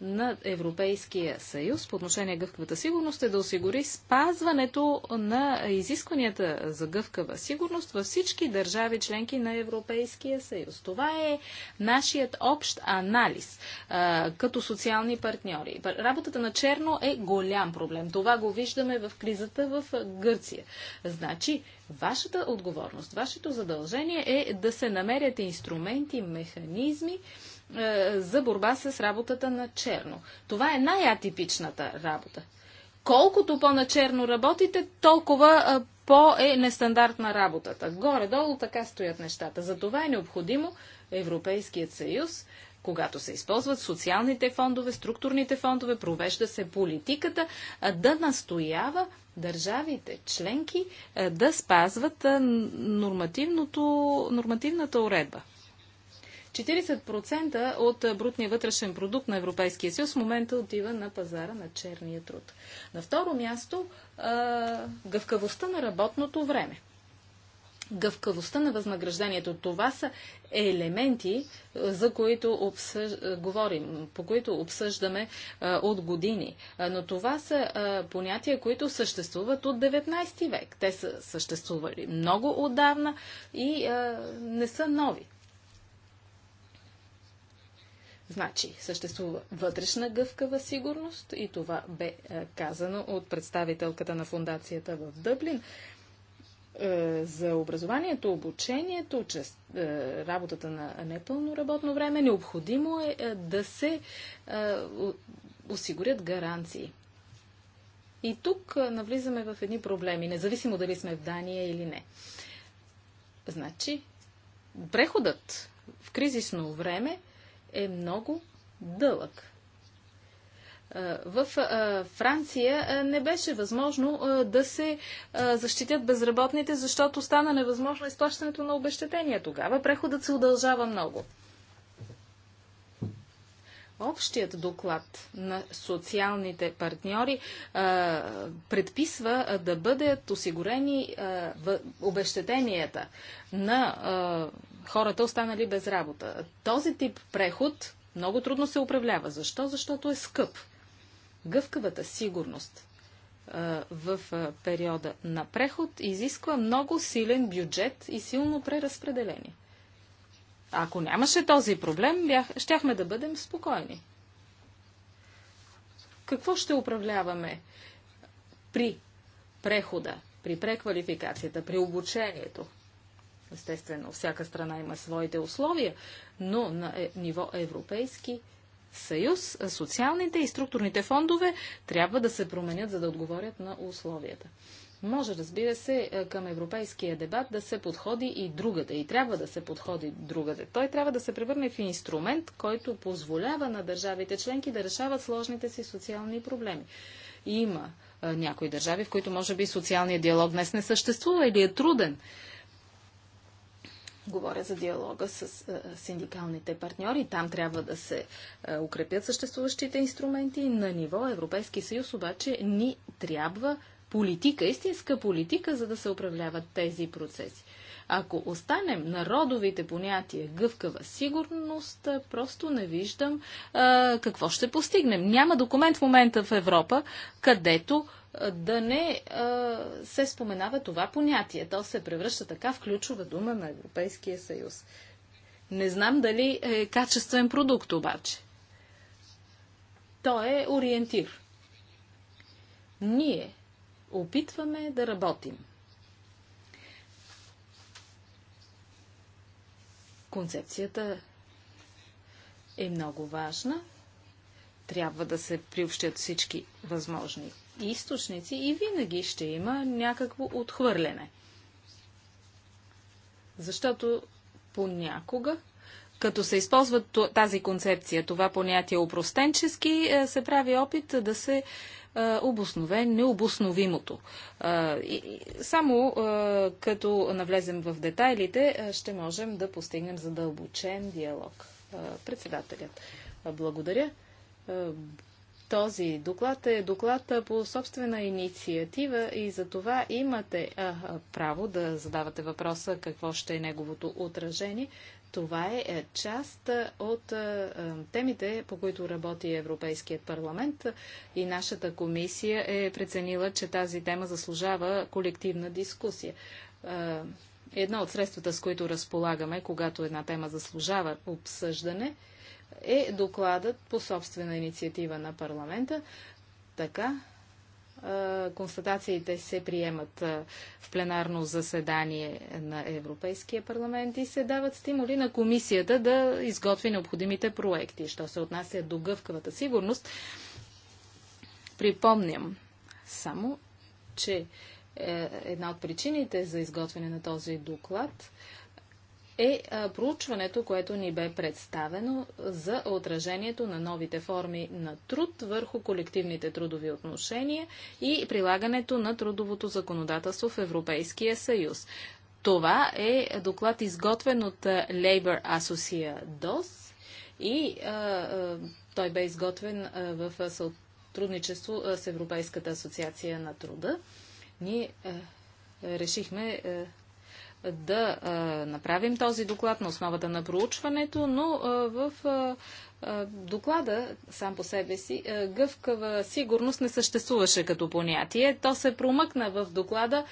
на Европейския съюз по отношение гъвкавата сигурност е да осигури спазването на изискванията за гъвкава сигурност във всички държави членки на Европейския съюз. Това е нашият общ анализ а, като социални партньори. Работата на черно е голям проблем. Това го виждаме в кризата в Гърция. Значи, вашата отговорност, вашето задължение е да се намерят инструменти, механизми, е, за борба с работата на черно. Това е най-атипичната работа. Колкото по-начерно работите, толкова е, по-е нестандартна работата. Горе-долу така стоят нещата. Затова е необходимо Европейският съюз когато се използват социалните фондове, структурните фондове, провежда се политиката, да настоява държавите членки да спазват нормативната уредба. 40% от брутния вътрешен продукт на Европейския съюз в момента отива на пазара на черния труд. На второ място, гъвкавостта на работното време гъвкавостта на възнаграждението. Това са елементи, за които обсъж... говорим, по които обсъждаме а, от години. А, но това са а, понятия, които съществуват от 19 век. Те са съществували много отдавна и а, не са нови. Значи, съществува вътрешна гъвкава сигурност и това бе е, казано от представителката на фундацията в Дъблин е, за образованието, обучението, чрез е, работата на непълно работно време, необходимо е, е да се е, осигурят гаранции. И тук е, навлизаме в едни проблеми, независимо дали сме в Дания или не. Значи, преходът в кризисно време е много дълъг. В Франция не беше възможно да се защитят безработните, защото стана невъзможно изплащането на обещетения. Тогава преходът се удължава много. Общият доклад на социалните партньори предписва да бъдат осигурени обещетенията на хората останали без работа. Този тип преход много трудно се управлява. Защо? Защото е скъп. Гъвкавата сигурност в периода на преход изисква много силен бюджет и силно преразпределение. Ако нямаше този проблем, бях, щяхме да бъдем спокойни. Какво ще управляваме при прехода, при преквалификацията, при обучението, Естествено, всяка страна има своите условия, но на е, ниво Европейски съюз социалните и структурните фондове трябва да се променят, за да отговорят на условията. Може, разбира се, е, към европейския дебат да се подходи и другаде. И трябва да се подходи другаде. Той трябва да се превърне в инструмент, който позволява на държавите членки да решават сложните си социални проблеми. Има а, е, някои държави, в които може би социалният диалог днес не съществува или е труден. Говоря за диалога с е, синдикалните партньори. Там трябва да се е, укрепят съществуващите инструменти. На ниво Европейски съюз обаче ни трябва политика, истинска политика, за да се управляват тези процеси. Ако останем на родовите понятия гъвкава сигурност, просто не виждам а, какво ще постигнем. Няма документ в момента в Европа, където да не а, се споменава това понятие. То се превръща така в ключова дума на Европейския съюз. Не знам дали е качествен продукт обаче. То е ориентир. Ние опитваме да работим Концепцията е много важна. Трябва да се приобщят всички възможни източници и винаги ще има някакво отхвърляне. Защото понякога, като се използва тази концепция, това понятие опростенчески, е, се прави опит да се обоснове необосновимото. Само като навлезем в детайлите, ще можем да постигнем задълбочен диалог. Председателят, благодаря. Този доклад е доклад по собствена инициатива и за това имате право да задавате въпроса какво ще е неговото отражение. Това е, е част е, от е, темите, по които работи Европейският парламент и нашата комисия е преценила, че тази тема заслужава колективна дискусия. Едно от средствата, с които разполагаме, когато една тема заслужава обсъждане, е докладът по собствена инициатива на парламента, така констатациите се приемат в пленарно заседание на Европейския парламент и се дават стимули на комисията да изготви необходимите проекти. Що се отнася до гъвкавата сигурност, припомням само, че е, една от причините за изготвяне на този доклад – е проучването, което ни бе представено за отражението на новите форми на труд върху колективните трудови отношения и прилагането на трудовото законодателство в Европейския съюз. Това е доклад изготвен от Labor Associa DOS и а, а, той бе изготвен в сътрудничество с Европейската асоциация на труда. Ние решихме да направим този доклад на основата на проучването, но в доклада сам по себе си гъвкава сигурност не съществуваше като понятие. То се промъкна в доклада,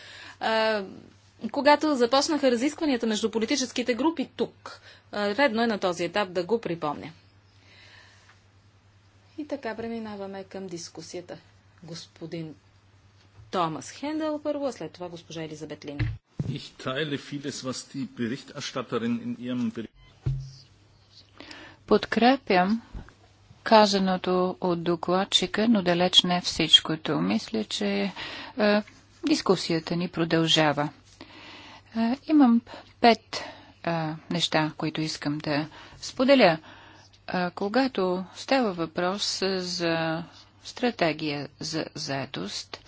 когато започнаха разискванията между политическите групи тук. Редно е на този етап да го припомня. И така преминаваме към дискусията. Господин Томас Хендел първо, а след това госпожа Елизабет Лини. Ich teile vieles, was die Berichterstatterin in ihrem Bericht Подкрепям казаното от докладчика, но далеч не всичкото. Мисля, че е, дискусията ни продължава. Е, имам пет е, неща, които искам да споделя. Е, когато става въпрос за стратегия за заедост,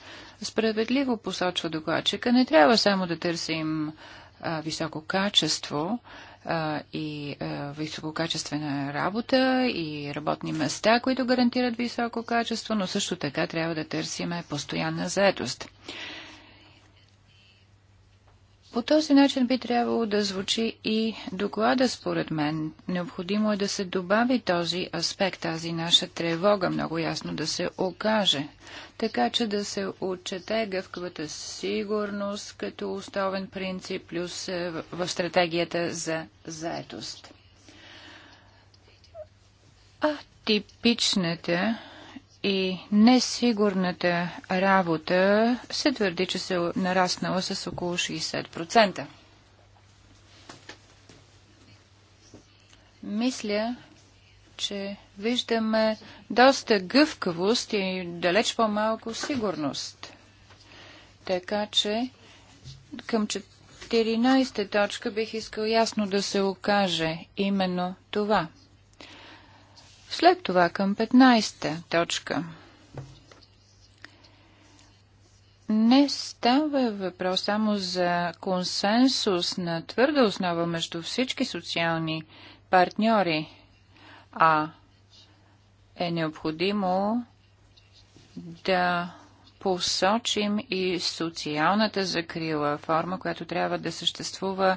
Справедливо посочва докладчика, не трябва само да търсим а, високо качество а, и а, висококачествена работа и работни места, които гарантират високо качество, но също така трябва да търсим постоянна заедост. По този начин би трябвало да звучи и доклада, според мен. Необходимо е да се добави този аспект, тази наша тревога, много ясно да се окаже, така че да се отчете гъвкавата сигурност като основен принцип, плюс е, в стратегията за заетост. А типичните и несигурната работа се твърди, че се нараснала с около 60%. Мисля, че виждаме доста гъвкавост и далеч по-малко сигурност. Така че към 14 точка бих искал ясно да се окаже именно това – след това към 15-та точка. Не става въпрос само за консенсус на твърда основа между всички социални партньори, а е необходимо да посочим и социалната закрила, форма, която трябва да съществува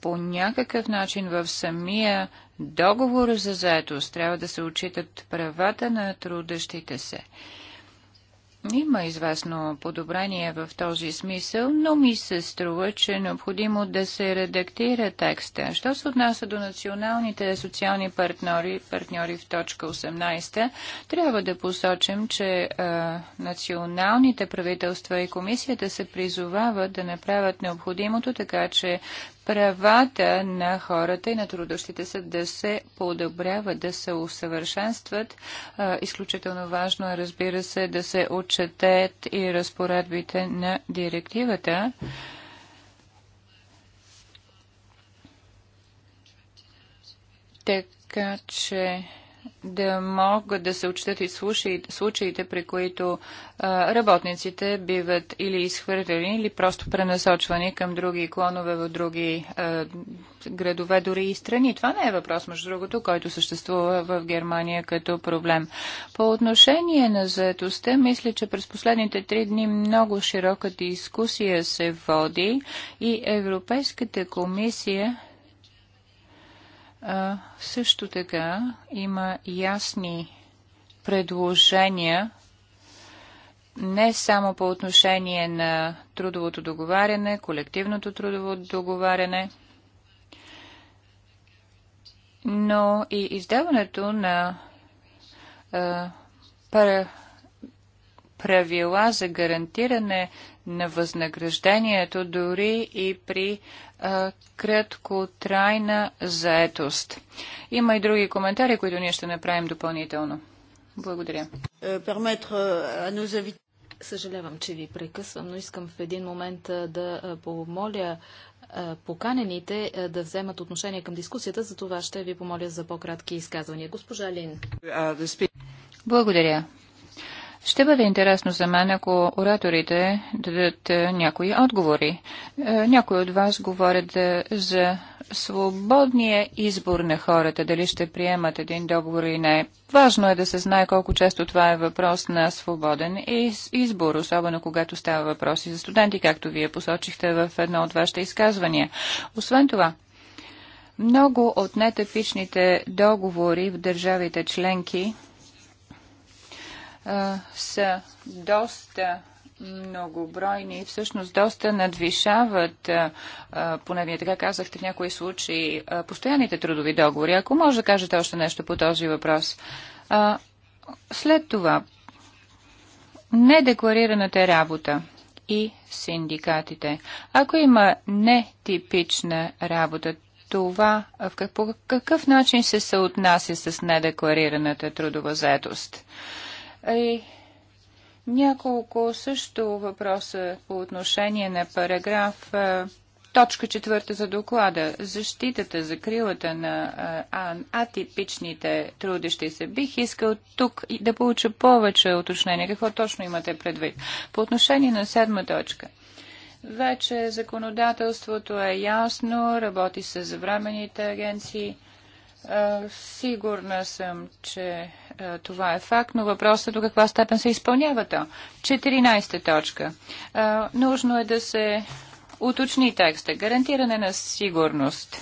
по някакъв начин в самия договор за заетост, трябва да се отчитат правата на трудещите се. Има известно подобрение в този смисъл, но ми се струва, че е необходимо да се редактира текста. Що се отнася до националните социални партньори, партньори в точка 18, трябва да посочим, че а, националните правителства и комисията се призовават да направят необходимото, така че правата на хората и на трудощите се да се подобряват, да се усъвършенстват. Изключително важно е, разбира се, да се отчетет и разпоредбите на директивата. Така че да могат да се отчитат и случаите, при които работниците биват или изхвърлени, или просто пренасочвани към други клонове в други градове, дори и страни. Това не е въпрос, между другото, който съществува в Германия като проблем. По отношение на заетостта, мисля, че през последните три дни много широка дискусия се води и Европейската комисия също така има ясни предложения не само по отношение на трудовото договаряне, колективното трудово договаряне, но и издаването на правила за гарантиране на възнаграждението дори и при краткотрайна заетост. Има и други коментари, които ние ще направим допълнително. Благодаря. Е, Съжалявам, че ви прекъсвам, но искам в един момент да помоля поканените да вземат отношение към дискусията, за това ще ви помоля за по-кратки изказвания. Госпожа Лин. Благодаря. Ще бъде интересно за мен, ако ораторите дадат е, някои отговори. Е, някои от вас говорят е, за свободния избор на хората, дали ще приемат един договор или не. Важно е да се знае колко често това е въпрос на свободен избор, особено когато става въпроси за студенти, както вие посочихте в едно от вашите изказвания. Освен това, много от нетипичните договори в държавите членки – са доста многобройни, всъщност доста надвишават, поне вие така казахте в някои случаи, постоянните трудови договори. Ако може да кажете още нещо по този въпрос. след това, недекларираната работа и синдикатите. Ако има нетипична работа, това в какъв, по какъв начин се съотнася с недекларираната трудова заедост? И няколко също въпроса по отношение на параграф Точка четвърта за доклада. Защитата, закрилата на а, атипичните трудещи се. Бих искал тук да получа повече уточнение. Какво точно имате предвид? По отношение на седма точка. Вече законодателството е ясно, работи се за времените агенции. Сигурна съм, че това е факт, но въпросът е до каква степен се изпълнява то. 14 точка. Нужно е да се уточни текста. Гарантиране на сигурност.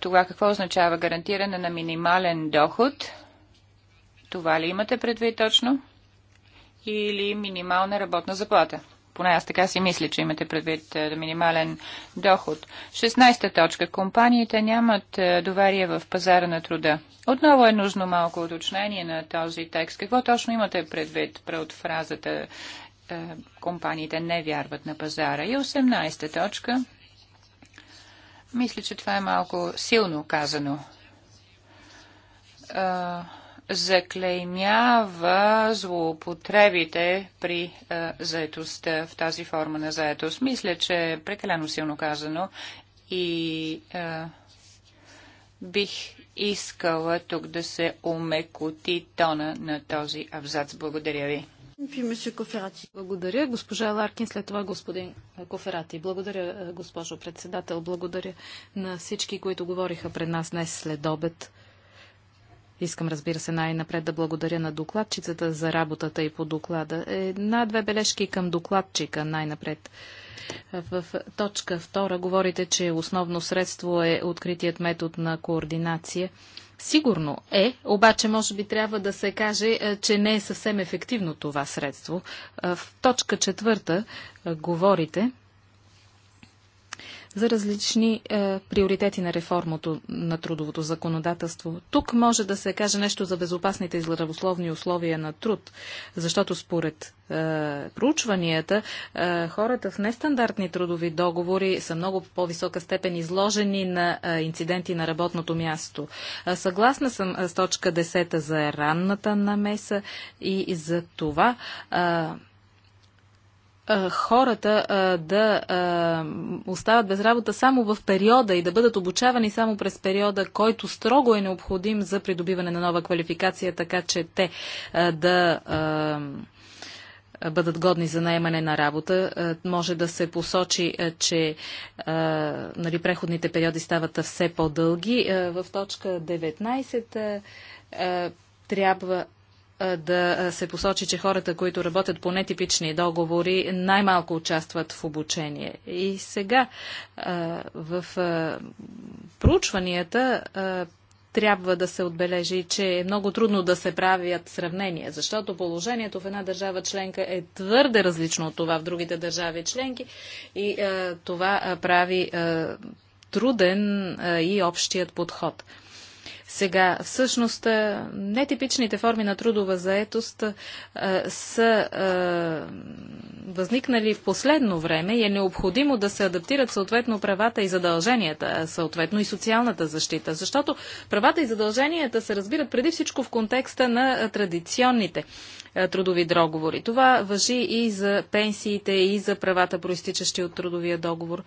Това какво означава гарантиране на минимален доход? Това ли имате предвид точно? Или минимална работна заплата? Поне аз така си мисля, че имате предвид е, минимален доход. 16-та точка. Компаниите нямат е, доверие в пазара на труда. Отново е нужно малко уточнение на този текст. Какво точно имате предвид от фразата е, компаниите не вярват на пазара? И 18-та точка. Мисля, че това е малко силно казано заклеймява злоупотребите при а, е, заетост в тази форма на заетост. Мисля, че е прекалено силно казано и а, е, бих искала тук да се умекоти тона на този абзац. Благодаря ви. Благодаря, госпожа Ларкин, след това господин Коферати. Благодаря, е, госпожо председател. Благодаря на всички, които говориха пред нас днес след обед. Искам, разбира се, най-напред да благодаря на докладчицата за работата и по доклада. Една-две бележки към докладчика най-напред. В точка втора говорите, че основно средство е откритият метод на координация. Сигурно е, обаче може би трябва да се каже, е, че не е съвсем ефективно това средство. В точка четвърта говорите за различни е, приоритети на реформото на трудовото законодателство. Тук може да се каже нещо за безопасните и здравословни условия на труд, защото според е, проучванията е, хората в нестандартни трудови договори са много по-висока степен изложени на е, инциденти на работното място. Е, съгласна съм е, с точка 10 за ранната намеса и за това. Е, хората да остават без работа само в периода и да бъдат обучавани само през периода, който строго е необходим за придобиване на нова квалификация, така че те да бъдат годни за наемане на работа. Може да се посочи, че нали, преходните периоди стават все по-дълги. В точка 19 трябва е, да се посочи, че хората, които работят по нетипични договори, най-малко участват в обучение. И сега е, в е, проучванията трябва да се отбележи, че е много трудно да се правят сравнения, защото положението в една държава членка е твърде различно от това в другите държави членки и това прави труден и общият подход. Сега, всъщност, е, нетипичните форми на трудова заетост е, са е, възникнали в последно време и е необходимо да се адаптират съответно правата и задълженията, съответно и социалната защита, защото правата и задълженията се разбират преди всичко в контекста на традиционните е, трудови договори. Това въжи и за пенсиите, и за правата, проистичащи от трудовия договор.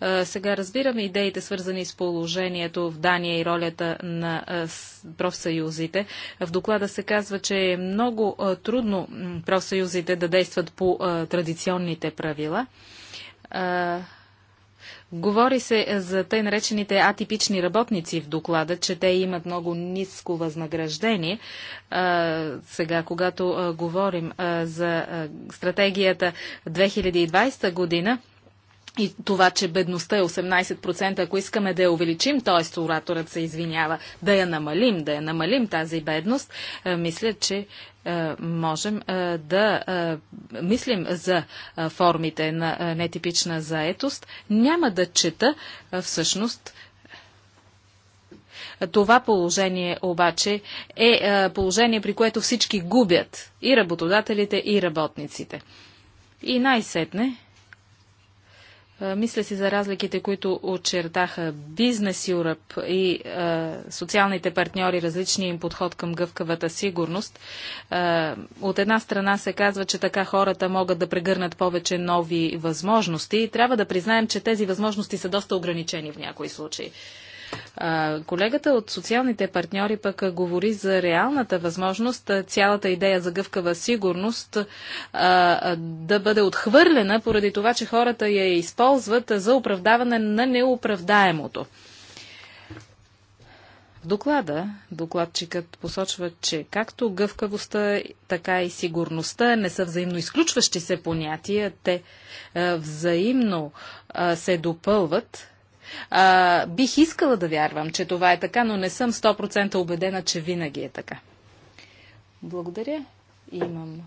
Е, сега разбираме идеите, свързани с положението в Дания и ролята на е, профсъюзите. В доклада се казва, че е много трудно профсъюзите да действат по традиционните правила. Говори се е, за тъй наречените атипични работници в доклада, че те имат много ниско възнаграждение. А, сега, когато а, говорим а, за стратегията 2020 година, и това, че бедността е 18%, ако искаме да я увеличим, т.е. ораторът се извинява, да я намалим, да я намалим тази бедност, е, мисля, че е, можем е, да мислим за формите на нетипична заетост. Няма да чета всъщност това положение обаче е положение, при което всички губят и работодателите, и работниците. И най-сетне мисля си за разликите, които очертаха Бизнес Юръп и е, социалните партньори, различния им подход към гъвкавата сигурност. Е, от една страна се казва, че така хората могат да прегърнат повече нови възможности трябва да признаем, че тези възможности са доста ограничени в някои случаи. А, колегата от социалните партньори пък говори за реалната възможност цялата идея за гъвкава сигурност да бъде отхвърлена поради това, че хората я използват за оправдаване на неоправдаемото. В доклада докладчикът посочва, че както гъвкавостта, така и сигурността не са взаимно изключващи се понятия, те взаимно се допълват а, бих искала да вярвам, че това е така, но не съм 100% убедена, че винаги е така. Благодаря. Имам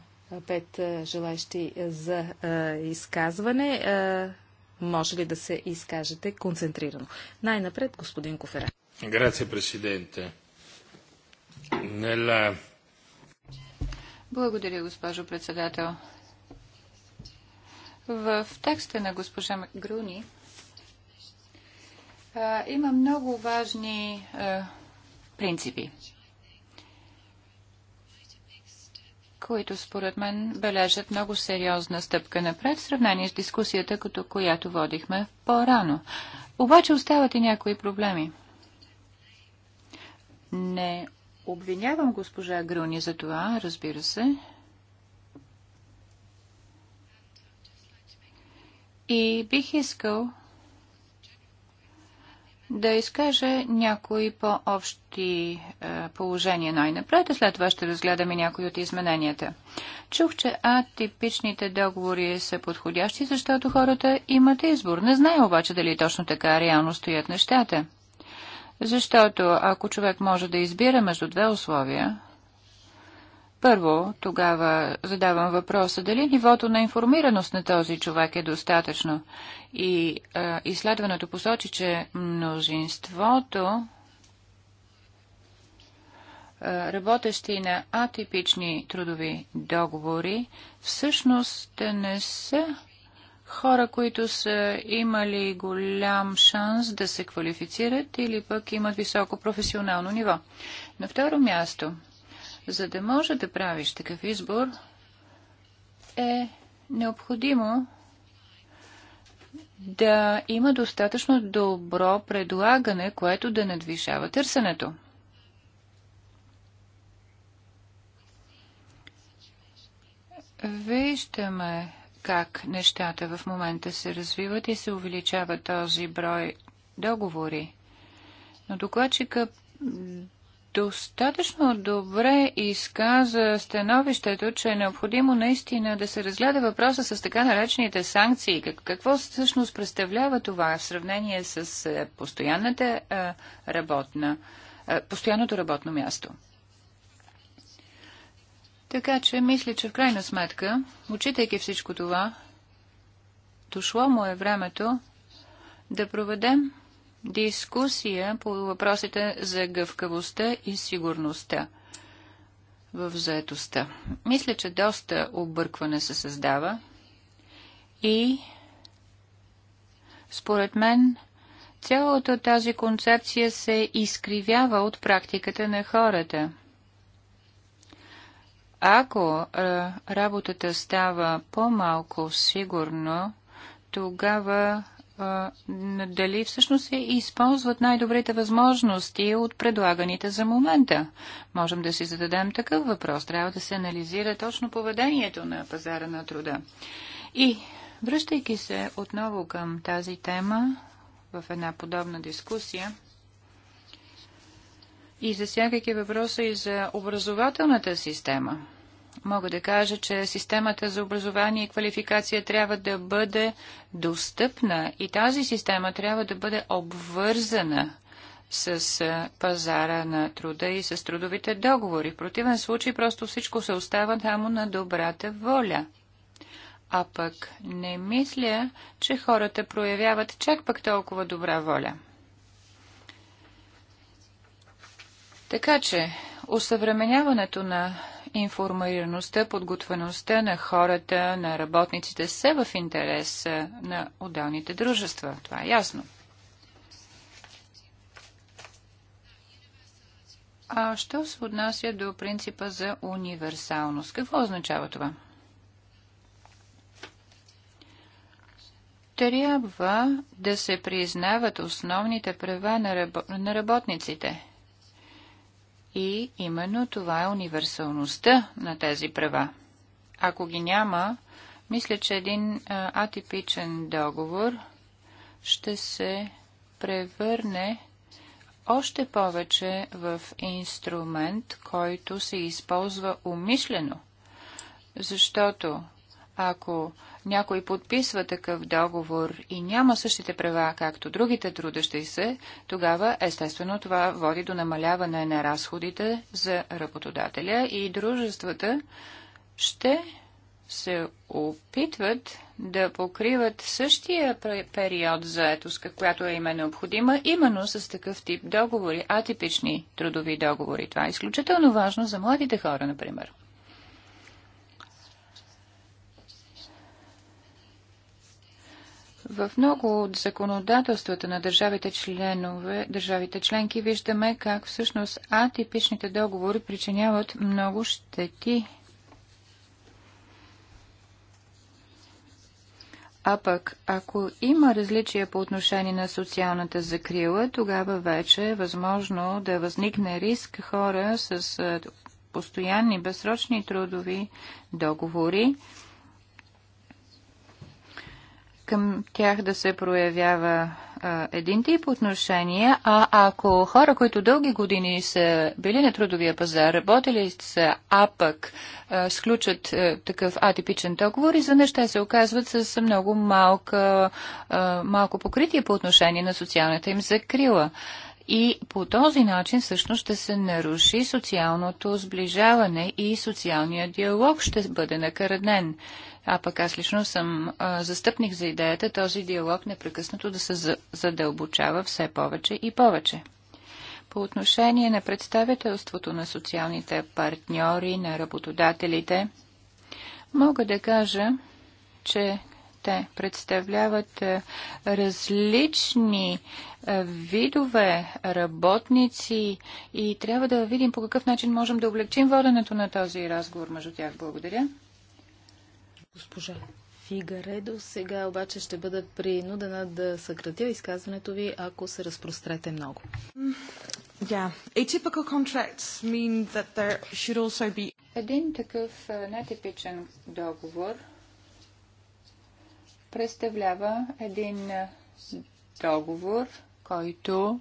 пет желащи за а, изказване. А, може ли да се изкажете концентрирано? Най-напред, господин Кофера. Грация, президенте. Нела... Благодаря, госпожо председател. В текста на госпожа Груни има много важни принципи, които според мен бележат много сериозна стъпка напред в сравнение с дискусията, като която водихме по-рано. Обаче остават и някои проблеми. Не обвинявам госпожа Груни за това, разбира се. И бих искал да изкаже някои по-общи е, положения най-напред, а след това ще разгледаме някои от измененията. Чух, че атипичните договори са подходящи, защото хората имат избор. Не знае обаче дали точно така реално стоят нещата. Защото ако човек може да избира между две условия, първо, тогава задавам въпроса, дали нивото на информираност на този човек е достатъчно? И а, изследването посочи, че мнозинството а, работещи на атипични трудови договори всъщност не са хора, които са имали голям шанс да се квалифицират или пък имат високо професионално ниво. На второ място – за да може да правиш такъв избор, е необходимо да има достатъчно добро предлагане, което да надвишава търсенето. Виждаме как нещата в момента се развиват и се увеличава този брой договори. Но докладчика достатъчно добре изказа становището, че е необходимо наистина да се разгледа въпроса с така наречените санкции. Какво всъщност представлява това в сравнение с е, постоянната е, работна, е, постоянното работно място? Така че мисля, че в крайна сметка, учитайки всичко това, дошло му е времето да проведем дискусия по въпросите за гъвкавостта и сигурността в заетостта. Мисля, че доста объркване се създава и според мен цялата тази концепция се изкривява от практиката на хората. Ако работата става по-малко сигурно, тогава дали всъщност се използват най-добрите възможности от предлаганите за момента. Можем да си зададем такъв въпрос. Трябва да се анализира точно поведението на пазара на труда. И, връщайки се отново към тази тема, в една подобна дискусия, и засягайки въпроса и за образователната система – мога да кажа, че системата за образование и квалификация трябва да бъде достъпна и тази система трябва да бъде обвързана с пазара на труда и с трудовите договори. В противен случай просто всичко се остава само на добрата воля. А пък не мисля, че хората проявяват чак пък толкова добра воля. Така че, усъвременяването на информираността, подготвеността на хората, на работниците са в интерес на отделните дружества. Това е ясно. А що се отнася до принципа за универсалност? Какво означава това? Трябва да се признават основните права на работниците – и именно това е универсалността на тези права. Ако ги няма, мисля, че един атипичен договор ще се превърне още повече в инструмент, който се използва умишлено, защото ако някой подписва такъв договор и няма същите права, както другите трудещи се, тогава естествено това води до намаляване на разходите за работодателя и дружествата ще се опитват да покриват същия период за етоска, която е им е необходима, именно с такъв тип договори, атипични трудови договори. Това е изключително важно за младите хора, например. В много от законодателствата на държавите, членове, държавите членки виждаме как всъщност атипичните договори причиняват много щети. А пък, ако има различия по отношение на социалната закрила, тогава вече е възможно да възникне риск хора с постоянни безсрочни трудови договори към тях да се проявява а, един тип отношения, а ако хора, които дълги години са били на трудовия пазар, работили са, а пък а, сключат а, такъв атипичен договор, изведнъж те се оказват с много малка, а, малко покритие по отношение на социалната им закрила. И по този начин всъщност ще се наруши социалното сближаване и социалният диалог ще бъде накърнен. А пък аз лично съм а, застъпник за идеята този диалог непрекъснато да се задълбочава все повече и повече. По отношение на представителството на социалните партньори, на работодателите, мога да кажа, че те представляват различни видове работници и трябва да видим по какъв начин можем да облегчим воденето на този разговор между тях. Благодаря госпожа Фигаредо. Сега обаче ще бъда принудена да съкратя изказването ви, ако се разпрострете много. Mm, един такъв нетипичен договор представлява един договор, който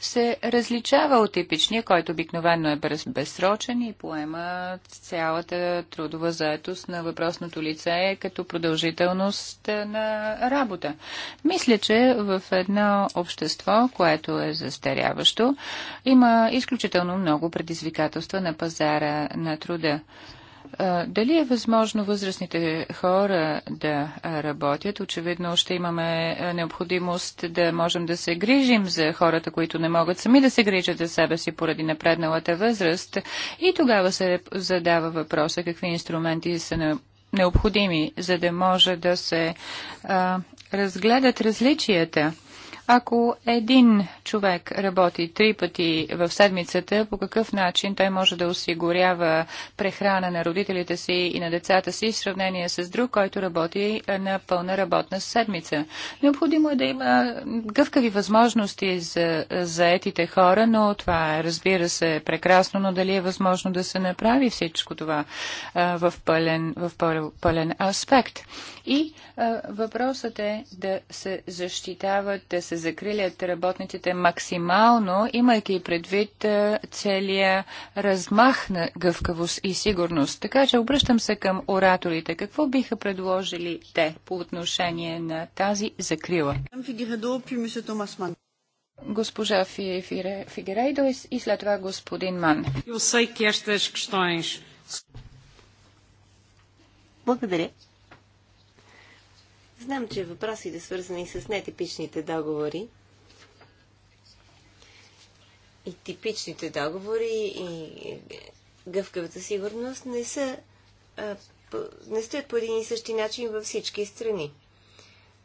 се различава от типичния, който обикновено е без, безсрочен и поема цялата трудова заетост на въпросното лице като продължителност на работа. Мисля, че в едно общество, което е застаряващо, има изключително много предизвикателства на пазара на труда. Дали е възможно възрастните хора да работят? Очевидно ще имаме необходимост да можем да се грижим за хората, които не могат сами да се грижат за себе си поради напредналата възраст. И тогава се задава въпроса какви инструменти са необходими, за да може да се а, разгледат различията ако един човек работи три пъти в седмицата, по какъв начин той може да осигурява прехрана на родителите си и на децата си в сравнение с друг, който работи на пълна работна седмица? Необходимо е да има гъвкави възможности за заетите хора, но това е, разбира се, е прекрасно, но дали е възможно да се направи всичко това в пълен, в пълен аспект? И а, въпросът е да се защитават, да се закрилят работниците максимално, имайки предвид а, целия размах на гъвкавост и сигурност. Така че обръщам се към ораторите. Какво биха предложили те по отношение на тази закрила? Госпожа Фигерейдо и след това господин Ман. Благодаря. Знам, че въпросите, свързани с нетипичните договори и типичните договори и гъвкавата сигурност не са не стоят по един и същи начин във всички страни.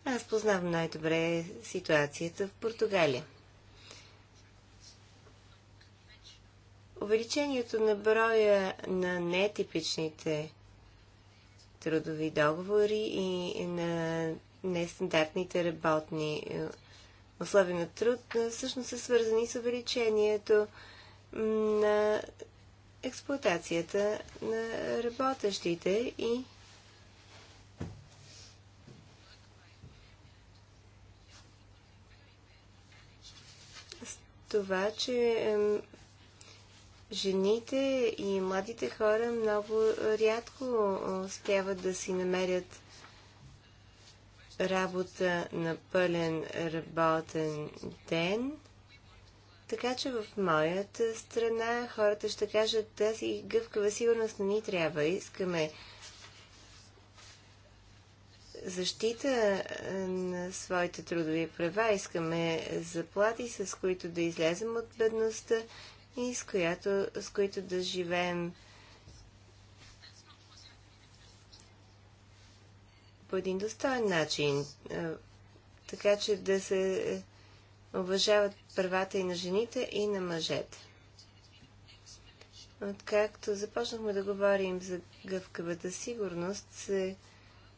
Аз познавам най-добре ситуацията в Португалия. Увеличението на броя на нетипичните трудови договори и на нестандартните работни е, условия на труд, е, всъщност са свързани с увеличението на експлуатацията на работещите и това, че жените и младите хора много рядко успяват да си намерят работа на пълен работен ден. Така че в моята страна хората ще кажат, тази гъвкава сигурност не ни трябва. Искаме защита на своите трудови права, искаме заплати, с които да излезем от бедността, и с, която, с които да живеем по един достоен начин, така че да се е, уважават правата и на жените, и на мъжете. Откакто започнахме да говорим за гъвкавата сигурност, се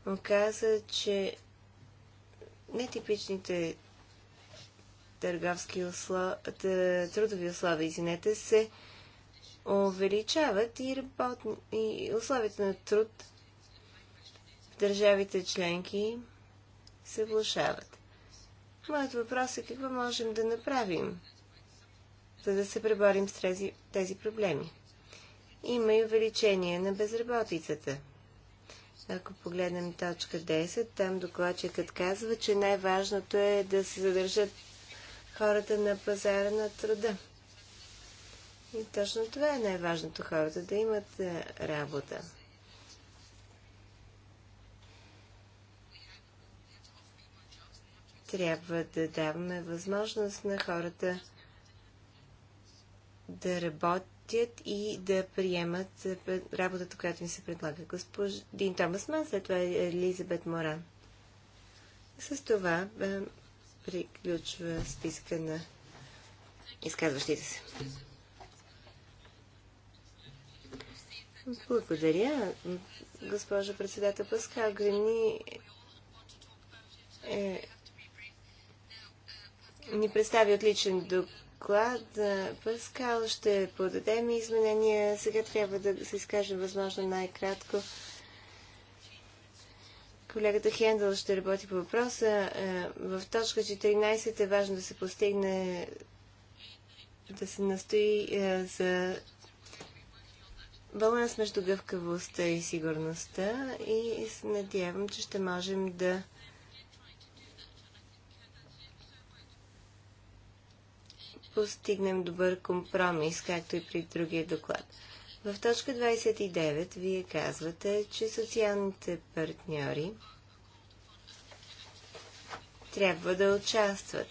оказа, че нетипичните търговски услов... трудови условия, извинете, се увеличават и, работ... и условията на труд в държавите членки се влушават. Моят въпрос е какво можем да направим, за да се преборим с тези, тези проблеми. Има и увеличение на безработицата. Ако погледнем точка 10, там докладчикът казва, че най-важното е да се задържат хората на пазара на труда. И точно това е най-важното хората да имат е, работа. Трябва да даваме възможност на хората да работят и да приемат е, работата, която ми се предлага. Господин Томас Ман, след това е Елизабет Моран. С това е, приключва списка на изказващите се. Благодаря, госпожа председател Паска. Грени е, ни представи отличен доклад. Паскал ще подадем изменения. Сега трябва да се изкажем възможно най-кратко. Колегата Хендъл ще работи по въпроса. Е, в точка 14 е важно да се постигне, да се настои е, за баланс между гъвкавостта и сигурността и се надявам, че ще можем да постигнем добър компромис, както и при другия доклад. В точка 29 вие казвате, че социалните партньори трябва да участват.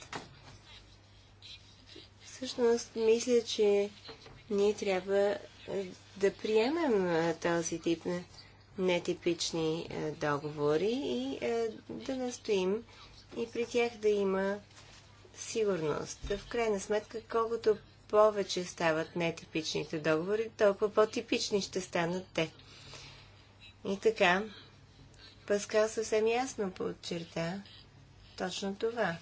Всъщност, мисля, че ние трябва е, да приемем е, този тип на нетипични е, договори и да настоим и при тях да има сигурност. В крайна сметка, колкото повече стават нетипичните договори, толкова по-типични ще станат те. И така, Паскал съвсем ясно подчерта точно това,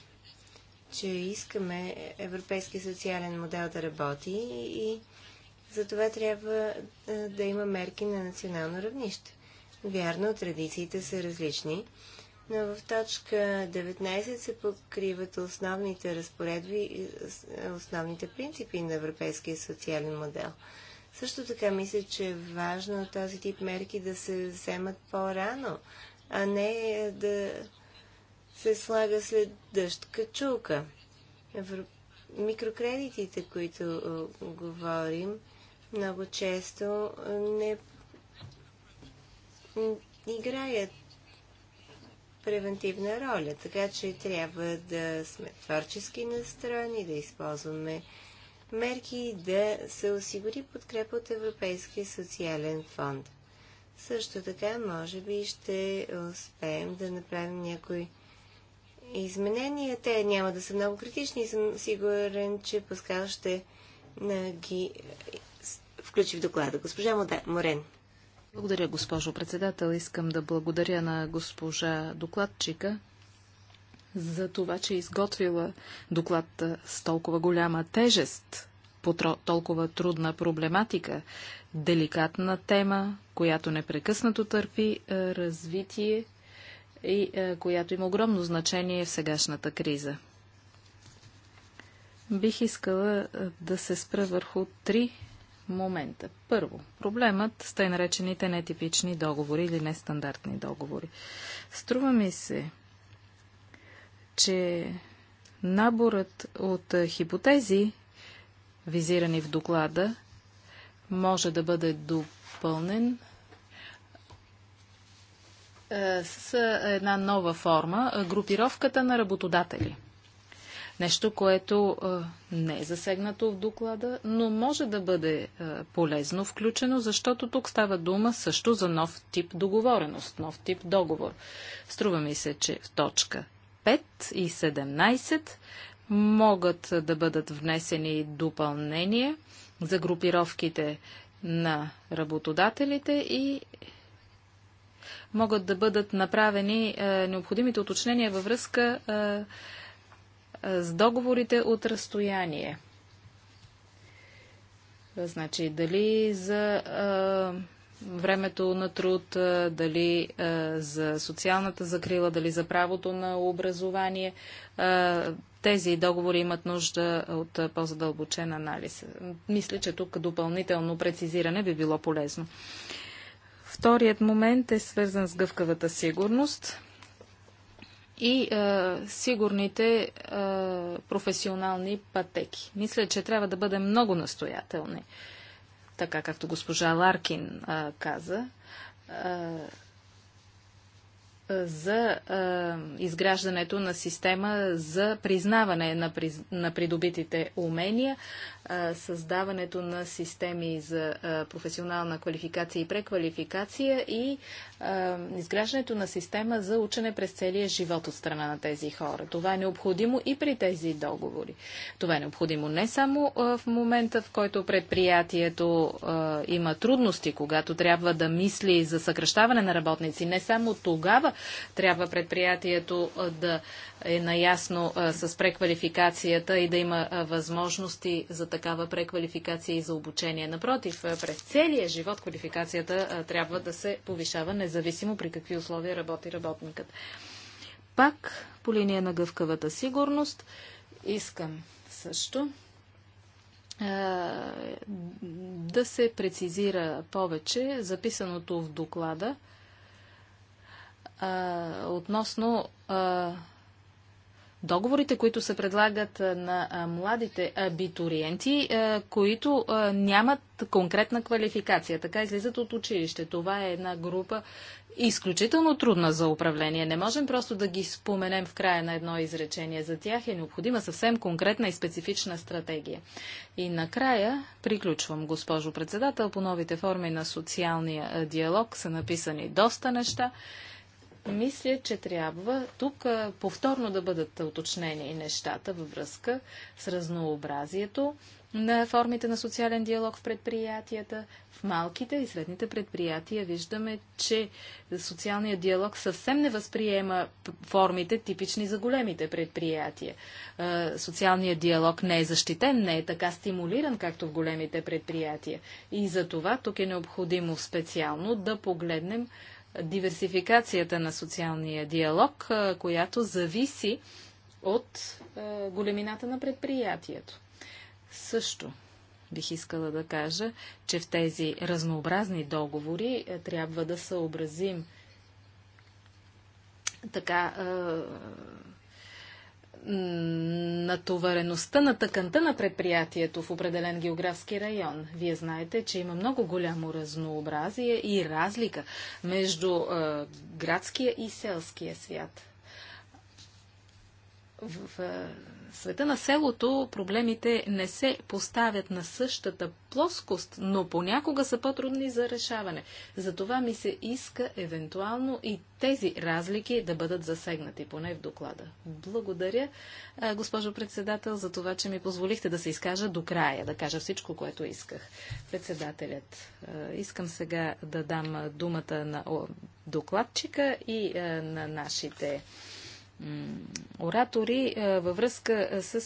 че искаме европейски социален модел да работи и за това трябва е, да има мерки на национално равнище. Вярно, традициите са различни но в точка 19 се покриват основните разпоредби и основните принципи на европейския социален модел. Също така мисля, че е важно този тип мерки да се вземат по-рано, а не е, да се слага след дъжд качулка. Микрокредитите, които говорим, много често е, не играят превентивна роля, така че трябва да сме творчески настроени, да използваме мерки да се осигури подкрепа от Европейския социален фонд. Също така, може би ще успеем да направим някои изменения. Те няма да са много критични и съм сигурен, че Паскал ще ги включи в доклада. Госпожа Морен. Благодаря, госпожо председател. Искам да благодаря на госпожа докладчика за това, че е изготвила доклад с толкова голяма тежест по толкова трудна проблематика, деликатна тема, която непрекъснато търпи е, развитие и е, която има огромно значение в сегашната криза. Бих искала да се спра върху три момента. Първо, проблемът с тъй наречените нетипични договори или нестандартни договори. Струва ми се, че наборът от хипотези, визирани в доклада, може да бъде допълнен с една нова форма групировката на работодатели. Нещо, което не е засегнато в доклада, но може да бъде полезно включено, защото тук става дума също за нов тип договореност, нов тип договор. Струва ми се, че в точка 5 и 17 могат да бъдат внесени допълнения за групировките на работодателите и могат да бъдат направени е, необходимите уточнения във връзка е, с договорите от разстояние. Значи, дали за времето на труд, дали за социалната закрила, дали за правото на образование. Тези договори имат нужда от по-задълбочен анализ. Мисля, че тук допълнително прецизиране би било полезно. Вторият момент е свързан с гъвкавата сигурност и а, сигурните а, професионални пътеки. Мисля, че трябва да бъдем много настоятелни, така както госпожа Ларкин а, каза. А, за изграждането на система за признаване на, приз... на придобитите умения, създаването на системи за професионална квалификация и преквалификация и изграждането на система за учене през целия живот от страна на тези хора. Това е необходимо и при тези договори. Това е необходимо не само в момента, в който предприятието има трудности, когато трябва да мисли за съкръщаване на работници, не само тогава, трябва предприятието да е наясно с преквалификацията и да има възможности за такава преквалификация и за обучение. Напротив, през целия живот квалификацията трябва да се повишава, независимо при какви условия работи работникът. Пак по линия на гъвкавата сигурност искам също да се прецизира повече записаното в доклада а, относно а, договорите, които се предлагат на младите абитуриенти, които нямат конкретна квалификация. Така излизат от училище. Това е една група изключително трудна за управление. Не можем просто да ги споменем в края на едно изречение. За тях е необходима съвсем конкретна и специфична стратегия. И накрая приключвам, госпожо председател, по новите форми на социалния диалог са написани доста неща мисля, че трябва тук повторно да бъдат уточнени нещата във връзка с разнообразието на формите на социален диалог в предприятията. В малките и средните предприятия виждаме, че социалният диалог съвсем не възприема формите типични за големите предприятия. Социалният диалог не е защитен, не е така стимулиран, както в големите предприятия. И за това тук е необходимо специално да погледнем диверсификацията на социалния диалог, която зависи от големината на предприятието. Също бих искала да кажа, че в тези разнообразни договори трябва да съобразим така натовареността на тъканта на предприятието в определен географски район. Вие знаете, че има много голямо разнообразие и разлика между е, градския и селския свят в света на селото проблемите не се поставят на същата плоскост, но понякога са по-трудни за решаване. Затова ми се иска евентуално и тези разлики да бъдат засегнати, поне в доклада. Благодаря, госпожо председател, за това, че ми позволихте да се изкажа до края, да кажа всичко, което исках. Председателят, искам сега да дам думата на докладчика и на нашите оратори във връзка с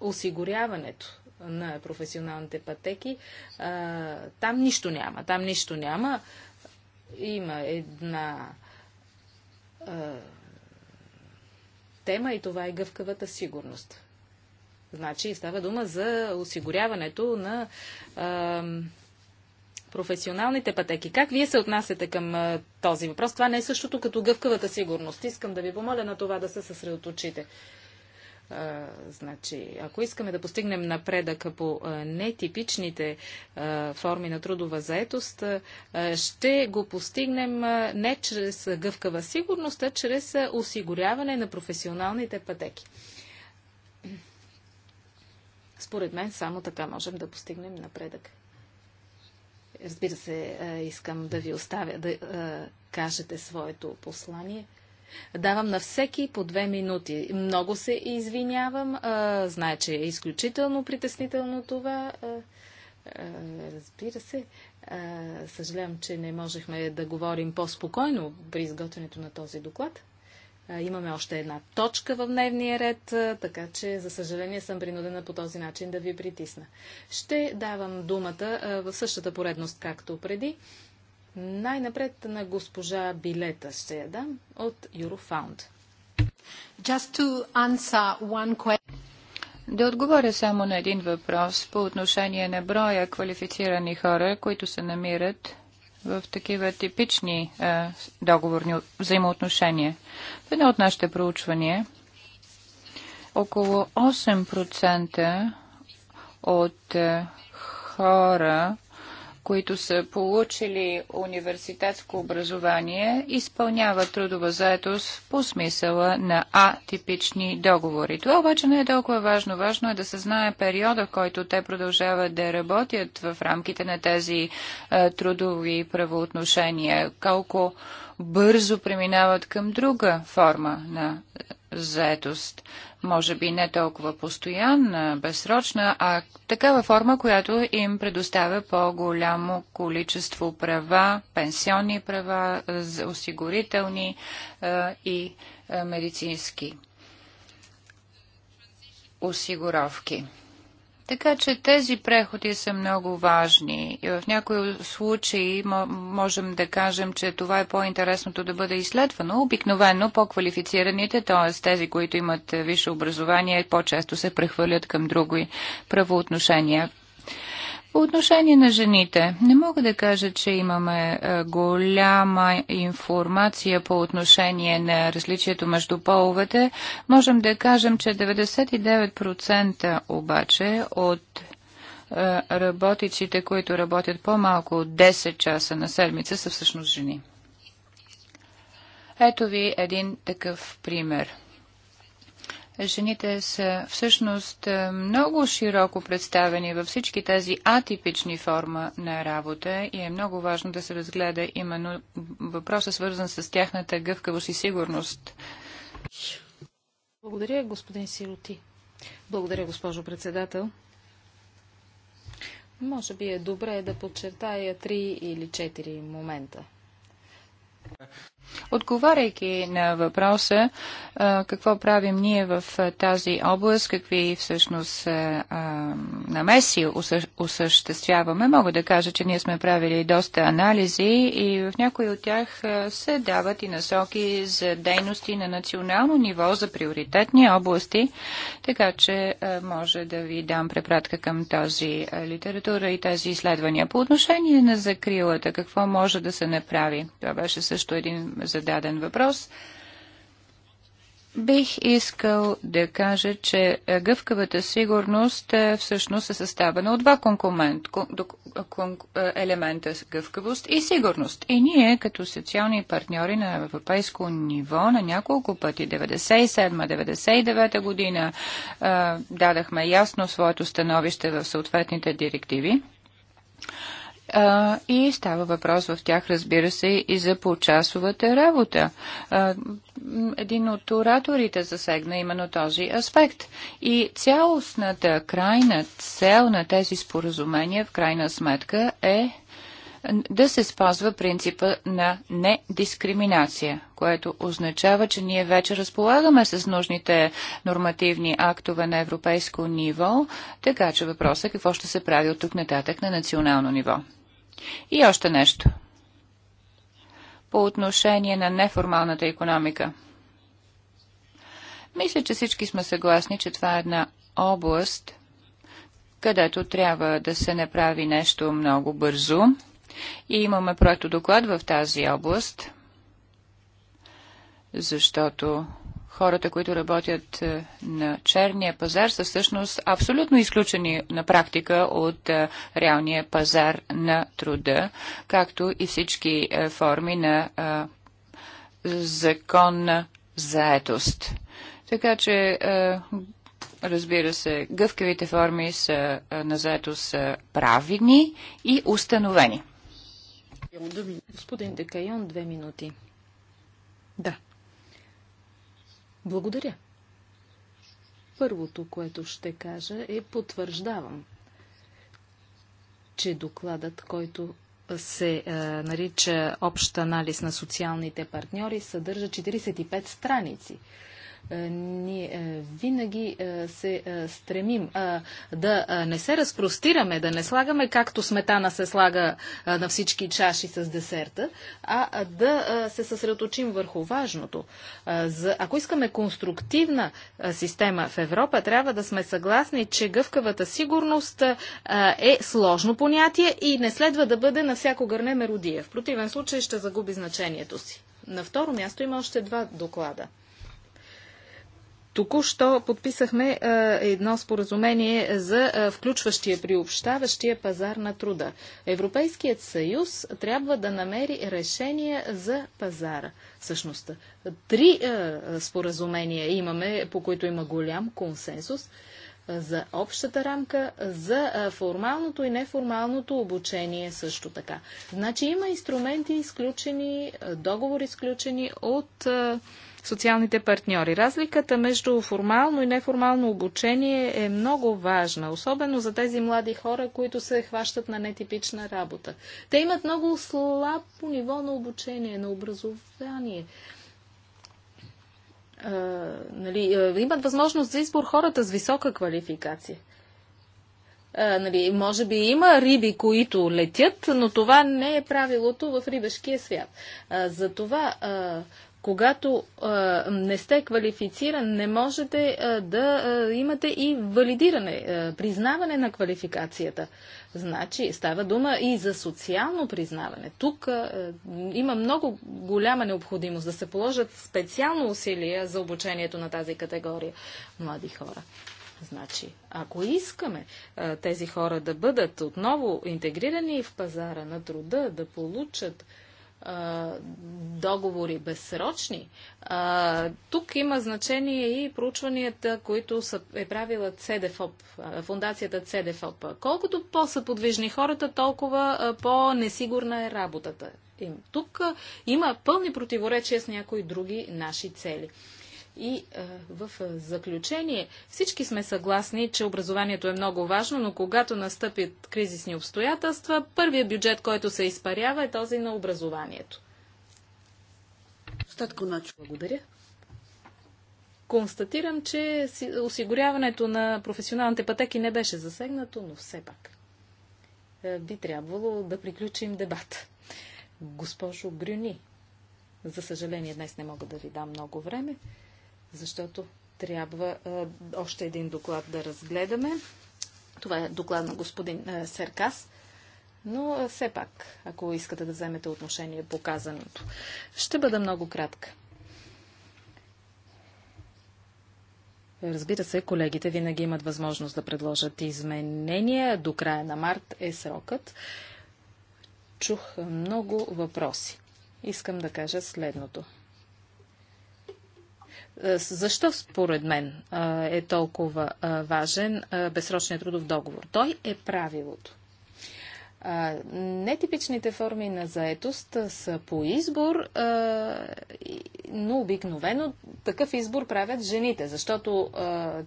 осигуряването на професионалните пътеки. Там нищо няма. Там нищо няма. Има една тема и това е гъвкавата сигурност. Значи става дума за осигуряването на професионалните пътеки. Как вие се отнасяте към този въпрос? Това не е същото като гъвкавата сигурност. Искам да ви помоля на това да се съсредоточите. А, значи, ако искаме да постигнем напредък по а, нетипичните а, форми на трудова заетост, ще го постигнем не чрез гъвкава сигурност, а чрез осигуряване на професионалните пътеки. Според мен само така можем да постигнем напредък разбира се, искам да ви оставя да кажете своето послание. Давам на всеки по две минути. Много се извинявам. Знае, че е изключително притеснително това. Разбира се. Съжалявам, че не можехме да говорим по-спокойно при изготвянето на този доклад. Имаме още една точка в дневния ред, така че, за съжаление, съм принудена по този начин да ви притисна. Ще давам думата в същата поредност, както преди. Най-напред на госпожа Билета ще я дам от Eurofound. Just to answer one question. Да отговоря само на един въпрос по отношение на броя квалифицирани хора, които се намират в такива типични е, договорни взаимоотношения. В едно от нашите проучвания около 8% от е, хора които са получили университетско образование, изпълняват трудова заетост по смисъла на атипични договори. Това обаче не е толкова важно. Важно е да се знае периода, в който те продължават да работят в рамките на тези е, трудови правоотношения. Колко бързо преминават към друга форма на е, заетост може би не толкова постоянна, безсрочна, а такава форма, която им предоставя по-голямо количество права, пенсионни права, осигурителни е, и е, медицински осигуровки. Така че тези преходи са много важни и в някои случаи можем да кажем, че това е по-интересното да бъде изследвано. Обикновено по-квалифицираните, т.е. тези, които имат висше образование, по-често се прехвърлят към други правоотношения. По отношение на жените, не мога да кажа, че имаме е, голяма информация по отношение на различието между половете. Можем да кажем, че 99% обаче от е, работиците, които работят по-малко от 10 часа на седмица, са всъщност жени. Ето ви един такъв пример – жените са всъщност е, много широко представени във всички тези атипични форма на работа и е много важно да се разгледа именно въпроса свързан с тяхната гъвкавост и сигурност. Благодаря, господин Сироти. Благодаря, госпожо председател. Може би е добре да подчертая три или четири момента. Отговаряйки на въпроса какво правим ние в тази област, какви всъщност намеси осъществяваме, мога да кажа, че ние сме правили доста анализи и в някои от тях се дават и насоки за дейности на национално ниво за приоритетни области, така че може да ви дам препратка към тази литература и тези изследвания. По отношение на закрилата, какво може да се направи? Това беше също един за даден въпрос. Бих искал да кажа, че е, гъвкавата сигурност е, всъщност е съставена от два конкурент, е, елемента гъвкавост и сигурност. И ние, като социални партньори на европейско ниво, на няколко пъти, 97-99 година, дадахме ясно своето становище в съответните директиви. А, и става въпрос в тях, разбира се, и за почасовата работа. А, един от ораторите засегна именно този аспект. И цялостната крайна цел на тези споразумения, в крайна сметка, е да се спазва принципа на недискриминация, което означава, че ние вече разполагаме с нужните нормативни актове на европейско ниво, така че въпросът е какво ще се прави от тук нататък на национално ниво. И още нещо. По отношение на неформалната економика. Мисля, че всички сме съгласни, че това е една област, където трябва да се направи нещо много бързо. И имаме проекто доклад в тази област, защото хората, които работят е, на черния пазар, са всъщност абсолютно изключени на практика от е, реалния пазар на труда, както и всички е, форми на законна заетост. Така че, разбира се, гъвкавите форми са, на заетост са правилни и установени. Господин Декайон, две минути. Да, благодаря. Първото, което ще кажа е потвърждавам, че докладът, който се е, нарича Общ анализ на социалните партньори, съдържа 45 страници. Е, ние винаги е, се е, стремим да не се разпростираме, да не слагаме както сметана се слага на всички чаши с десерта, а да се съсредоточим върху важното. Ако искаме конструктивна система в Европа, трябва да сме съгласни, че гъвкавата сигурност е сложно понятие и не следва да бъде на всяко гърне меродия. В противен случай ще загуби значението си. На второ място има още два доклада. Току-що подписахме едно споразумение за включващия приобщаващия пазар на труда. Европейският съюз трябва да намери решение за пазара. Всъщност, три споразумения имаме, по които има голям консенсус за общата рамка, за формалното и неформалното обучение също така. Значи има инструменти изключени, договори изключени от социалните партньори. Разликата между формално и неформално обучение е много важна, особено за тези млади хора, които се хващат на нетипична работа. Те имат много слабо ниво на обучение, на образование. А, нали, имат възможност за избор хората с висока квалификация. А, нали, може би има риби, които летят, но това не е правилото в рибешкия свят. А, затова а, когато а, не сте квалифициран, не можете а, да а, имате и валидиране, а, признаване на квалификацията. Значи, става дума и за социално признаване. Тук а, има много голяма необходимост да се положат специално усилия за обучението на тази категория млади хора. Значи, ако искаме а, тези хора да бъдат отново интегрирани в пазара на труда, да получат договори безсрочни, тук има значение и проучванията, които са, е правила ЦДФОП, фундацията ЦДФОП. Колкото по-са подвижни хората, толкова по-несигурна е работата им. Тук има пълни противоречия с някои други наши цели. И а, е, в е, заключение, всички сме съгласни, че образованието е много важно, но когато настъпят кризисни обстоятелства, първият бюджет, който се изпарява, е този на образованието. Остатко начин. Благодаря. Констатирам, че осигуряването на професионалните пътеки не беше засегнато, но все пак е, би трябвало да приключим дебата. Госпожо Грюни, за съжаление днес не мога да ви дам много време защото трябва а, още един доклад да разгледаме. Това е доклад на господин а, Серкас. Но а, все пак, ако искате да вземете отношение по казаното, ще бъда много кратка. Разбира се, колегите винаги имат възможност да предложат изменения. До края на март е срокът. Чух много въпроси. Искам да кажа следното. Е, защо според мен е, е толкова е, важен безсрочният трудов договор? Той е правилото. Нетипичните форми на заетост са по избор, но обикновено такъв избор правят жените, защото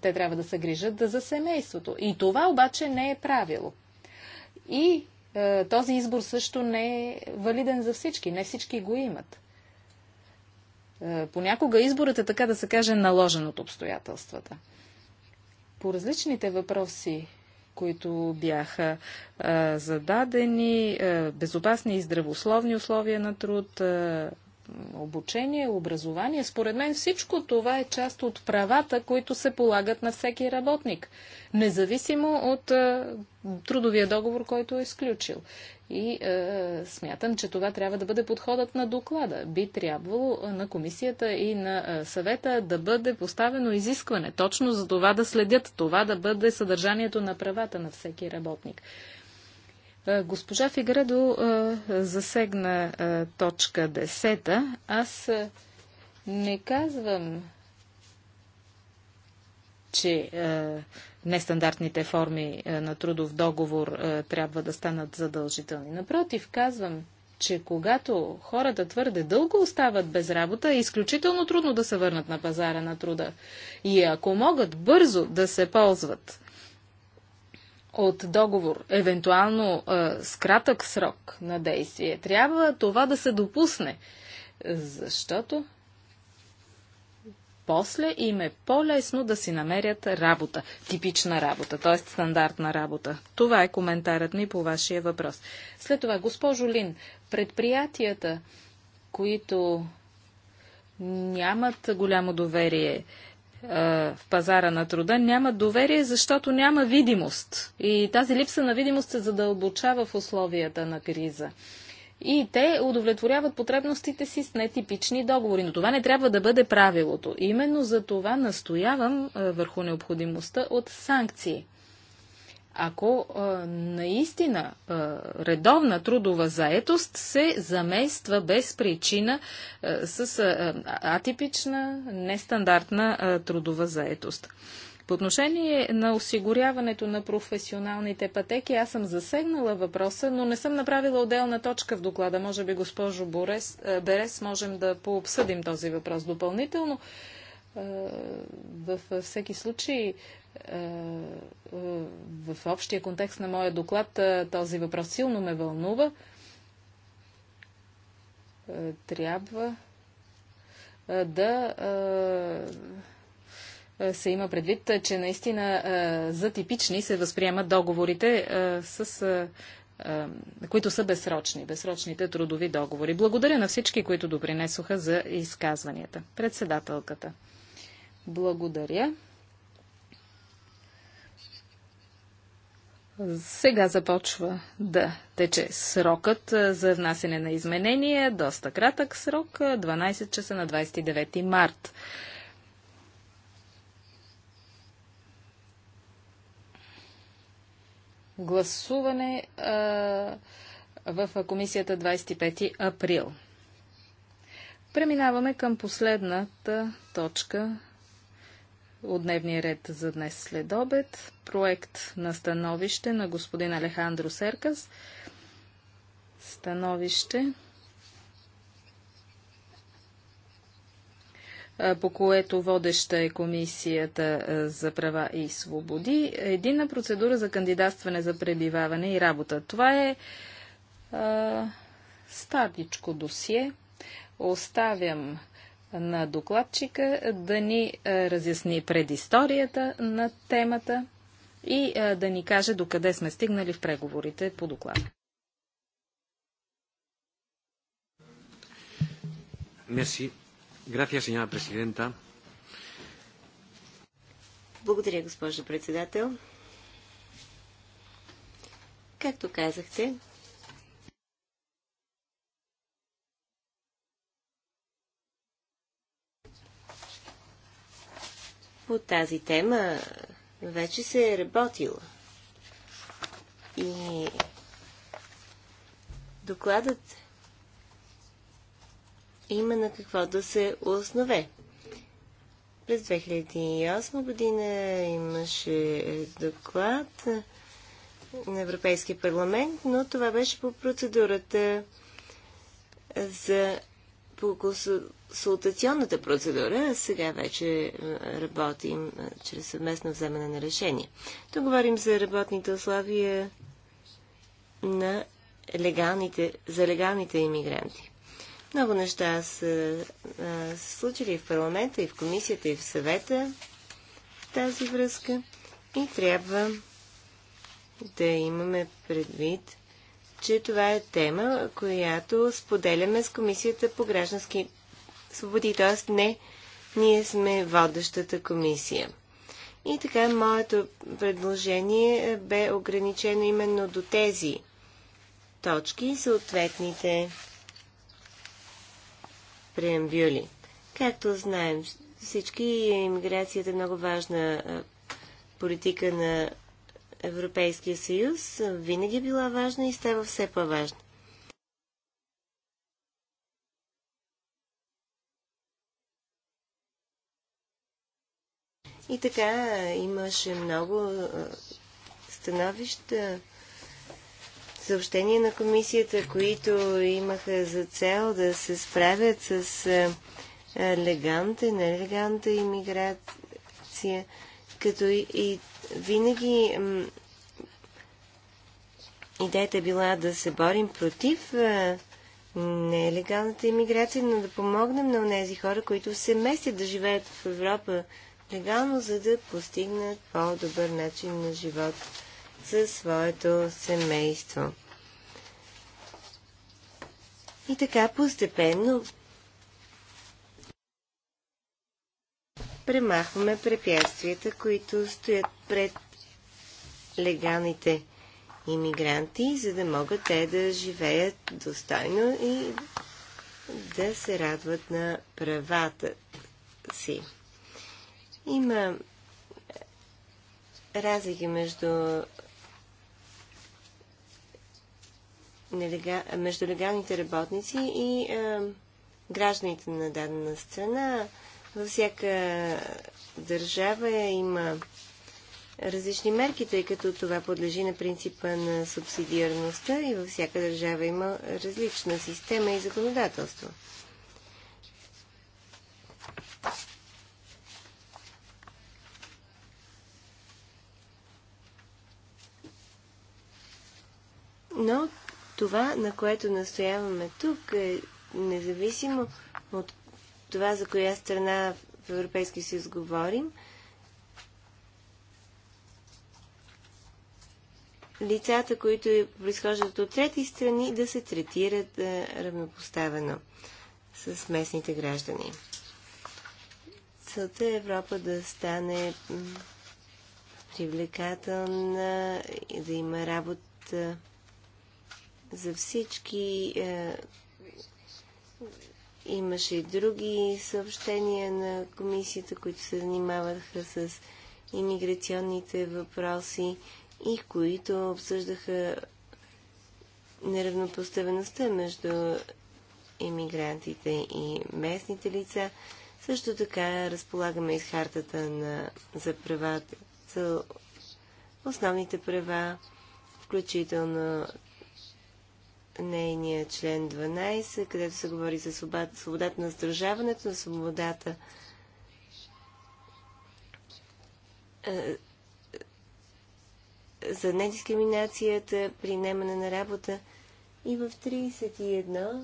те трябва да се грижат за семейството. И това обаче не е правило. И този избор също не е валиден за всички. Не всички го имат. Е, понякога изборът е, така да се каже, наложен от обстоятелствата. По различните въпроси, които бяха е, зададени, е, безопасни и здравословни условия на труд, обучение, образование. Според мен всичко това е част от правата, които се полагат на всеки работник, независимо от трудовия договор, който е изключил. И е, смятам, че това трябва да бъде подходът на доклада. Би трябвало е, на комисията и на е, съвета да бъде поставено изискване точно за това да следят, това да бъде съдържанието на правата на всеки работник. Е, госпожа Фигредо засегна точка 10. Аз не казвам, че нестандартните форми е, на трудов договор е, трябва да станат задължителни. Напротив, казвам, че когато хората твърде дълго остават без работа, е изключително трудно да се върнат на пазара на труда. И ако могат бързо да се ползват от договор, евентуално е, с кратък срок на действие, трябва това да се допусне, защото после им е по-лесно да си намерят работа, типична работа, т.е. стандартна работа. Това е коментарът ми по вашия въпрос. След това, госпожо Лин, предприятията, които нямат голямо доверие е, в пазара на труда, нямат доверие, защото няма видимост. И тази липса на видимост се задълбочава в условията на криза и те удовлетворяват потребностите си с нетипични договори. Но това не трябва да бъде правилото. Именно за това настоявам върху необходимостта от санкции. Ако наистина редовна трудова заетост се замества без причина с атипична, нестандартна трудова заетост. По отношение на осигуряването на професионалните пътеки, аз съм засегнала въпроса, но не съм направила отделна точка в доклада. Може би, госпожо Борес, е, Берес, можем да пообсъдим този въпрос допълнително. Във е, е, всеки случай, в общия контекст на моя доклад, този въпрос силно ме вълнува. Трябва да е, се има предвид, че наистина е, за типични се възприемат договорите, е, с, които са безсрочни, безсрочните трудови договори. Благодаря на всички, които допринесоха за изказванията. Председателката. Благодаря. Сега започва да тече срокът за внасене на изменения. Доста кратък срок 12 часа на 29 март. гласуване а, в комисията 25 април. Преминаваме към последната точка от дневния ред за днес след обед. Проект на становище на господин Алехандро Серкас. Становище по което водеща е Комисията за права и свободи. Единна процедура за кандидатстване за пребиваване и работа. Това е а, статичко досие. Оставям на докладчика да ни разясни предисторията на темата и а, да ни каже докъде сме стигнали в преговорите по доклада. Merci. Gracias, señora Благодаря, госпожо председател. Както казахте, по тази тема вече се е работила. И докладът има на какво да се основе. През 2008 година имаше доклад на Европейския парламент, но това беше по процедурата за по консултационната процедура, а сега вече е, работим е, чрез съвместно вземане на решение. Тук говорим за работните условия на легалните, за легалните иммигранти. Много неща са се случили в парламента и в комисията и в съвета в тази връзка и трябва да имаме предвид, че това е тема, която споделяме с Комисията по граждански свободи, т.е. не ние сме водещата комисия. И така, моето предложение бе ограничено именно до тези точки и съответните преамбюли. Както знаем, всички иммиграцията е много важна политика на Европейския съюз. Винаги е била важна и става все по-важна. И така имаше много становища съобщения на комисията, които имаха за цел да се справят с е, е, леганта и нелегалната иммиграция, като и, и винаги идеята е била да се борим против нелегалната иммиграция, но да помогнем на тези хора, които се местят да живеят в Европа легално, за да постигнат по-добър начин на живота със своето семейство. И така постепенно премахваме препятствията, които стоят пред легалните иммигранти, за да могат те да живеят достойно и да се радват на правата си. Има разлики между нелега... между легалните работници и е, гражданите на дадена страна. Във всяка държава има различни мерки, тъй като това подлежи на принципа на субсидиарността и във всяка държава има различна система и законодателство. Но това, на което настояваме тук, е независимо от това, за коя страна в Европейския съюз говорим, лицата, които произхождат от трети страни, да се третират е, равнопоставено с местните граждани. Целта е Европа да стане привлекателна и да има работа за всички. Е, имаше и други съобщения на комисията, които се занимаваха с иммиграционните въпроси и които обсъждаха неравнопоставеността между иммигрантите и местните лица. Също така разполагаме и с хартата на, за правата, за основните права, включително нейния член 12, където се говори за свободата на сдружаването, на свободата е, за недискриминацията при немане на работа и в 31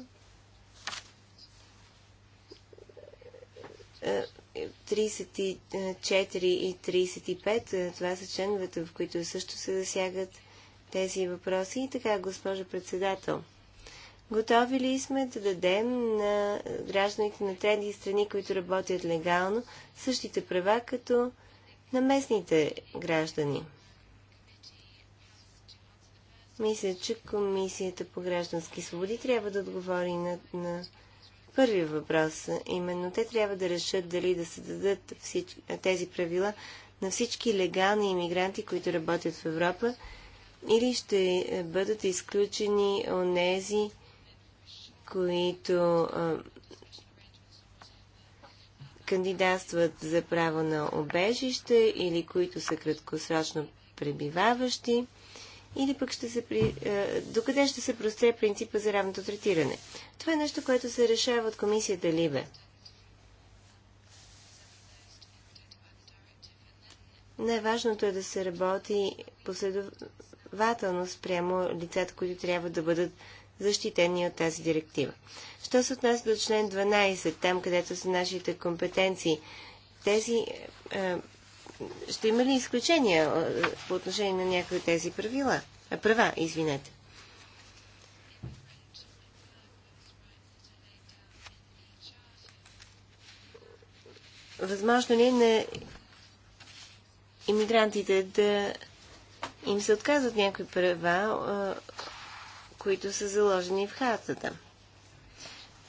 34 и 35, е, е, това са членовете, в които също се засягат тези въпроси. И така, госпожо председател, готови ли сме да дадем на гражданите на трети страни, които работят легално, същите права като на местните граждани? Мисля, че Комисията по граждански свободи трябва да отговори на, на първи въпрос. Именно те трябва да решат дали да се дадат всич... тези правила на всички легални иммигранти, които работят в Европа или ще бъдат изключени онези, които а, кандидатстват за право на обежище или които са краткосрочно пребиваващи, или пък ще се при... А, докъде ще се простре принципа за равното третиране. Това е нещо, което се решава от комисията Либе. Най-важното е да се работи последователно последователност прямо лицата, които трябва да бъдат защитени от тази директива. Що се отнася до член 12, там където са нашите компетенции, тези. Е, ще има ли изключения е, по отношение на някои от тези правила? А, е, права, извинете. Възможно ли е на иммигрантите да им се отказват някои права, които са заложени в хартата.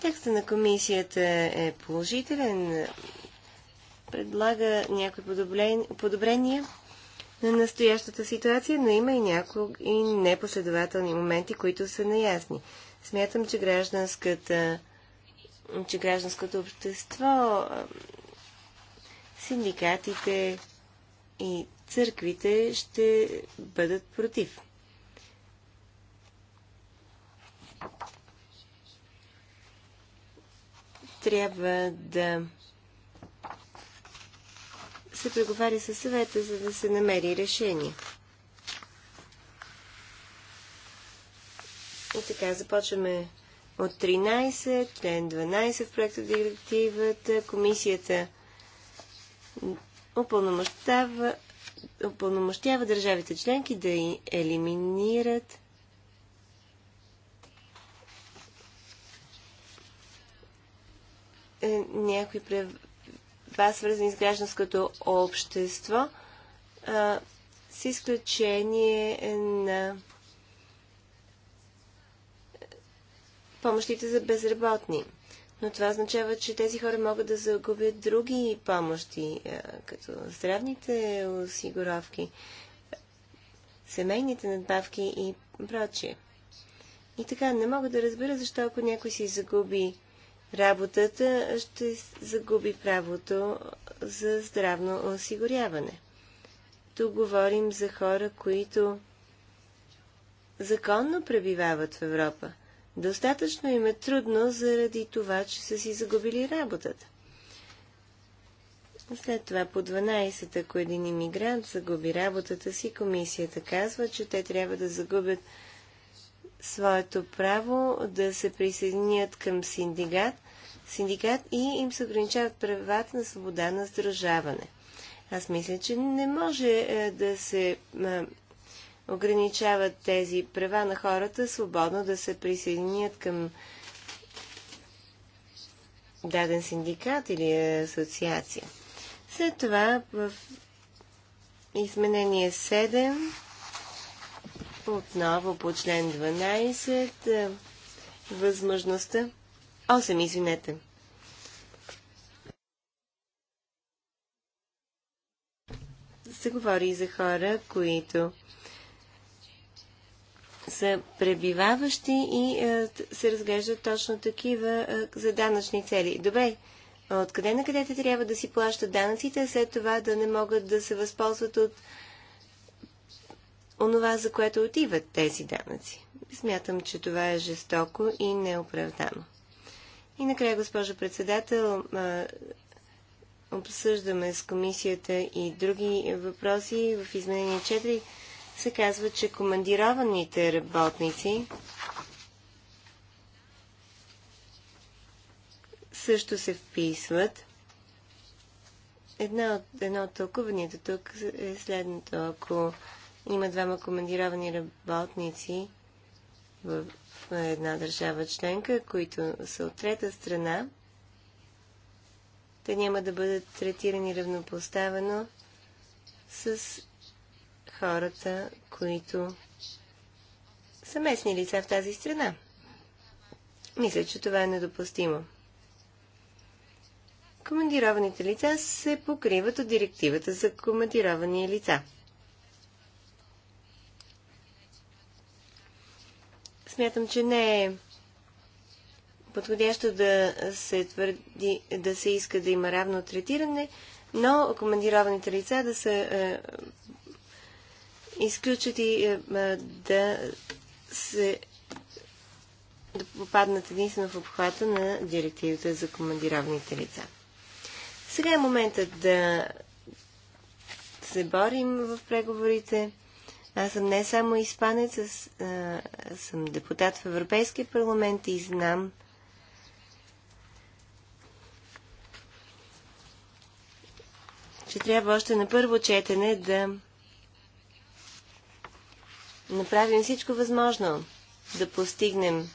Текста на комисията е положителен, предлага някои подобрения на настоящата ситуация, но има и някои непоследователни моменти, които са неясни. Смятам, че гражданската че гражданското общество, синдикатите и църквите ще бъдат против. Трябва да се преговаря със съвета, за да се намери решение. И така, започваме от 13, член 12 в проекта директивата. Комисията упълномощава упълномощава държавите членки да елиминират е, някои права, свързани с гражданското общество, с изключение на помощите за безработни но това означава, че тези хора могат да загубят други помощи, е, като здравните осигуровки, семейните надбавки и прочие. И така, не мога да разбера защо ако някой си загуби работата, ще загуби правото за здравно осигуряване. Тук говорим за хора, които законно пребивават в Европа. Достатъчно им е трудно заради това, че са си загубили работата. След това по 12, ако един иммигрант загуби работата си, комисията казва, че те трябва да загубят своето право да се присъединят към синдикат, синдикат и им се ограничават правата на свобода на сдружаване. Аз мисля, че не може е, да се е, ограничават тези права на хората свободно да се присъединят към даден синдикат или асоциация. След това в изменение 7 отново по член 12 е, възможността 8, извинете. Се говори за хора, които са пребиваващи и а, е, се разглеждат точно такива а, е, за данъчни цели. Добре, откъде на където трябва да си плащат данъците, а след това да не могат да се възползват от онова, за което отиват тези данъци. Смятам, че това е жестоко и неоправдано. И накрая, госпожо председател, а, е, обсъждаме с комисията и други въпроси в изменение 4 се казва, че командированите работници също се вписват. Една от, едно от тълкуванията тук е следното. Ако има двама командировани работници в една държава членка, които са от трета страна, те няма да бъдат третирани равнопоставено с хората, които са местни лица в тази страна. Мисля, че това е недопустимо. Командированите лица се покриват от директивата за командировани лица. Смятам, че не е подходящо да се, твърди, да се иска да има равно третиране, но командированите лица да са е, изключат и е, е, да се да попаднат единствено в обхвата на директивата за командировните лица. Сега е моментът да се борим в преговорите. Аз съм не само испанец, аз, е, съм депутат в Европейския парламент и знам че трябва още на първо четене да направим всичко възможно да постигнем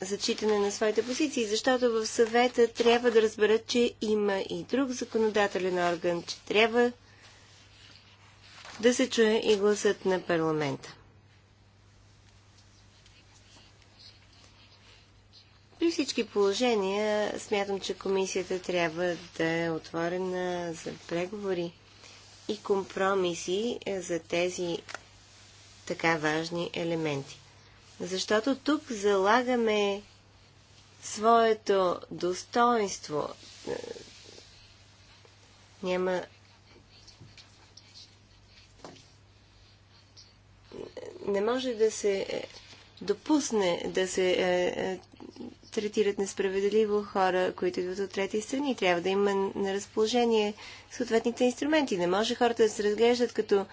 зачитане на своите позиции, защото в съвета трябва да разберат, че има и друг законодателен орган, че трябва да се чуе и гласът на парламента. При всички положения смятам, че комисията трябва да е отворена за преговори и компромиси е, за тези така важни елементи. Защото тук залагаме своето достоинство. Е, няма. Не може да се е, допусне да се третират несправедливо хора, които идват от трети страни. Трябва да има на разположение съответните инструменти. Не може хората да се разглеждат като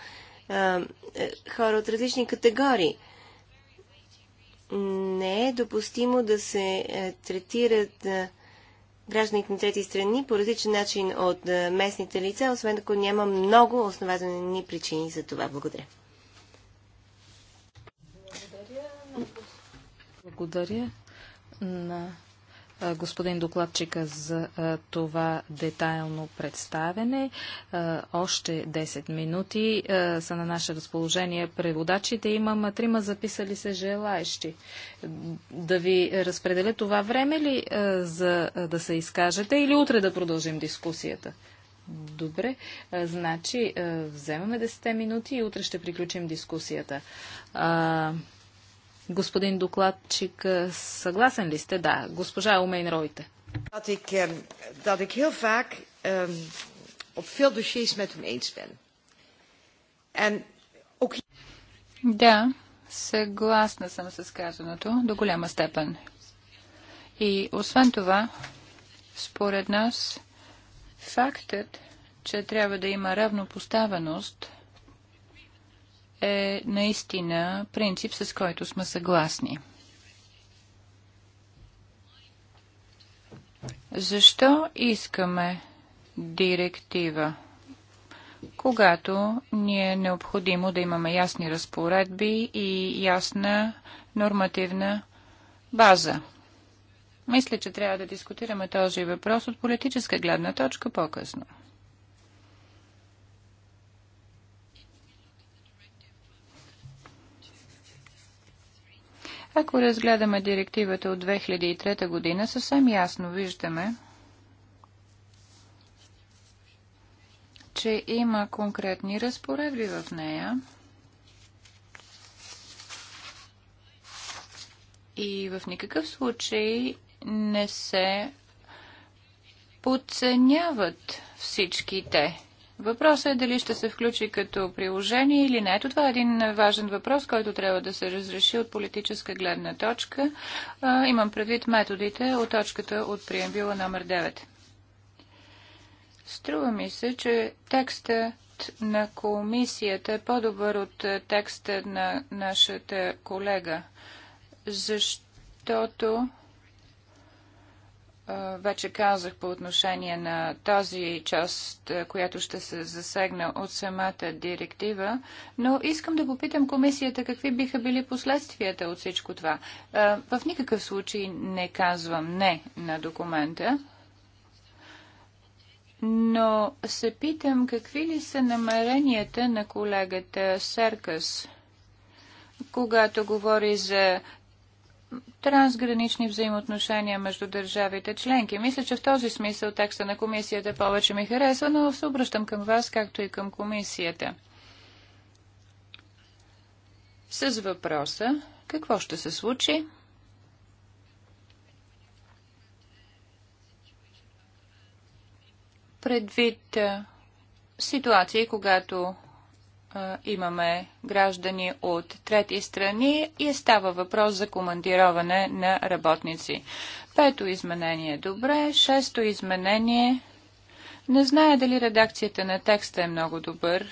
а, е, хора от различни категории. Не е допустимо да се е, третират е, гражданите на трети страни по различен начин от местните лица, освен ако няма много основателни причини за това. Благодаря. Благодаря на господин докладчика за това детайлно представене. Още 10 минути са на наше разположение преводачите. Имам трима записали се желаещи. Да ви разпределя това време ли за да се изкажете или утре да продължим дискусията? Добре, значи вземаме 10 минути и утре ще приключим дискусията. Господин докладчик, е, съгласен ли сте? Да. Госпожа Умейн Ройте. Dat ik, е, dat ik heel vaak um, op veel dossiers met hem eens ben. En ook... Да, съгласна съм с казаното до голяма степен. И освен това, според нас, фактът, че трябва да има равнопоставеност – е наистина принцип, с който сме съгласни. Защо искаме директива? Когато ни е необходимо да имаме ясни разпоредби и ясна нормативна база. Мисля, че трябва да дискутираме този въпрос от политическа гледна точка по-късно. Ако разгледаме директивата от 2003 година, съвсем ясно виждаме, че има конкретни разпоредби в нея. И в никакъв случай не се подценяват всички те. Въпросът е дали ще се включи като приложение или не. това е един важен въпрос, който трябва да се разреши от политическа гледна точка. А, имам предвид методите от точката от приембила номер 9. Струва ми се, че текстът на комисията е по-добър от текста на нашата колега, защото вече казах по отношение на тази част, която ще се засегна от самата директива, но искам да попитам комисията какви биха били последствията от всичко това. В никакъв случай не казвам не на документа, но се питам какви ли са намеренията на колегата Серкас, когато говори за трансгранични взаимоотношения между държавите членки. Мисля, че в този смисъл текста на комисията повече ми харесва, но се обръщам към вас, както и към комисията. С въпроса, какво ще се случи? Предвид ситуации, когато имаме граждани от трети страни и става въпрос за командироване на работници. Пето изменение е добре, шесто изменение не зная дали редакцията на текста е много добър.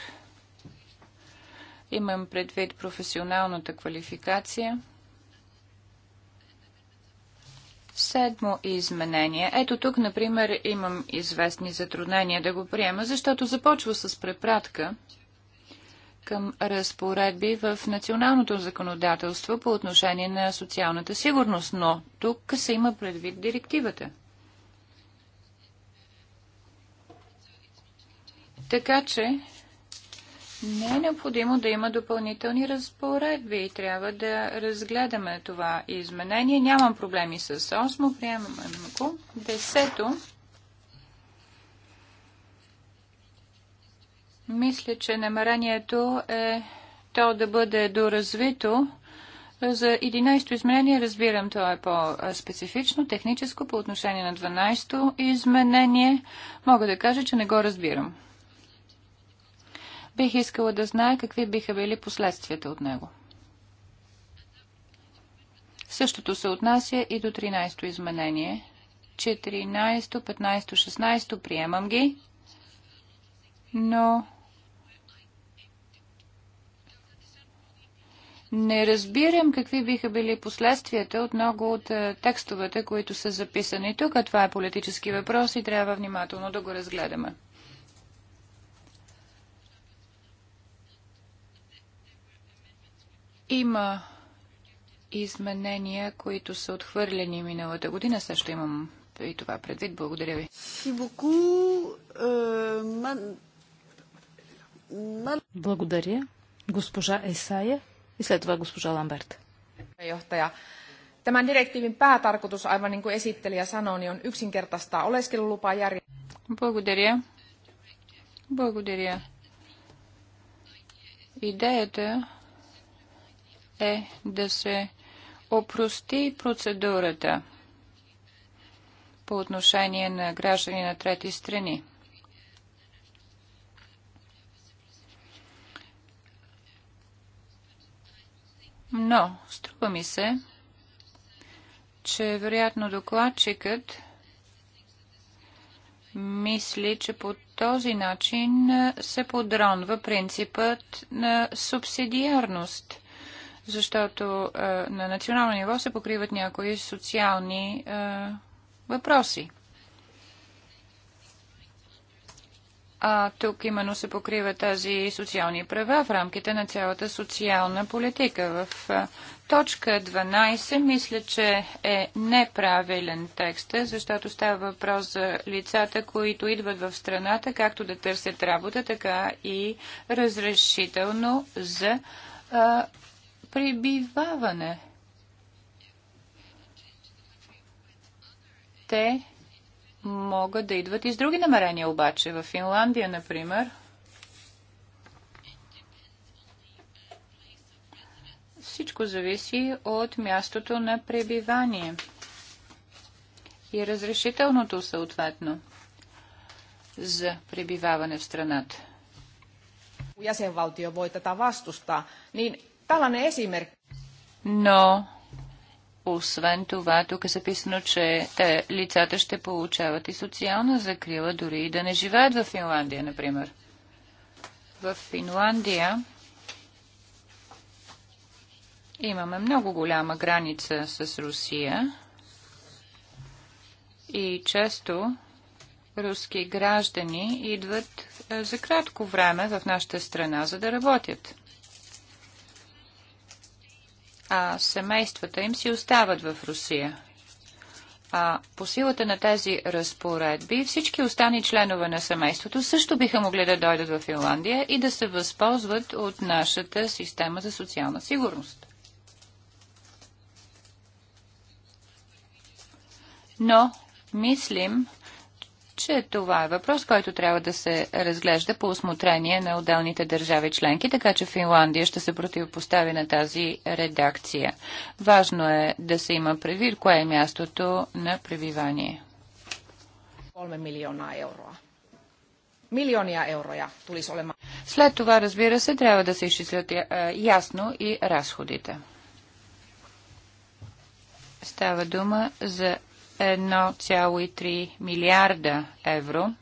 Имам предвид професионалната квалификация. Седмо изменение. Ето тук, например, имам известни затруднения да го приема, защото започва с препратка – към разпоредби в националното законодателство по отношение на социалната сигурност, но тук се има предвид директивата. Така че не е необходимо да има допълнителни разпоредби и трябва да разгледаме това изменение. Нямам проблеми с 8, приемаме го. Десето Мисля, че намерението е то да бъде доразвито. За 11-то изменение разбирам, то е по-специфично, техническо, по отношение на 12-то изменение. Мога да кажа, че не го разбирам. Бих искала да знае какви биха били последствията от него. Същото се отнася и до 13-то изменение. 14, то 15, то 16 то приемам ги, но Не разбирам какви биха били последствията от много от е, текстовете, които са записани тук. това е политически въпрос и трябва внимателно да го разгледаме. Има изменения, които са отхвърлени миналата година. Също имам и това предвид. Благодаря ви. Е, Благодаря. Госпожа Есая. И след това госпожа Ламберт. Tämän direktiivin päätarkoitus, aivan niin kuin esittelijä sanoi, niin on yksinkertaistaa oleskelulupajärjestelmää. Благодаря. Благодаря. Идеята е да се опрости процедурата по отношение на граждани на трети страни. Но, струва ми се, че вероятно докладчикът мисли, че по този начин се подронва принципът на субсидиарност, защото е, на национално ниво се покриват някои социални е, въпроси. А тук именно се покрива тази социални права в рамките на цялата социална политика. В точка 12 мисля, че е неправилен текст, защото става въпрос за лицата, които идват в страната, както да търсят работа, така и разрешително за а, прибиваване. Те могат да идват и с други намерения обаче. В Финландия, например, всичко зависи от мястото на пребивание и разрешителното съответно за пребиваване в страната. Но освен това, тук е записано, че те, лицата ще получават и социална закрила, дори и да не живеят в Финландия, например. В Финландия имаме много голяма граница с Русия и често руски граждани идват е, за кратко време в нашата страна, за да работят а семействата им си остават в Русия. А по силата на тези разпоредби всички остани членове на семейството също биха могли да дойдат в Финландия и да се възползват от нашата система за социална сигурност. Но мислим, че това е въпрос, който трябва да се разглежда по осмотрение на отделните държави членки, така че Финландия ще се противопостави на тази редакция. Важно е да се има предвид кое е мястото на пребивание. 3 милиона евро. Милиония След това, разбира се, трябва да се изчислят е, ясно и разходите. Става дума за 1,3 милиарда евро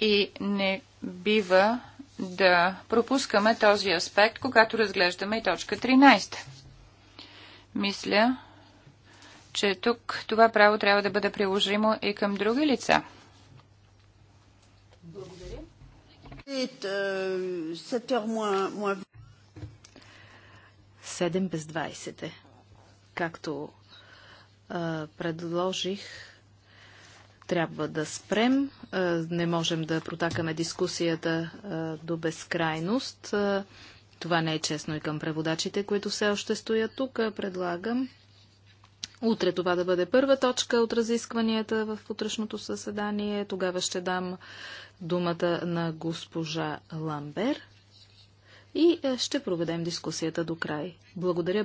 и не бива да пропускаме този аспект, когато разглеждаме и точка 13. Мисля, че тук това право трябва да бъде приложимо и към други лица. Благодаря. 7 без 20 е, както предложих трябва да спрем. Не можем да протакаме дискусията до безкрайност. Това не е честно и към преводачите, които все още стоят тук. Предлагам утре това да бъде първа точка от разискванията в утрешното съседание. Тогава ще дам думата на госпожа Ламбер и ще проведем дискусията до край. Благодаря.